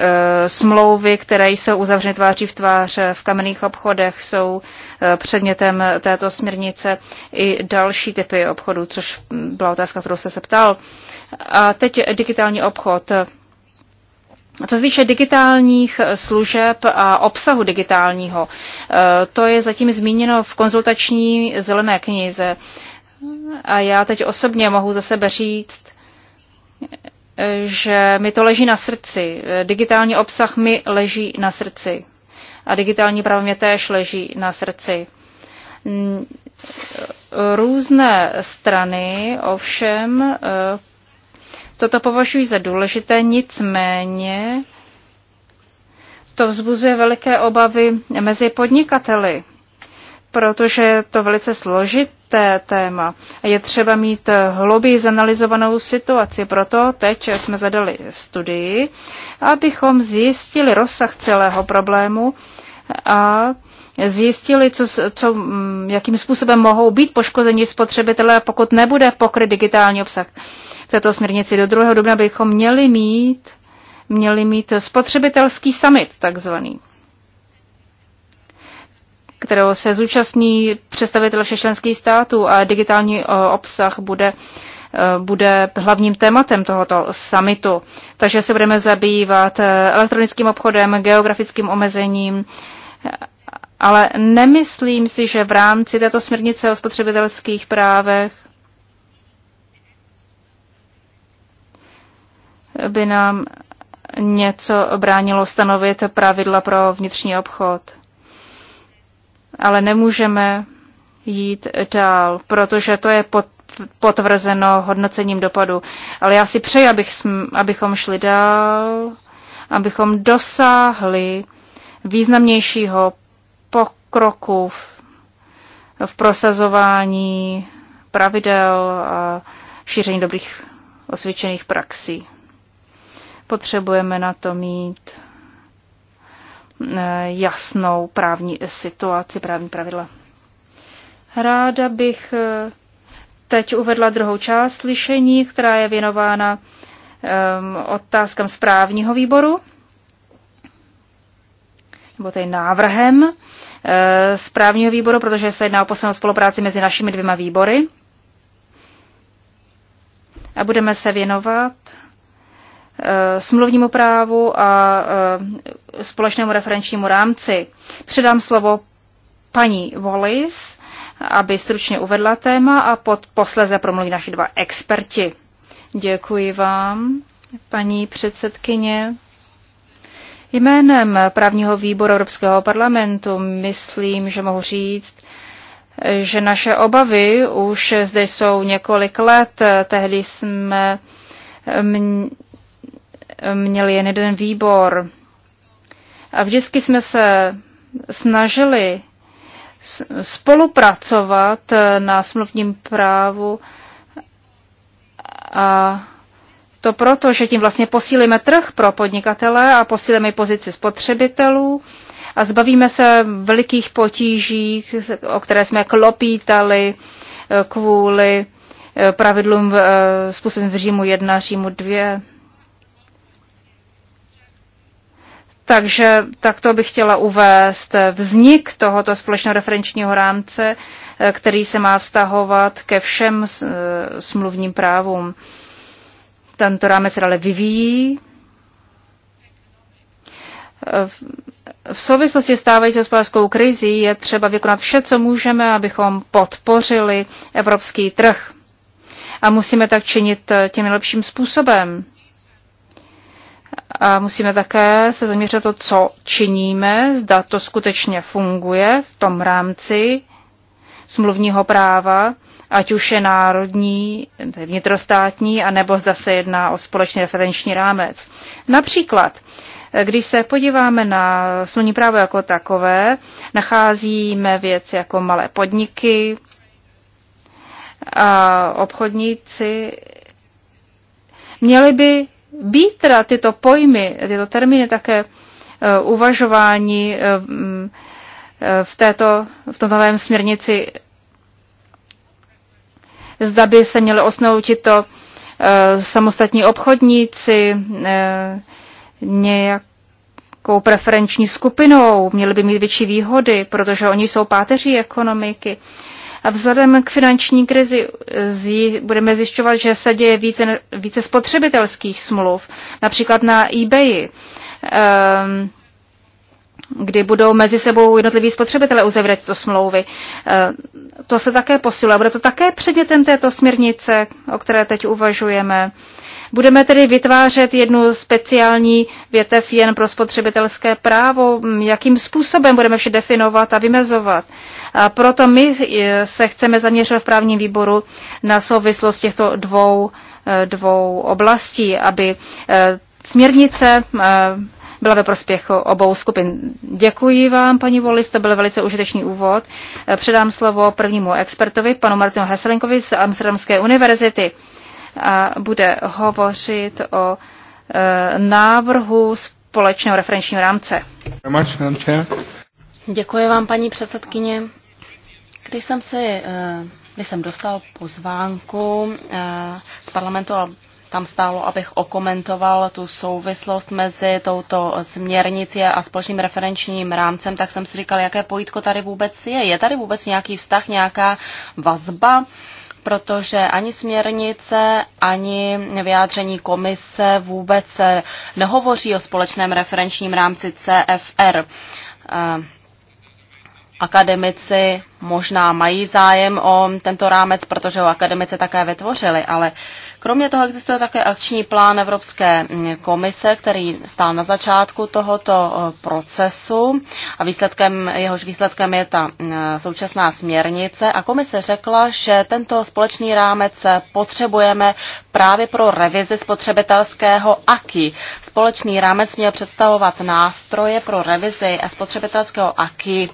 smlouvy, které jsou uzavřeny tváří v tvář v kamenných obchodech, jsou e, předmětem této směrnice i další typy obchodů, což byla otázka, kterou jste se ptal. E, a teď digitální obchod. Co se týče digitálních služeb a obsahu digitálního, eh, to je zatím zmíněno v konzultační zelené knize. A já teď osobně mohu za sebe říct, že mi to leží na srdci. Digitální obsah mi leží na srdci. A digitální právo mě též leží na srdci. Různé strany ovšem eh, Toto považuji za důležité, nicméně to vzbuzuje veliké obavy mezi podnikateli, protože je to velice složité téma. Je třeba mít hlubý zanalizovanou situaci. Proto teď jsme zadali studii, abychom zjistili rozsah celého problému a zjistili, co, co, mm, jakým způsobem mohou být poškozeni spotřebitelé, pokud nebude pokryt digitální obsah této směrnici. Do 2. dubna bychom měli mít, měli mít spotřebitelský summit takzvaný kterého se zúčastní představitel všech členských států a digitální eh, obsah bude eh, bude hlavním tématem tohoto summitu. Takže se budeme zabývat eh, elektronickým obchodem, geografickým omezením, ale nemyslím si, že v rámci této směrnice o spotřebitelských právech by nám něco bránilo stanovit pravidla pro vnitřní obchod. Ale nemůžeme jít dál, protože to je pod, potvrzeno hodnocením dopadu. Ale já si přeji, abych, abychom šli dál, abychom dosáhli významnějšího pokroku v, v prosazování pravidel a šíření dobrých osvědčených praxí. Potřebujeme na to mít eh, jasnou právní situaci, právní pravidla. Ráda bych eh, teď uvedla druhou část slyšení, která je věnována um, otázkám správního výboru, nebo tedy návrhem uh, správního výboru, protože se jedná o poslednou spolupráci mezi našimi dvěma výbory. A budeme se věnovat Eh, smluvnímu právu a eh, společnému referenčnímu rámci. Předám slovo paní Wallis, aby stručně uvedla téma a pod posleze promluví naši dva experti. Děkuji vám, paní předsedkyně. Jménem právního výboru Evropského parlamentu myslím, že mohu říct, že naše obavy už zde jsou několik let. Tehdy jsme měli jen jeden výbor. A vždycky jsme se snažili spolupracovat eh, na smluvním právu a to proto, že tím vlastně posílíme trh pro podnikatele a posílíme pozici spotřebitelů a zbavíme se velikých potíží, o které jsme klopítali eh, kvůli eh, pravidlům způsobem v Římu 1, Římu 2. Takže takto bych chtěla uvést vznik tohoto společného referenčního rámce, eh, který se má vztahovat ke všem eh, smluvním právům. Tento rámec ale vyvíjí. Eh, v souvislosti s stávající hospodářskou krizí je třeba vykonat vše, co můžeme, abychom podpořili evropský trh. A musíme tak činit tím nejlepším způsobem. A musíme také se zaměřit to, co činíme, zda to skutečně funguje v tom rámci smluvního práva, ať už je národní, vnitrostátní, anebo zda se jedná o společný referenční rámec. Například, když se podíváme na smluvní právo jako takové, nacházíme věci jako malé podniky, a obchodníci měli by být, teda tyto pojmy, tyto termíny také eh, uvažování eh, mm, eh, v, této, v tom novém směrnici, zda by se měly osnoutit to samostatní obchodníci nějakou preferenční skupinou, měli by mít větší výhody, protože oni jsou páteří ekonomiky. A vzhledem k finanční krizi eh, zji, budeme zjišťovat, že se děje více, více spotřebitelských smluv, například na eBayi. Um, ehm, kdy budou mezi sebou jednotliví spotřebitelé uzavírat tyto smlouvy. Eh, to se také posiluje. Bude to také předmětem této směrnice, o které teď uvažujeme. Budeme tedy vytvářet jednu speciální větev jen pro spotřebitelské právo, jakým způsobem budeme vše definovat a vymezovat. A proto my eh, se chceme zaměřit v právním výboru na souvislost těchto dvou, eh, dvou oblastí, aby eh, směrnice byla ve prospěch obou skupin. Děkuji vám, paní Volis, to byl velice užitečný úvod. Předám slovo prvnímu expertovi, panu Martinu Heselinkovi z Amsterdamské univerzity a bude hovořit o e, návrhu společného
referenčního rámce. Děkuji vám, paní předsedkyně. Když jsem, si, e, když jsem dostal pozvánku e, z parlamentu a tam stálo, abych okomentoval tu souvislost mezi touto směrnicí a společným referenčním rámcem, tak jsem si říkal, jaké pojítko tady vůbec je. Je tady vůbec nějaký vztah, nějaká vazba? protože ani směrnice, ani vyjádření komise vůbec nehovoří o společném referenčním rámci CFR. Eh, akademici možná mají zájem o tento rámec, protože ho akademici také vytvořili, ale uh, Kromě toho existuje také akční plán Evropské mm, komise, který stál na začátku tohoto e, procesu a výsledkem, jehož výsledkem je ta mm, současná směrnice. A komise řekla, že tento společný rámec e, potřebujeme právě pro revizi spotřebitelského AKI společný rámec měl představovat nástroje pro revizi spotřebitelského AKI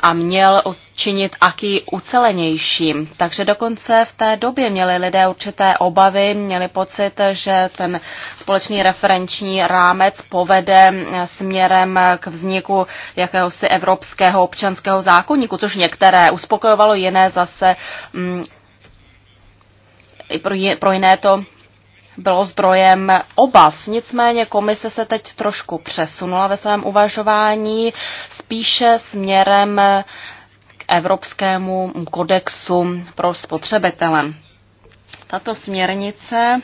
a měl činit AKI ucelenějším. Takže dokonce v té době měli lidé určité obavy, měli pocit, že ten společný referenční rámec povede eh, směrem k vzniku jakéhosi evropského občanského zákonníku, což některé uspokojovalo, jiné zase mm, pro, je, pro jiné to bylo zdrojem obav. Nicméně komise se teď trošku přesunula ve svém uvažování spíše směrem k Evropskému kodexu pro spotřebitele. Tato směrnice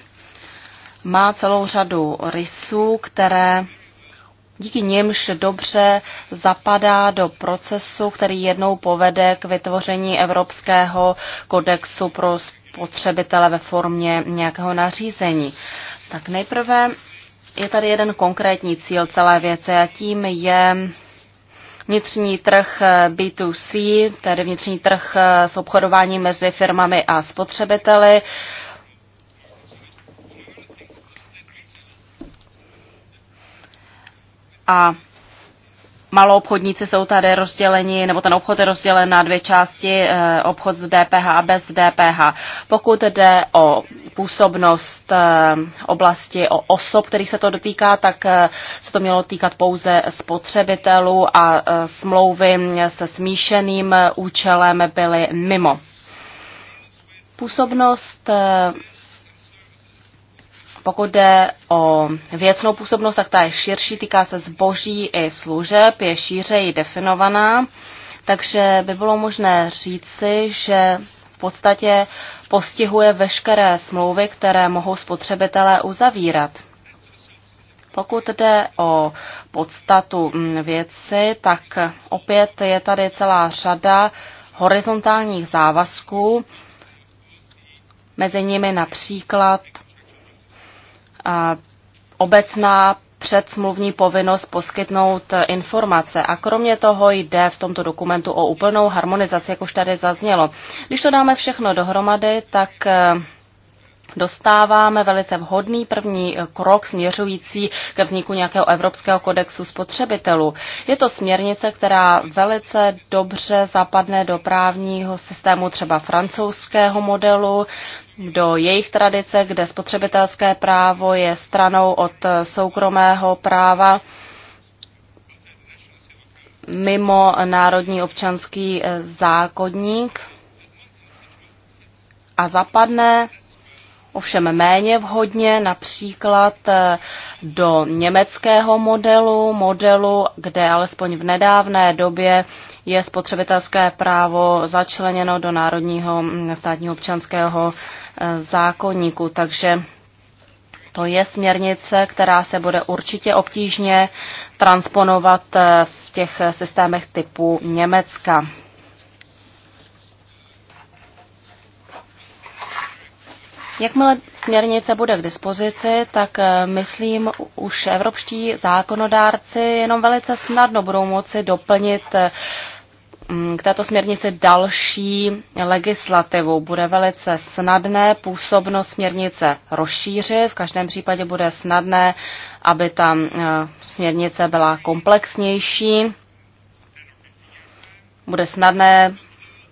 má celou řadu rysů, které díky nímž dobře zapadá do procesu, který jednou povede k vytvoření Evropského kodexu pro spotřebitele spotřebitele ve formě nějakého nařízení. Tak nejprve je tady jeden konkrétní cíl celé věce a tím je vnitřní trh B2C, tedy vnitřní trh s obchodováním mezi firmami a spotřebiteli. A malou obchodníci jsou tady rozděleni, nebo ten obchod je rozdělen na dvě části, eh, obchod s DPH a bez DPH. Pokud jde o působnost eh, oblasti, o osob, kterých se to dotýká, tak eh, se to mělo týkat pouze spotřebitelů a smlouvy se smíšeným účelem byly mimo. Působnost pokud jde o věcnou působnost, tak ta je širší, týká se zboží i služeb, je šířeji definovaná, takže by bylo možné říci, že v podstatě postihuje veškeré smlouvy, které mohou spotřebitelé uzavírat. Pokud jde o podstatu mm, věci, tak opět je tady celá řada horizontálních závazků, mezi nimi například obecná předsmluvní povinnost poskytnout eh, informace. A kromě toho jde v tomto dokumentu o úplnou harmonizaci, jak už tady zaznělo. Když to dáme všechno dohromady, tak eh, dostáváme velice vhodný první eh, krok směřující ke vzniku nějakého Evropského kodexu spotřebitelů. Je to směrnice, která velice dobře zapadne do právního systému třeba francouzského modelu, do jejich tradice, kde spotřebitelské právo je stranou od eh, soukromého práva mimo národní občanský eh, zákonník a zapadne ovšem méně vhodně například eh, do německého modelu, modelu, kde alespoň v nedávné době je spotřebitelské právo začleněno do národního mm, státního občanského eh, zákonníku. Takže to je směrnice, která se bude určitě obtížně transponovat eh, v těch systémech typu Německa. Jakmile směrnice bude k dispozici, tak eh, myslím, už evropští zákonodárci jenom velice snadno budou moci doplnit eh, mm, k této směrnici další legislativu. Bude velice snadné působnost směrnice rozšířit, v každém případě bude snadné, aby ta eh, směrnice byla komplexnější. Bude snadné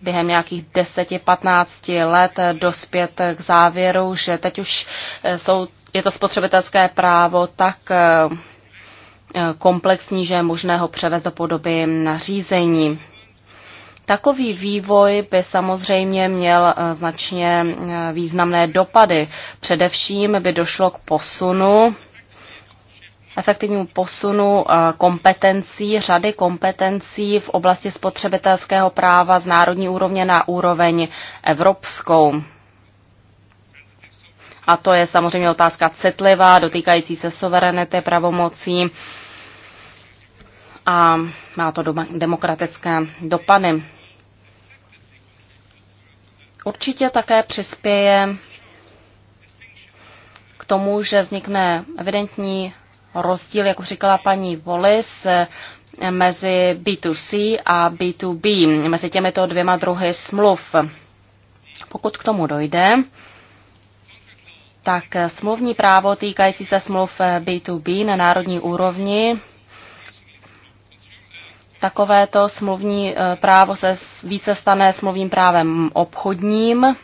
během nějakých 10-15 let dospět k závěru, že teď už eh, jsou, je to spotřebitelské právo tak eh, eh, komplexní, že je možné ho převést do podoby nařízení. Takový vývoj by samozřejmě měl značně významné dopady. Především by došlo k posunu efektivnímu posunu eh, kompetencí, řady kompetencí v oblasti spotřebitelského práva z národní úrovně na úroveň evropskou. A to je samozřejmě otázka citlivá, dotýkající se suverenity, pravomocí a má to demokratické dopady. Určitě také přispěje k tomu, že vznikne evidentní rozdíl, jak říkala paní Volis, mezi B2C a B2B, mezi těmito dvěma druhy smluv. Pokud k tomu dojde, tak smluvní právo týkající se smluv B2B na národní úrovni takovéto smluvní eh, právo se více stane smluvním právem obchodním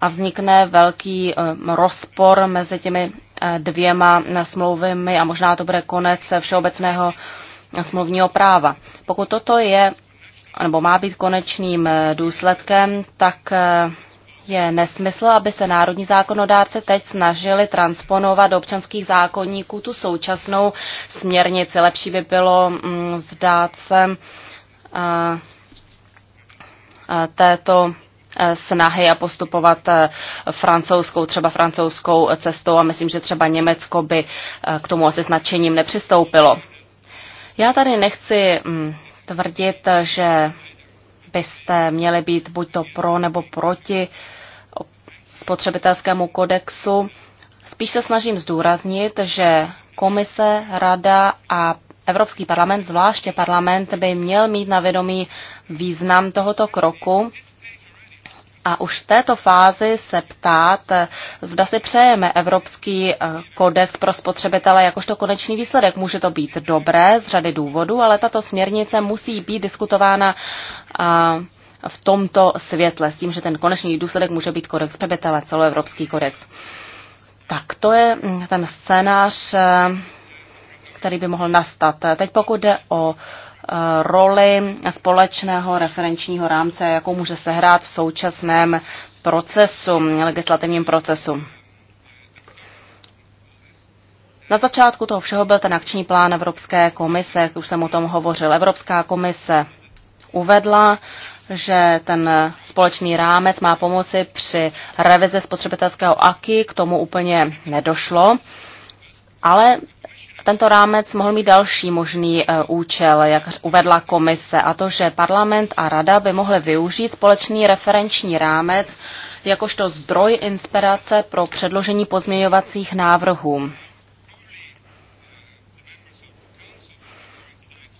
a vznikne velký eh, rozpor mezi těmi dvěma smlouvami a možná to bude konec všeobecného smluvního práva. Pokud toto je nebo má být konečným důsledkem, tak eh, je nesmysl, aby se národní zákonodárce teď snažili transponovat do občanských zákonníků tu současnou směrnici. Lepší by bylo mm, zdát se eh, eh, této Eh, snahy a postupovat eh, francouzskou, třeba francouzskou cestou a myslím, že třeba Německo by eh, k tomu asi značením nepřistoupilo. Já tady nechci mm, tvrdit, že byste měli být buď to pro nebo proti spotřebitelskému kodexu. Spíš se snažím zdůraznit, že komise, rada a Evropský parlament, zvláště parlament, by měl mít na vědomí význam tohoto kroku a už v této fázi se ptát, zda si přejeme Evropský eh, kodex pro spotřebitele jakožto konečný výsledek. Může to být dobré z řady důvodů, ale tato směrnice musí být diskutována v tomto světle, s tím, že ten konečný důsledek může být kodex spotřebitele, celoevropský kodex. Tak to je mm, ten scénář, eh, který by mohl nastat. Teď pokud jde o roli společného referenčního rámce, jakou může sehrát v současném procesu, legislativním procesu. Na začátku toho všeho byl ten akční plán Evropské komise, jak už jsem o tom hovořil. Evropská komise uvedla, že ten společný rámec má pomoci při revize spotřebitelského AKI, k tomu úplně nedošlo, ale tento rámec mohl mít další možný e, účel, jak uvedla komise, a to, že parlament a rada by mohly využít společný referenční rámec jakožto zdroj inspirace pro předložení pozměňovacích návrhů.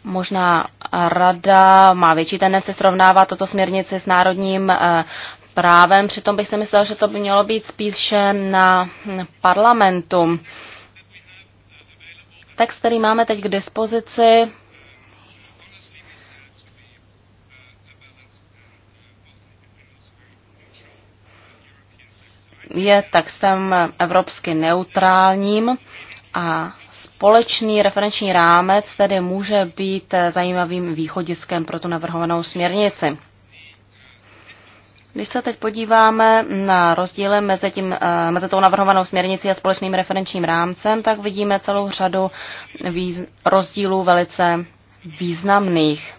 Možná rada má větší tendence srovnávat toto směrnici s národním e, právem, přitom bych si myslel, že to by mělo být spíše na parlamentu. Text, který máme teď k dispozici, je textem evropsky neutrálním a společný referenční rámec tedy může být zajímavým východiskem pro tu navrhovanou směrnici. Když se teď podíváme na rozdíly mezi, tím, eh, mezi tou navrhovanou směrnicí a společným referenčním rámcem, tak vidíme celou řadu výz, rozdílů velice významných.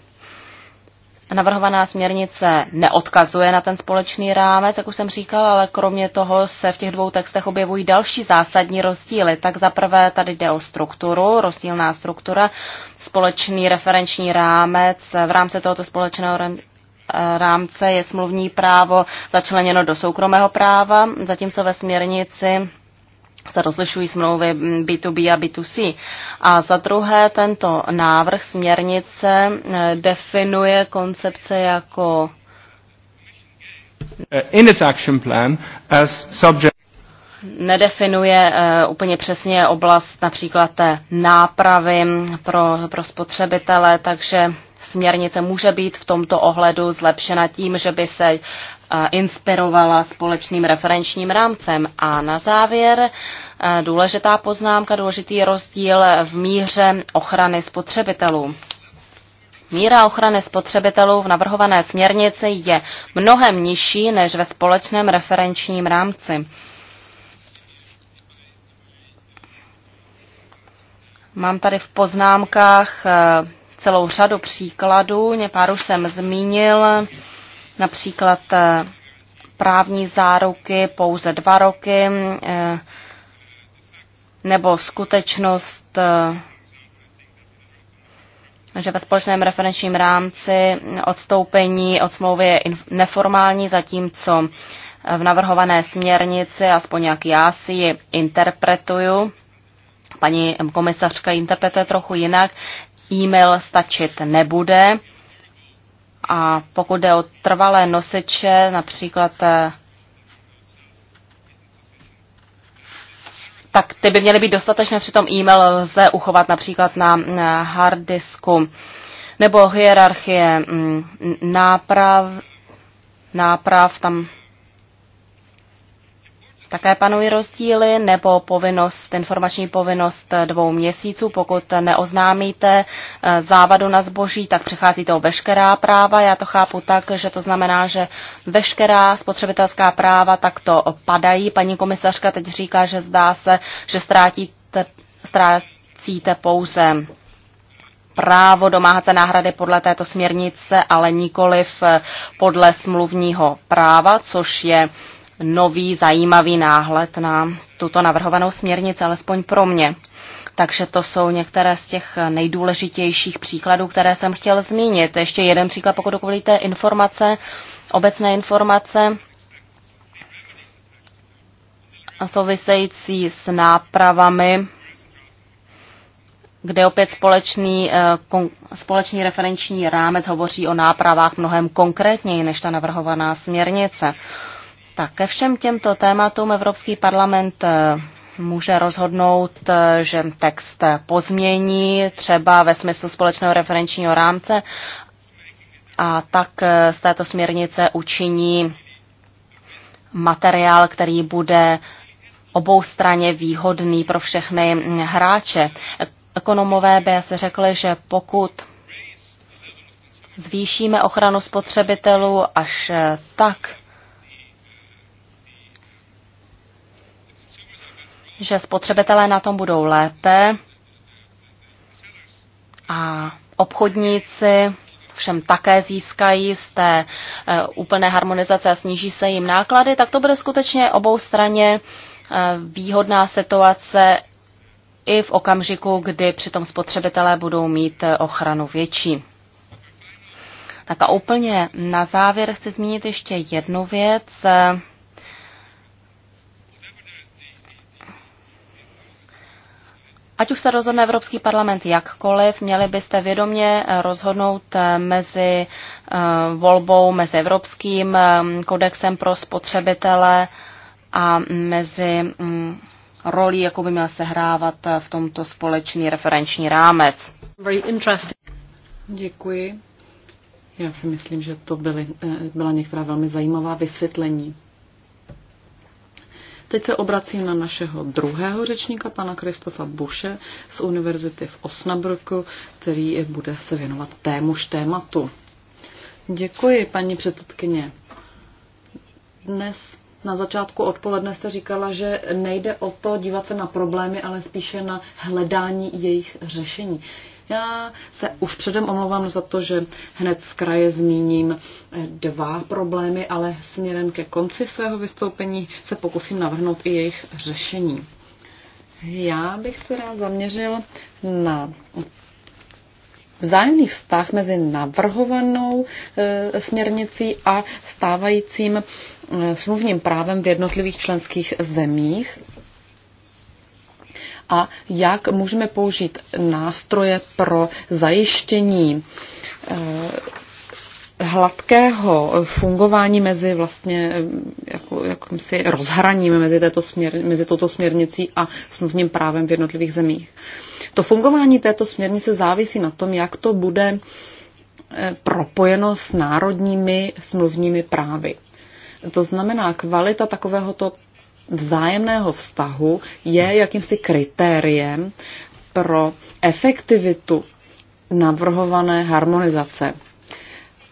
Navrhovaná směrnice neodkazuje na ten společný rámec, jak už jsem říkal, ale kromě toho se v těch dvou textech objevují další zásadní rozdíly. Tak zaprvé tady jde o strukturu, rozdílná struktura, společný referenční rámec. V rámci tohoto společného rámce je smluvní právo začleněno do soukromého práva, zatímco ve směrnici se rozlišují smlouvy B2B a B2C. A za druhé, tento návrh směrnice eh, definuje koncepce jako
eh, in its action plan as subject
nedefinuje eh, úplně přesně oblast například té nápravy pro, pro spotřebitele, takže směrnice může být v tomto ohledu zlepšena tím, že by se eh, inspirovala společným referenčním rámcem. A na závěr eh, důležitá poznámka, důležitý rozdíl v míře ochrany spotřebitelů. Míra ochrany spotřebitelů v navrhované směrnici je mnohem nižší než ve společném referenčním rámci. Mám tady v poznámkách eh, celou řadu příkladů, pár už jsem zmínil, například eh, právní záruky pouze dva roky, eh, nebo skutečnost, eh, že ve společném referenčním rámci odstoupení od smlouvy je neformální, zatímco v navrhované směrnici, aspoň jak já si ji interpretuju, paní komisařka interpretuje trochu jinak, e-mail stačit nebude. A pokud jde o trvalé nosiče, například eh, tak ty by měly být dostatečné, přitom e-mail lze uchovat například na hard disku nebo hierarchie mm, náprav, náprav tam také panují rozdíly, nebo povinnost, informační povinnost dvou měsíců, pokud neoznámíte eh, závadu na zboží, tak přichází to veškerá práva. Já to chápu tak, že to znamená, že veškerá spotřebitelská práva takto padají. Paní komisařka teď říká, že zdá se, že ztrátíte, ztrácíte pouze právo domáhat se náhrady podle této směrnice, ale nikoliv eh, podle smluvního práva, což je nový zajímavý náhled na tuto navrhovanou směrnici, alespoň pro mě. Takže to jsou některé z těch nejdůležitějších příkladů, které jsem chtěl zmínit. Ještě jeden příklad, pokud dovolíte, informace, obecné informace související s nápravami, kde opět společný, eh, společný referenční rámec hovoří o nápravách mnohem konkrétněji než ta navrhovaná směrnice. Tak ke všem těmto tématům Evropský parlament eh, může rozhodnout, eh, že text pozmění třeba ve smyslu společného referenčního rámce a tak eh, z této směrnice učiní materiál, který bude straně výhodný pro všechny mm, hráče. Ekonomové by se řekli, že pokud zvýšíme ochranu spotřebitelů až tak, že spotřebitelé na tom budou lépe a obchodníci všem také získají z té eh, úplné harmonizace a sníží se jim náklady, tak to bude skutečně obou straně eh, výhodná situace i v okamžiku, kdy přitom spotřebitelé budou mít eh, ochranu větší. Tak a úplně na závěr chci zmínit ještě jednu věc. Ať už se rozhodne Evropský parlament jakkoliv, měli byste vědomě eh, rozhodnout eh, mezi eh, volbou, mezi Evropským kodexem pro spotřebitele a mezi mm, rolí, jakou by měl sehrávat v tomto společný referenční rámec.
Děkuji. Já si myslím, že to byly, byla některá velmi zajímavá vysvětlení. Teď se obracím na našeho druhého řečníka, pana Kristofa Buše z univerzity v Osnabrku, který bude se věnovat témuž tématu. Děkuji, paní předsedkyně. Dnes na začátku odpoledne jste říkala, že nejde o to dívat se na problémy, ale spíše na hledání jejich řešení. Já se už předem omlouvám za to, že hned z kraje zmíním eh, dva problémy, ale směrem ke konci svého vystoupení se pokusím navrhnout i jejich řešení. Já bych se rád zaměřil na vzájemný vztah mezi navrhovanou e, směrnicí a stávajícím e, smluvním právem v jednotlivých členských zemích a jak můžeme použít nástroje pro zajištění eh, hladkého fungování mezi vlastně eh, jako, si rozhraním mezi, této směr, mezi touto směrnicí a smluvním právem v jednotlivých zemích. To fungování této směrnice závisí na tom, jak to bude eh, propojeno s národními smluvními právy. To znamená, kvalita takovéhoto vzájemného vztahu je jakýmsi kritériem pro efektivitu navrhované harmonizace.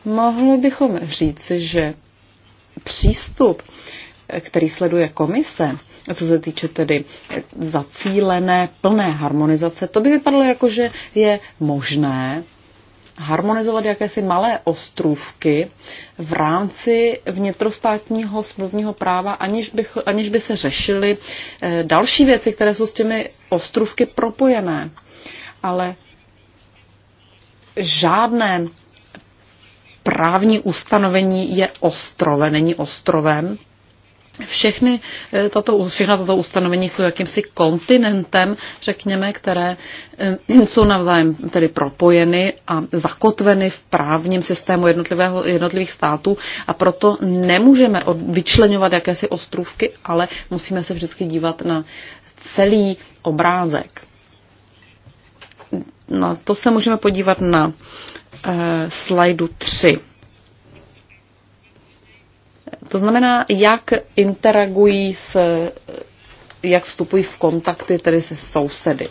Mohli bychom říci, že přístup, který sleduje komise, co se týče tedy zacílené plné harmonizace, to by vypadalo jako, že je možné harmonizovat jakési malé ostrůvky v rámci vnitrostátního smluvního práva, aniž, bych, aniž by se řešily eh, další věci, které jsou s těmi ostrůvky propojené. Ale žádné právní ustanovení je ostrove, není ostrovem. Všechny eh, tato, všechna tato ustanovení jsou jakýmsi kontinentem, řekněme, které eh, jsou navzájem tedy propojeny a zakotveny v právním systému jednotlivého, jednotlivých států a proto nemůžeme vyčlenovat jakési ostrůvky, ale musíme se vždycky dívat na celý obrázek. Na to se můžeme podívat na e, slajdu 3. To znamená, jak interagují s, jak vstupují v kontakty tedy se sousedy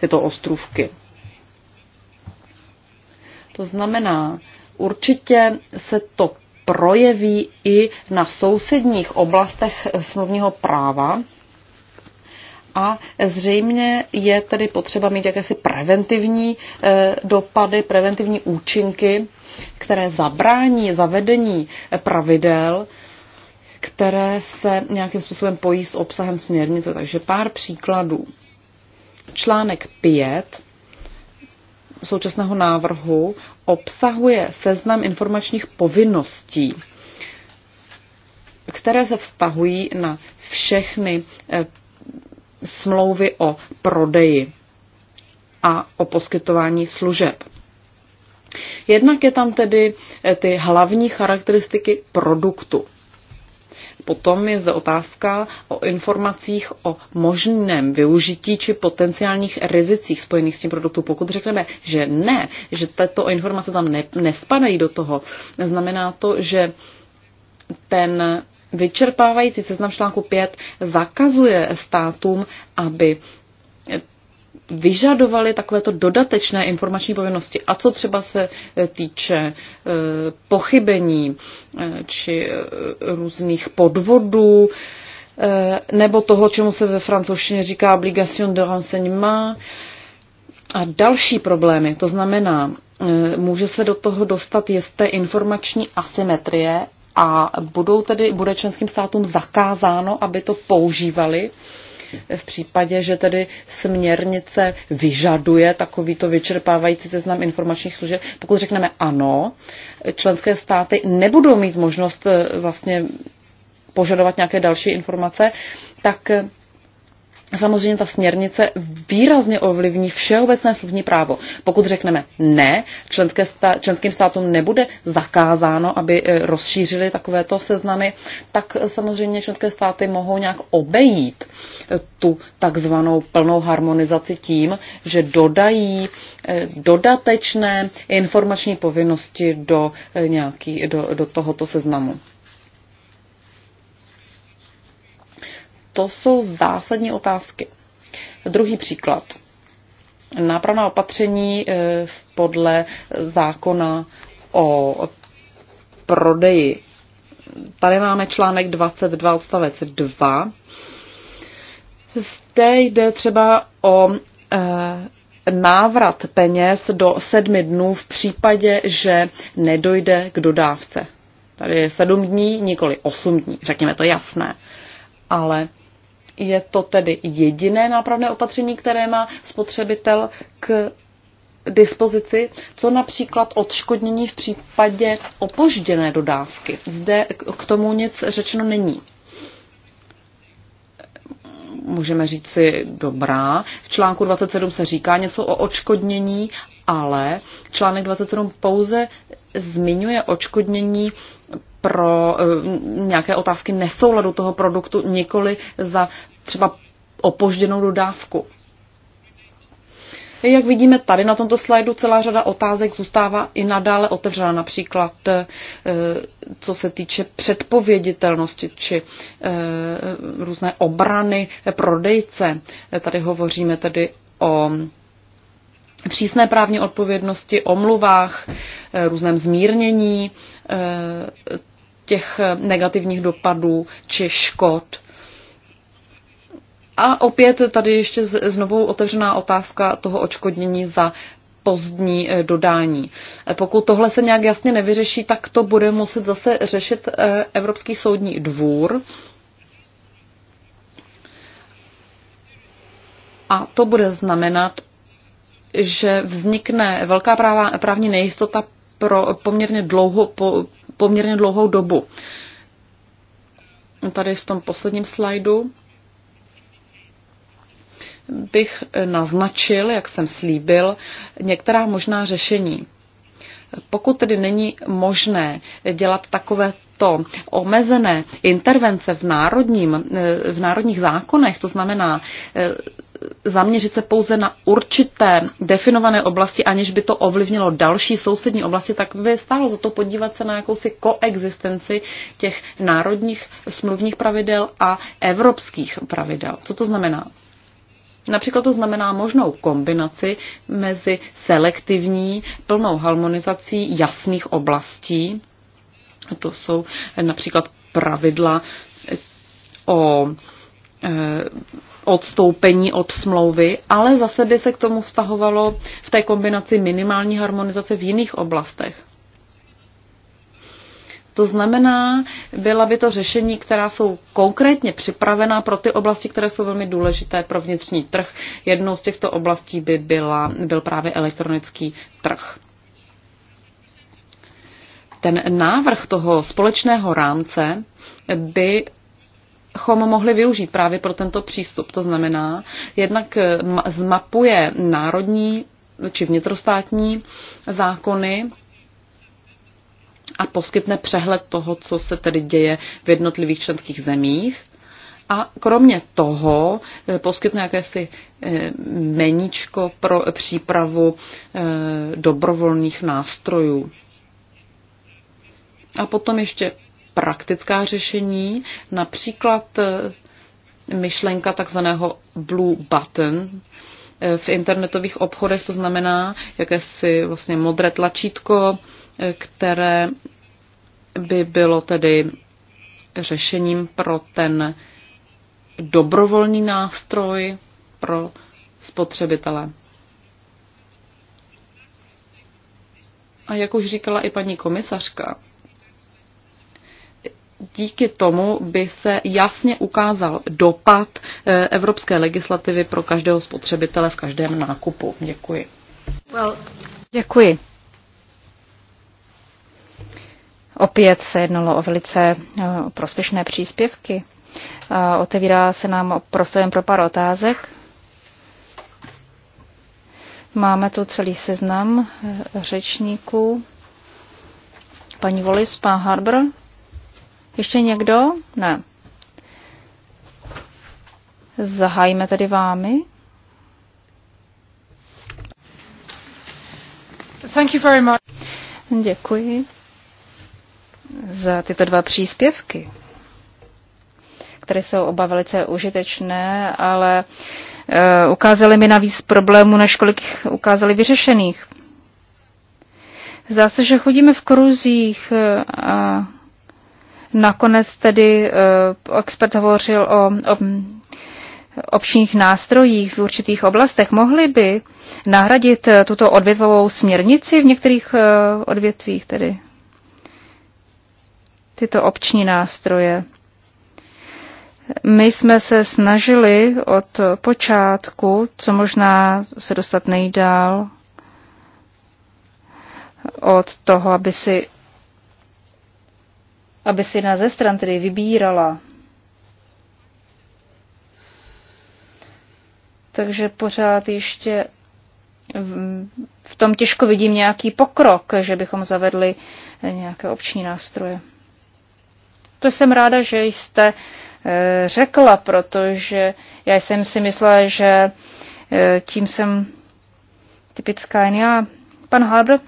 tyto ostrůvky. To znamená, určitě se to projeví i na sousedních oblastech smluvního práva, a zřejmě je tedy potřeba mít jakési preventivní eh, dopady, preventivní účinky, které zabrání zavedení eh, pravidel, které se nějakým způsobem pojí s obsahem směrnice. Takže pár příkladů. Článek 5 současného návrhu obsahuje seznam informačních povinností, které se vztahují na všechny eh, smlouvy o prodeji a o poskytování služeb. Jednak je tam tedy eh, ty hlavní charakteristiky produktu. Potom je zde otázka o informacích o možném využití či potenciálních rizicích spojených s tím produktu. Pokud řekneme, že ne, že tato informace tam ne, nespadají do toho, znamená to, že ten vyčerpávající seznam článku 5 zakazuje státům, aby vyžadovali takovéto dodatečné informační povinnosti. A co třeba se e, týče e, pochybení e, či různých podvodů, nebo toho, čemu se ve francouzštině říká obligation de renseignement, a další problémy, to znamená, může se do toho dostat jisté informační asymetrie a budou tedy, bude členským státům zakázáno, aby to používali v případě, že tedy směrnice vyžaduje takovýto vyčerpávající seznam informačních služeb. Pokud řekneme ano, členské státy nebudou mít možnost eh, vlastně požadovat nějaké další informace, tak Samozřejmě ta směrnice výrazně ovlivní všeobecné smluvní právo. Pokud řekneme ne, členské sta- členským státům nebude zakázáno, aby eh, rozšířili takovéto seznamy, tak eh, samozřejmě členské státy mohou nějak obejít eh, tu takzvanou plnou harmonizaci tím, že dodají dodatečné informační povinnosti do, nějaký, do, do tohoto seznamu. to jsou zásadní otázky. Druhý příklad. Nápravná opatření eh, podle zákona o prodeji. Tady máme článek 22 odstavec 2. Zde jde třeba o eh, návrat peněz do sedmi dnů v případě, že nedojde k dodávce. Tady je sedm dní, nikoli osm dní, řekněme to jasné. Ale je to tedy jediné nápravné opatření, které má spotřebitel k dispozici, co například odškodnění v případě opožděné dodávky. Zde k tomu nic řečeno není. Můžeme říct si dobrá. V článku 27 se říká něco o odškodnění, ale článek 27 pouze zmiňuje odškodnění pro eh, nějaké otázky nesouladu toho produktu, nikoli za třeba opožděnou dodávku. Jak vidíme tady na tomto slajdu, celá řada otázek zůstává i nadále otevřena, například eh, co se týče předpověditelnosti či eh, různé obrany prodejce. Tady hovoříme tedy o přísné právní odpovědnosti, omluvách, různém zmírnění těch eh, negativních dopadů či škod. A opět tady ještě znovu otevřená otázka toho očkodnění za pozdní eh, dodání. Eh, pokud tohle se nějak jasně nevyřeší, tak to bude muset zase řešit Evropský soudní dvůr. A to bude znamenat, že vznikne velká práva, právní nejistota pro poměrně dlouho po, poměrně dlouhou dobu. Tady v tom posledním slajdu bych naznačil, jak jsem slíbil, některá možná řešení. Pokud tedy není možné dělat takové to omezené intervence v, národním, v národních zákonech, to znamená zaměřit se pouze na určité definované oblasti, aniž by to ovlivnilo další sousední oblasti, tak by stálo za to podívat se na jakousi koexistenci těch národních smluvních pravidel a evropských pravidel. Co to znamená? Například to znamená možnou kombinaci mezi selektivní plnou harmonizací jasných oblastí, to jsou například pravidla o eh, odstoupení od smlouvy, ale zase by se k tomu vztahovalo v té kombinaci minimální harmonizace v jiných oblastech. To znamená, byla by to řešení, která jsou konkrétně připravená pro ty oblasti, které jsou velmi důležité pro vnitřní trh. Jednou z těchto oblastí by byla, byl právě elektronický trh. Ten návrh toho společného rámce by chom mohli využít právě pro tento přístup. To znamená, jednak eh, zmapuje národní či vnitrostátní zákony a poskytne přehled toho, co se tedy děje v jednotlivých členských zemích. A kromě toho eh, poskytne jakési eh, meníčko pro přípravu dobrovolných nástrojů. A potom ještě praktická řešení, například eh, myšlenka takzvaného blue button eh, v internetových obchodech, to znamená jakési vlastně modré tlačítko, eh, které by bylo tedy řešením pro ten dobrovolný nástroj pro spotřebitele. A jak už říkala i paní komisařka, díky tomu by se jasně ukázal dopad eh, evropské legislativy pro každého spotřebitele v každém nákupu. Děkuji. Well, děkuji. Opět se
jednalo o velice eh, prospěšné příspěvky. Eh, otevírá se nám prostorem pro pár otázek. Máme tu celý seznam řečníků. Paní Volis, pan Harbour. Ještě někdo? Ne. Zahájíme tedy vámi. Thank you very much. Děkuji za tyto dva příspěvky, které jsou oba velice užitečné, ale e, eh, ukázaly mi navíc problémů, než kolik ukázali vyřešených. Zdá se, že chodíme v kruzích eh, a Nakonec tedy eh, expert hovořil o, o občních nástrojích v určitých oblastech. Mohli by nahradit eh, tuto odvětvovou směrnici v některých eh, odvětvích tedy? Tyto obční nástroje. My jsme se snažili od počátku, co možná se dostat nejdál, od toho, aby si aby si na ze stran tedy vybírala. Takže pořád ještě v tom těžko vidím nějaký pokrok, že bychom zavedli nějaké obční nástroje. To jsem ráda, že jste eh, řekla, protože já jsem si myslela, že eh, tím jsem typická jen já. Pan Haber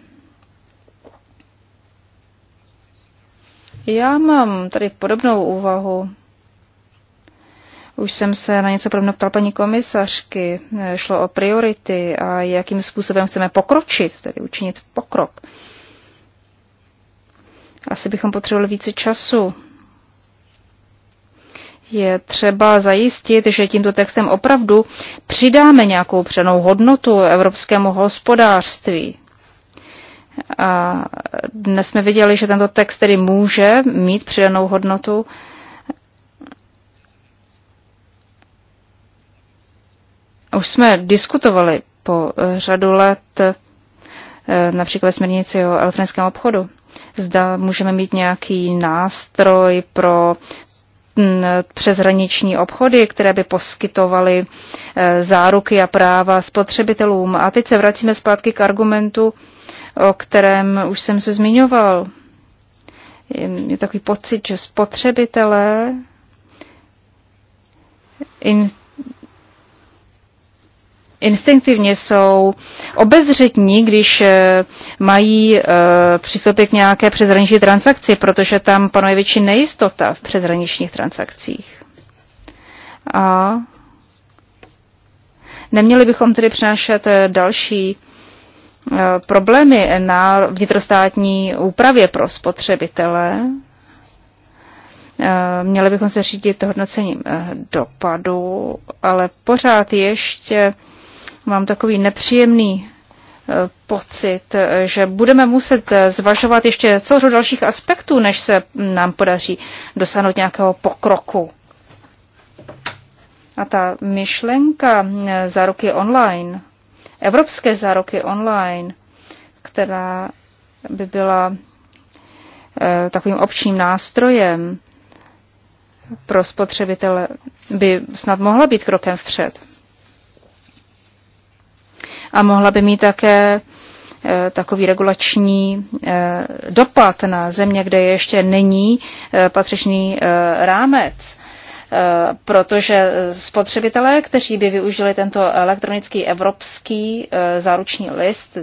Já mám tady podobnou úvahu. Už jsem se na něco podobného ptal paní komisařky. Šlo o priority a jakým způsobem chceme pokročit, tedy učinit pokrok. Asi bychom potřebovali více času. Je třeba zajistit, že tímto textem opravdu přidáme nějakou přenou hodnotu evropskému hospodářství. A dnes jsme viděli, že tento text tedy může mít přidanou hodnotu. Už jsme diskutovali po eh, řadu let eh, například směrnici o elektronickém obchodu. Zda můžeme mít nějaký nástroj pro mm, přeshraniční obchody, které by poskytovaly eh, záruky a práva spotřebitelům. A teď se vracíme zpátky k argumentu, o kterém už jsem se zmiňoval. Je takový pocit, že spotřebitelé in, instinktivně jsou obezřetní, když eh, mají e, eh, přistoupit k nějaké přezraniční transakci, protože tam panuje větší nejistota v přezraničních transakcích. A neměli bychom tedy přinášet eh, další Eh, problémy na vnitrostátní úpravě pro spotřebitele, eh, měli bychom se řídit hodnocením eh, dopadu, ale pořád ještě mám takový nepříjemný pocit, že budeme muset zvažovat ještě celou dalších aspektů, než se nám podaří dosáhnout nějakého pokroku. A ta myšlenka za ruky online, evropské zároky online, která by byla eh, takovým občním nástrojem pro spotřebitele, by snad mohla být krokem vpřed. A mohla by mít také eh, takový regulační eh, dopad na země, kde ještě není patřičný rámec Eh, protože spotřebitelé, kteří by využili tento elektronický evropský eh, záruční list,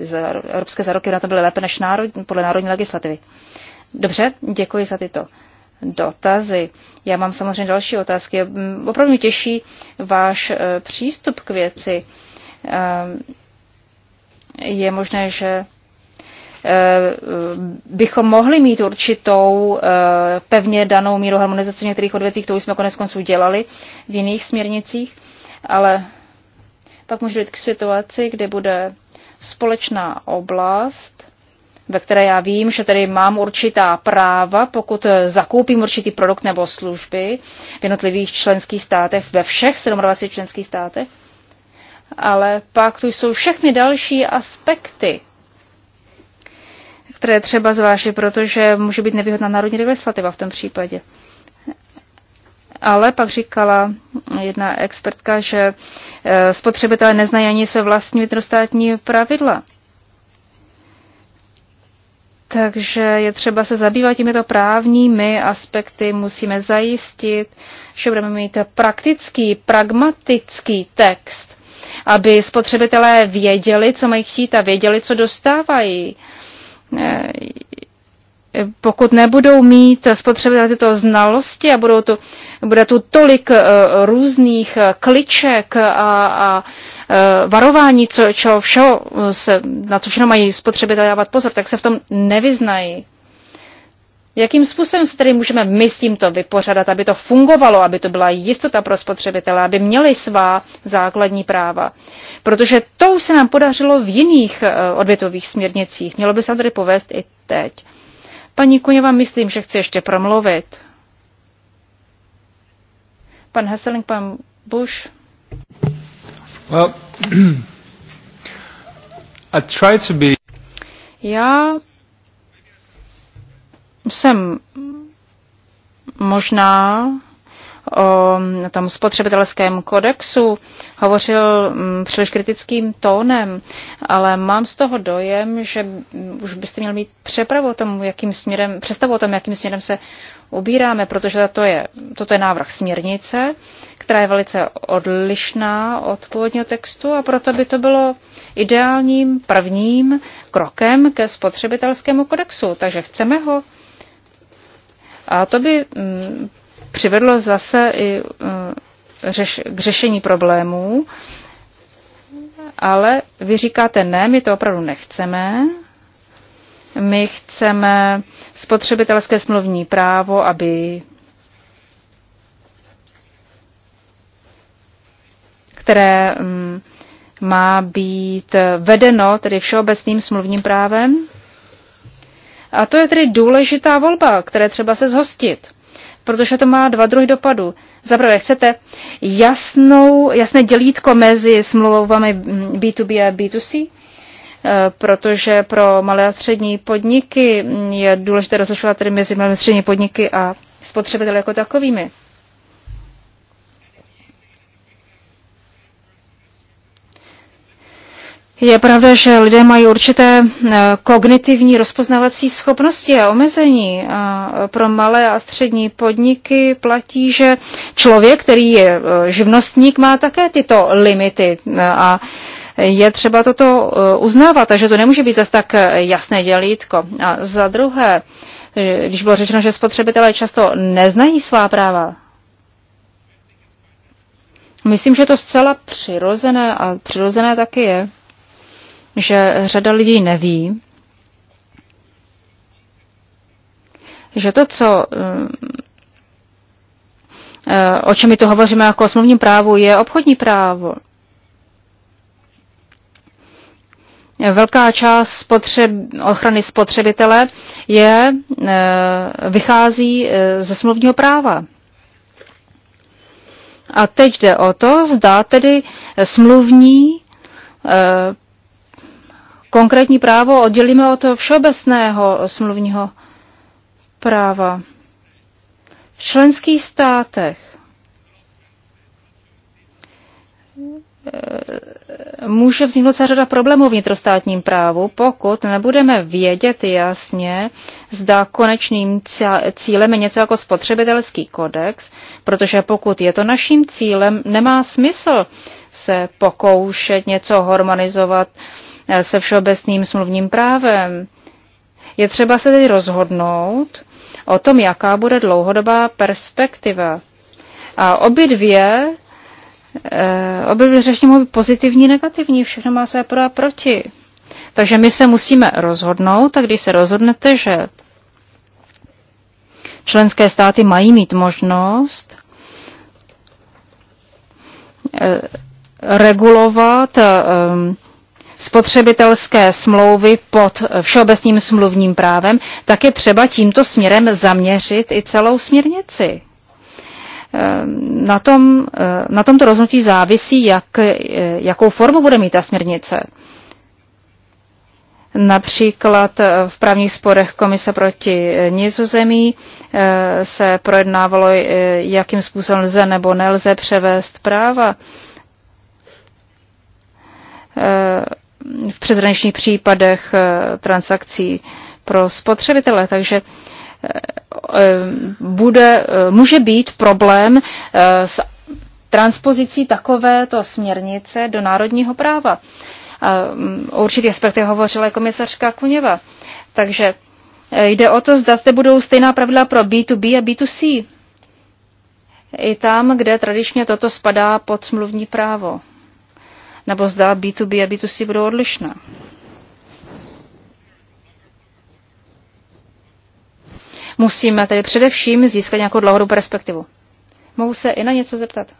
evropské záruky na to byly lépe než národ, podle národní legislativy. Dobře, děkuji za tyto dotazy. Já mám samozřejmě další otázky. Mm, opravdu mě těší váš eh, přístup k věci. Ehm, je možné, že Eh, bychom mohli mít určitou eh, pevně danou míru harmonizace v některých odvěcích, to už jsme konec konců dělali v jiných směrnicích, ale pak může dojít k situaci, kdy bude společná oblast, ve které já vím, že tady mám určitá práva, pokud zakoupím určitý produkt nebo služby v jednotlivých členských státech, ve všech 27 členských státech, ale pak tu jsou všechny další aspekty které třeba zváží, protože může být nevýhodná národní legislativa v tom případě. Ale pak říkala jedna expertka, že eh, spotřebitelé neznají ani své vlastní vnitrostátní pravidla. Takže je třeba se zabývat těmito právními aspekty, musíme zajistit, že budeme mít praktický, pragmatický text, aby spotřebitelé věděli, co mají chtít a věděli, co dostávají pokud nebudou mít spotřebitelé tyto znalosti a budou tu, bude tu tolik eh, různých eh, kliček a, a eh, varování, co, čo všeho se, na co všechno mají spotřebitelé dávat pozor, tak se v tom nevyznají. Jakým způsobem se tedy můžeme my s tímto vypořádat, aby to fungovalo, aby to byla jistota pro spotřebitele, aby měli svá základní práva? Protože to už se nám podařilo v jiných eh, odvětových směrnicích. Mělo by se tedy povést i teď. Paní Kuněva, myslím, že chci ještě promluvit. Pan Hesseling, pan Bush.
Well, I try to be...
Já jsem možná o tom spotřebitelském kodexu hovořil mm, příliš kritickým tónem, ale mám z toho dojem, že už byste měl mít přepravu o tom, jakým směrem, představu o tom, jakým směrem se ubíráme, protože to je, toto je návrh směrnice, která je velice odlišná od původního textu a proto by to bylo ideálním prvním krokem ke spotřebitelskému kodexu. Takže chceme ho a to by mm, přivedlo zase i mm, k řešení problémů, ale vy říkáte ne, my to opravdu nechceme. My chceme spotřebitelské smluvní právo, aby které mm, má být vedeno tedy všeobecným smluvním právem. A to je tedy důležitá volba, které třeba se zhostit, protože to má dva druhy dopadu. Za prvé, chcete jasnou, jasné dělítko mezi smlouvami B2B a B2C, eh, protože pro malé a střední podniky je důležité rozlišovat tedy mezi malé a střední podniky a spotřebiteli jako takovými. Je pravda, že lidé mají určité eh, kognitivní rozpoznávací schopnosti a omezení. A eh, pro malé a střední podniky platí, že člověk, který je eh, živnostník, má také tyto limity. A je třeba toto uznávat, takže to nemůže být zase tak jasné dělítko. A za druhé, když bylo řečeno, že spotřebitelé často neznají svá práva, myslím, že to zcela přirozené a přirozené taky je že řada lidí neví, že to, co eh, eh, o čem my tu hovoříme jako o smluvním právu, je obchodní právo. Velká část spotřeb, ochrany spotřebitele je, eh, vychází ze smluvního práva. A teď jde o to, zda tedy smluvní konkrétní právo oddělíme od všeobecného smluvního práva. V členských státech eh, může vzniknout celá řada problémů v vnitrostátním právu, pokud nebudeme vědět jasně, zda konečným cílem je něco jako spotřebitelský kodex, protože pokud je to naším cílem, nemá smysl se pokoušet něco harmonizovat Eh, se všeobecným smluvním právem. Je třeba se tedy rozhodnout o tom, jaká bude dlouhodobá perspektiva. A obě dvě, eh, obě dvě řešení mohou být pozitivní, negativní, všechno má své pro a proti. Takže my se musíme rozhodnout a když se rozhodnete, že členské státy mají mít možnost eh, regulovat spotřebitelské smlouvy pod všeobecným smluvním právem, tak je třeba tímto směrem zaměřit i celou směrnici. Ehm, na, tom, eh, na tomto rozhodnutí závisí, jak, eh, jakou formu bude mít ta směrnice. Například eh, v právních sporech Komise proti Nizozemí se projednávalo, jakým způsobem lze nebo nelze převést práva v přezraničních případech eh, transakcí pro spotřebitele. Takže eh, eh, bude, může být problém s transpozicí takovéto směrnice do národního práva. O mm, určitých aspektech hovořila komisařka Kuněva. Takže jde o to, zda zde budou stejná pravidla pro B2B a B2C. I tam, kde tradičně toto spadá pod smluvní právo nebo zda B2B a B2C budou odlišné. Musíme tedy především získat nějakou dlouhodobou perspektivu. Mohu se i na něco zeptat?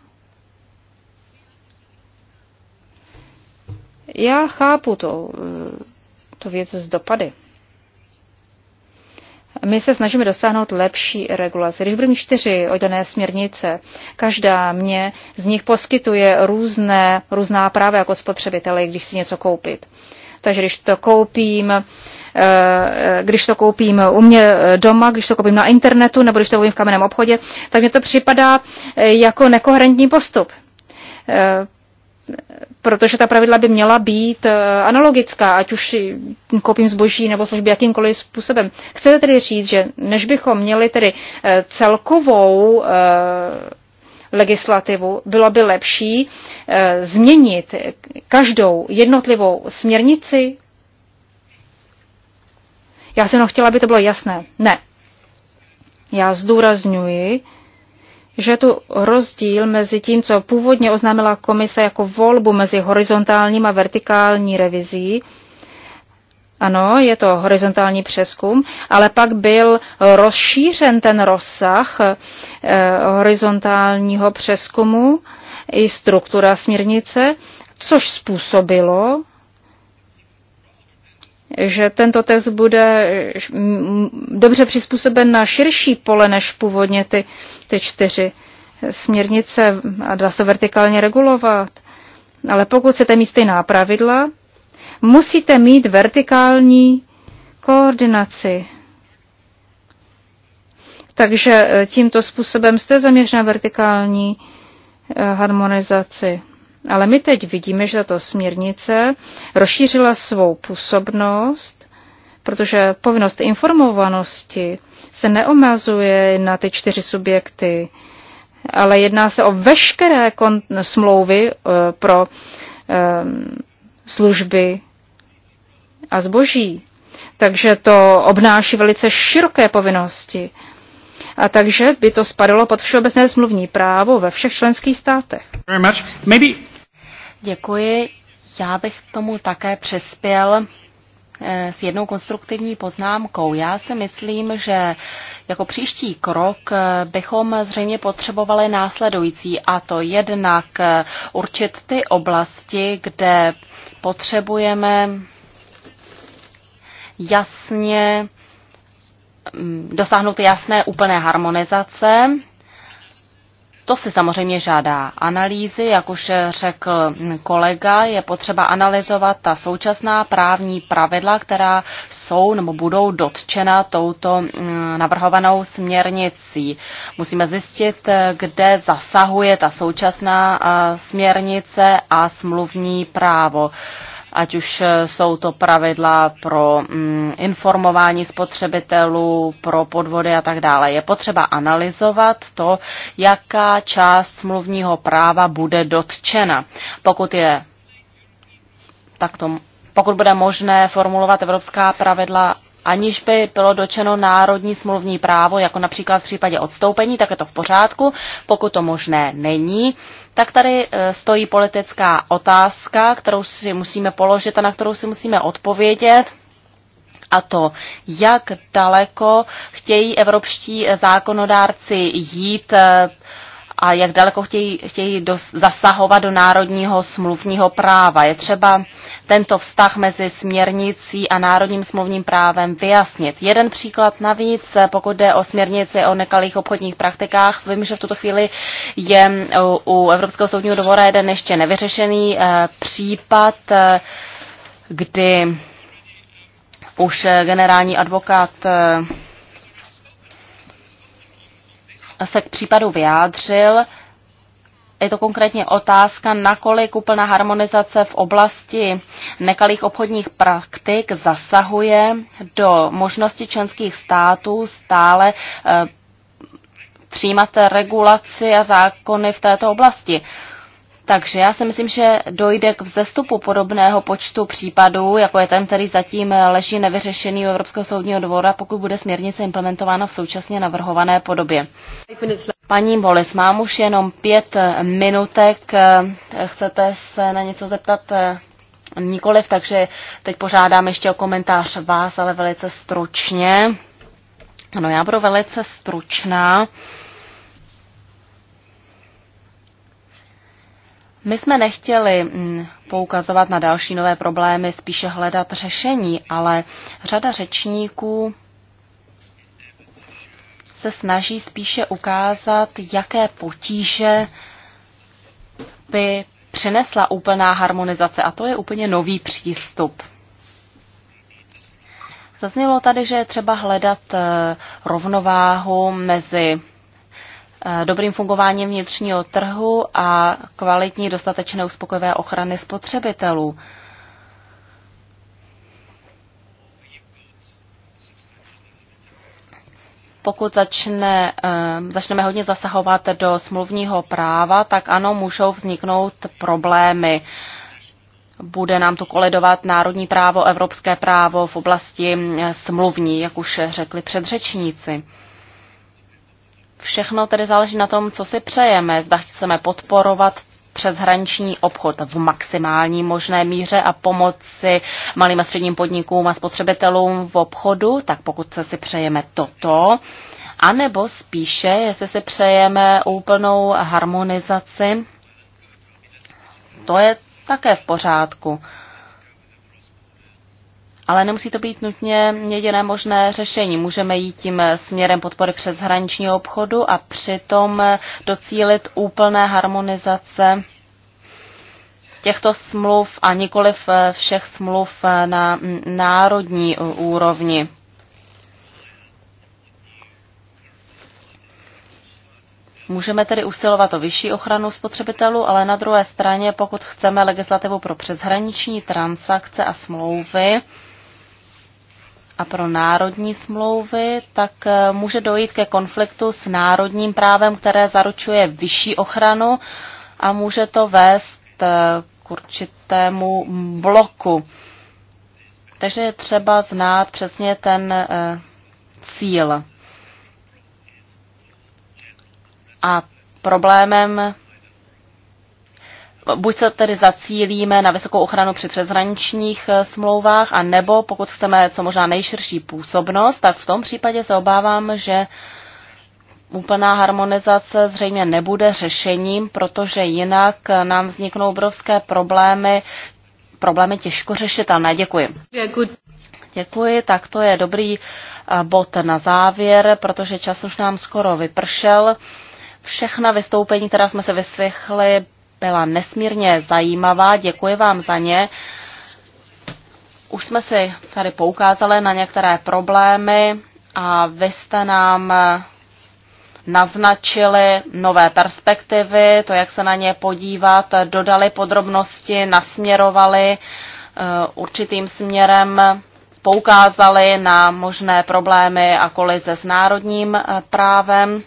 Já chápu to, eh, to věc z dopady. My se snažíme dosáhnout lepší regulace. Když budeme mít čtyři oddané směrnice, každá mě z nich poskytuje různé, různá práva jako spotřebitele, když si něco koupit. Takže když to koupím, eh, když to koupím u mě eh, doma, když to koupím na internetu nebo když to koupím v kamenném obchodě, tak mně to připadá eh, jako nekoherentní postup protože ta pravidla by měla být eh, analogická, ať už koupím zboží nebo služby jakýmkoliv způsobem. Chcete tedy říct, že než bychom měli tedy eh, celkovou eh, legislativu, bylo by lepší změnit každou jednotlivou směrnici? Já jsem jenom chtěla, aby to bylo jasné. Ne. Já zdůrazňuji, že tu rozdíl mezi tím, co původně oznámila komise jako volbu mezi horizontálním a vertikální revizí, ano, je to horizontální přeskum, ale pak byl rozšířen ten rozsah eh, horizontálního přeskumu i struktura směrnice, což způsobilo, že tento text bude dobře přizpůsoben na širší pole než původně ty, ty čtyři směrnice a dá se vertikálně regulovat. Ale pokud chcete mít stejná pravidla, musíte mít vertikální koordinaci. Takže e, tímto způsobem jste zaměřena vertikální e, harmonizaci. Ale my teď vidíme, že tato směrnice rozšířila svou působnost, protože povinnost informovanosti se neomazuje na ty čtyři subjekty, ale jedná se o veškeré smlouvy eh, pro ehm, služby a zboží. Takže to obnáší velice široké povinnosti. A takže by to spadalo pod všeobecné smluvní právo ve všech členských státech.
Děkuji. Já bych tomu také přespěl eh, s jednou konstruktivní poznámkou. Já si myslím, že jako příští krok eh, bychom zřejmě potřebovali následující, a to jednak eh, určit ty oblasti, kde potřebujeme jasně mm, dosáhnout jasné úplné harmonizace to se samozřejmě žádá analýzy, jak už řekl kolega, je potřeba analyzovat ta současná právní pravidla, která jsou nebo budou dotčena touto mm, navrhovanou směrnicí. Musíme zjistit, kde zasahuje ta současná směrnice a smluvní právo ať už eh, jsou to pravidla pro mm, informování spotřebitelů, pro podvody a tak dále. Je potřeba analyzovat to, jaká část smluvního práva bude dotčena. Pokud je tak to, pokud bude možné formulovat evropská pravidla aniž by bylo dočeno národní smluvní právo, jako například v případě odstoupení, tak je to v pořádku. Pokud to možné není, tak tady e, stojí politická otázka, kterou si musíme položit a na kterou si musíme odpovědět. A to, jak daleko chtějí evropští e, zákonodárci jít e, a jak daleko chtějí, chtějí dos, zasahovat do národního smluvního práva. Je třeba tento vztah mezi směrnicí a národním smluvním právem vyjasnit. Jeden příklad navíc, pokud jde o směrnici o nekalých obchodních praktikách, vím, že v tuto chvíli je u Evropského soudního dvora jeden ještě nevyřešený eh, případ, eh, kdy už eh, generální advokát se k případu vyjádřil. Je to konkrétně otázka, nakolik úplná harmonizace v oblasti nekalých obchodních praktik zasahuje do možnosti členských států stále eh, přijímat regulaci a zákony v této oblasti. Takže já si myslím, že dojde k vzestupu podobného počtu případů, jako je ten, který zatím leží nevyřešený u Evropského soudního dvora, pokud bude směrnice implementována v současně navrhované podobě. Paní Bolis, mám už jenom pět minutek. Chcete se na něco zeptat? Nikoliv, takže teď požádám ještě o komentář vás, ale velice stručně. Ano, já budu velice stručná. My jsme nechtěli mm, poukazovat na další nové problémy, spíše hledat řešení, ale řada řečníků se snaží spíše ukázat, jaké potíže by přinesla úplná harmonizace. A to je úplně nový přístup. Zaznělo tady, že je třeba hledat eh, rovnováhu mezi Eh, dobrým fungováním vnitřního trhu a kvalitní dostatečné uspokojivé ochrany spotřebitelů. pokud začne, eh, začneme hodně zasahovat do smluvního práva, tak ano, můžou vzniknout problémy. Bude nám tu koledovat národní právo, evropské právo v oblasti eh, smluvní, jak už řekli předřečníci. Všechno tedy záleží na tom, co si přejeme. Zda chceme podporovat přeshraniční obchod v maximální možné míře a pomoci malým a středním podnikům a spotřebitelům v obchodu, tak pokud se si přejeme toto, anebo spíše, jestli si přejeme úplnou harmonizaci, to je také v pořádku. Ale nemusí to být nutně jediné možné řešení. Můžeme jít tím směrem podpory přes hraniční obchodu a přitom docílit úplné harmonizace těchto smluv a nikoliv všech smluv na národní úrovni. Můžeme tedy usilovat o vyšší ochranu spotřebitelů, ale na druhé straně, pokud chceme legislativu pro přeshraniční transakce a smlouvy, a pro národní smlouvy, tak eh, může dojít ke konfliktu s národním právem, které zaručuje vyšší ochranu a může to vést eh, k určitému bloku. Takže je třeba znát přesně ten eh, cíl. A problémem buď se tedy zacílíme na vysokou ochranu při přeshraničních eh, smlouvách, a nebo pokud chceme co možná nejširší působnost, tak v tom případě se obávám, že úplná harmonizace zřejmě nebude řešením, protože jinak eh, nám vzniknou obrovské problémy, problémy těžko A Děkuji. Děkuji. Děkuji, tak to je dobrý eh, bod na závěr, protože čas už nám skoro vypršel. Všechna vystoupení, která jsme se vysvěchli, byla nesmírně zajímavá. Děkuji vám za ně. Už jsme si tady poukázali na některé problémy a vy jste nám eh, naznačili nové perspektivy, to, jak se na ně podívat, dodali podrobnosti, nasměrovali eh, určitým směrem, poukázali na možné problémy a kolize s národním eh, právem.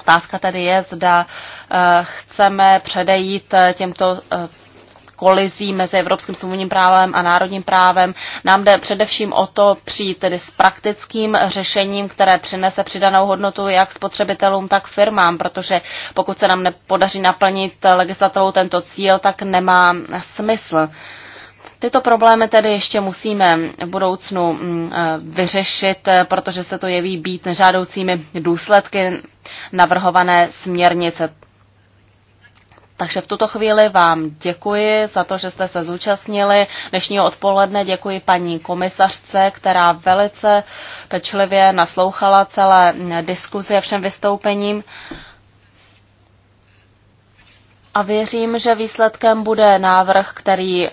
Otázka tedy je, zda Eh, chceme předejít eh, těmto eh, kolizí mezi evropským smluvním právem a národním právem. Nám jde především o to přijít tedy s praktickým řešením, které přinese přidanou hodnotu jak spotřebitelům, tak firmám, protože pokud se nám nepodaří naplnit legislativou tento cíl, tak nemá smysl. Tyto problémy tedy ještě musíme v budoucnu mm, vyřešit, protože se to jeví být nežádoucími důsledky navrhované směrnice. Takže v tuto chvíli vám děkuji za to, že jste se zúčastnili dnešního odpoledne. Děkuji paní komisařce, která velice pečlivě naslouchala celé diskuzi a všem vystoupením. A věřím, že výsledkem bude návrh, který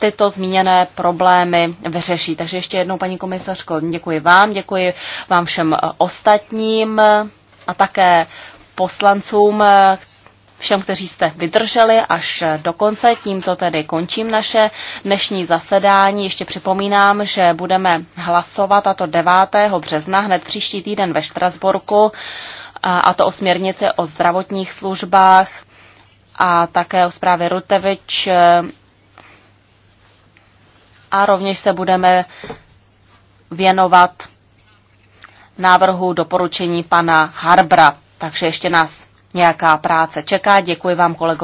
tyto zmíněné problémy vyřeší. Takže ještě jednou, paní komisařko, děkuji vám, děkuji vám všem ostatním a také poslancům, všem, kteří jste vydrželi až do konce. Tímto tedy končím naše dnešní zasedání. Ještě připomínám, že budeme hlasovat a to 9. března, hned příští týden ve Štrasburku, a to o směrnici o zdravotních službách a také o zprávě Rutevič. A rovněž se budeme věnovat návrhu doporučení pana Harbra. Takže ještě nás nějaká práce čeká. Děkuji vám, kolego.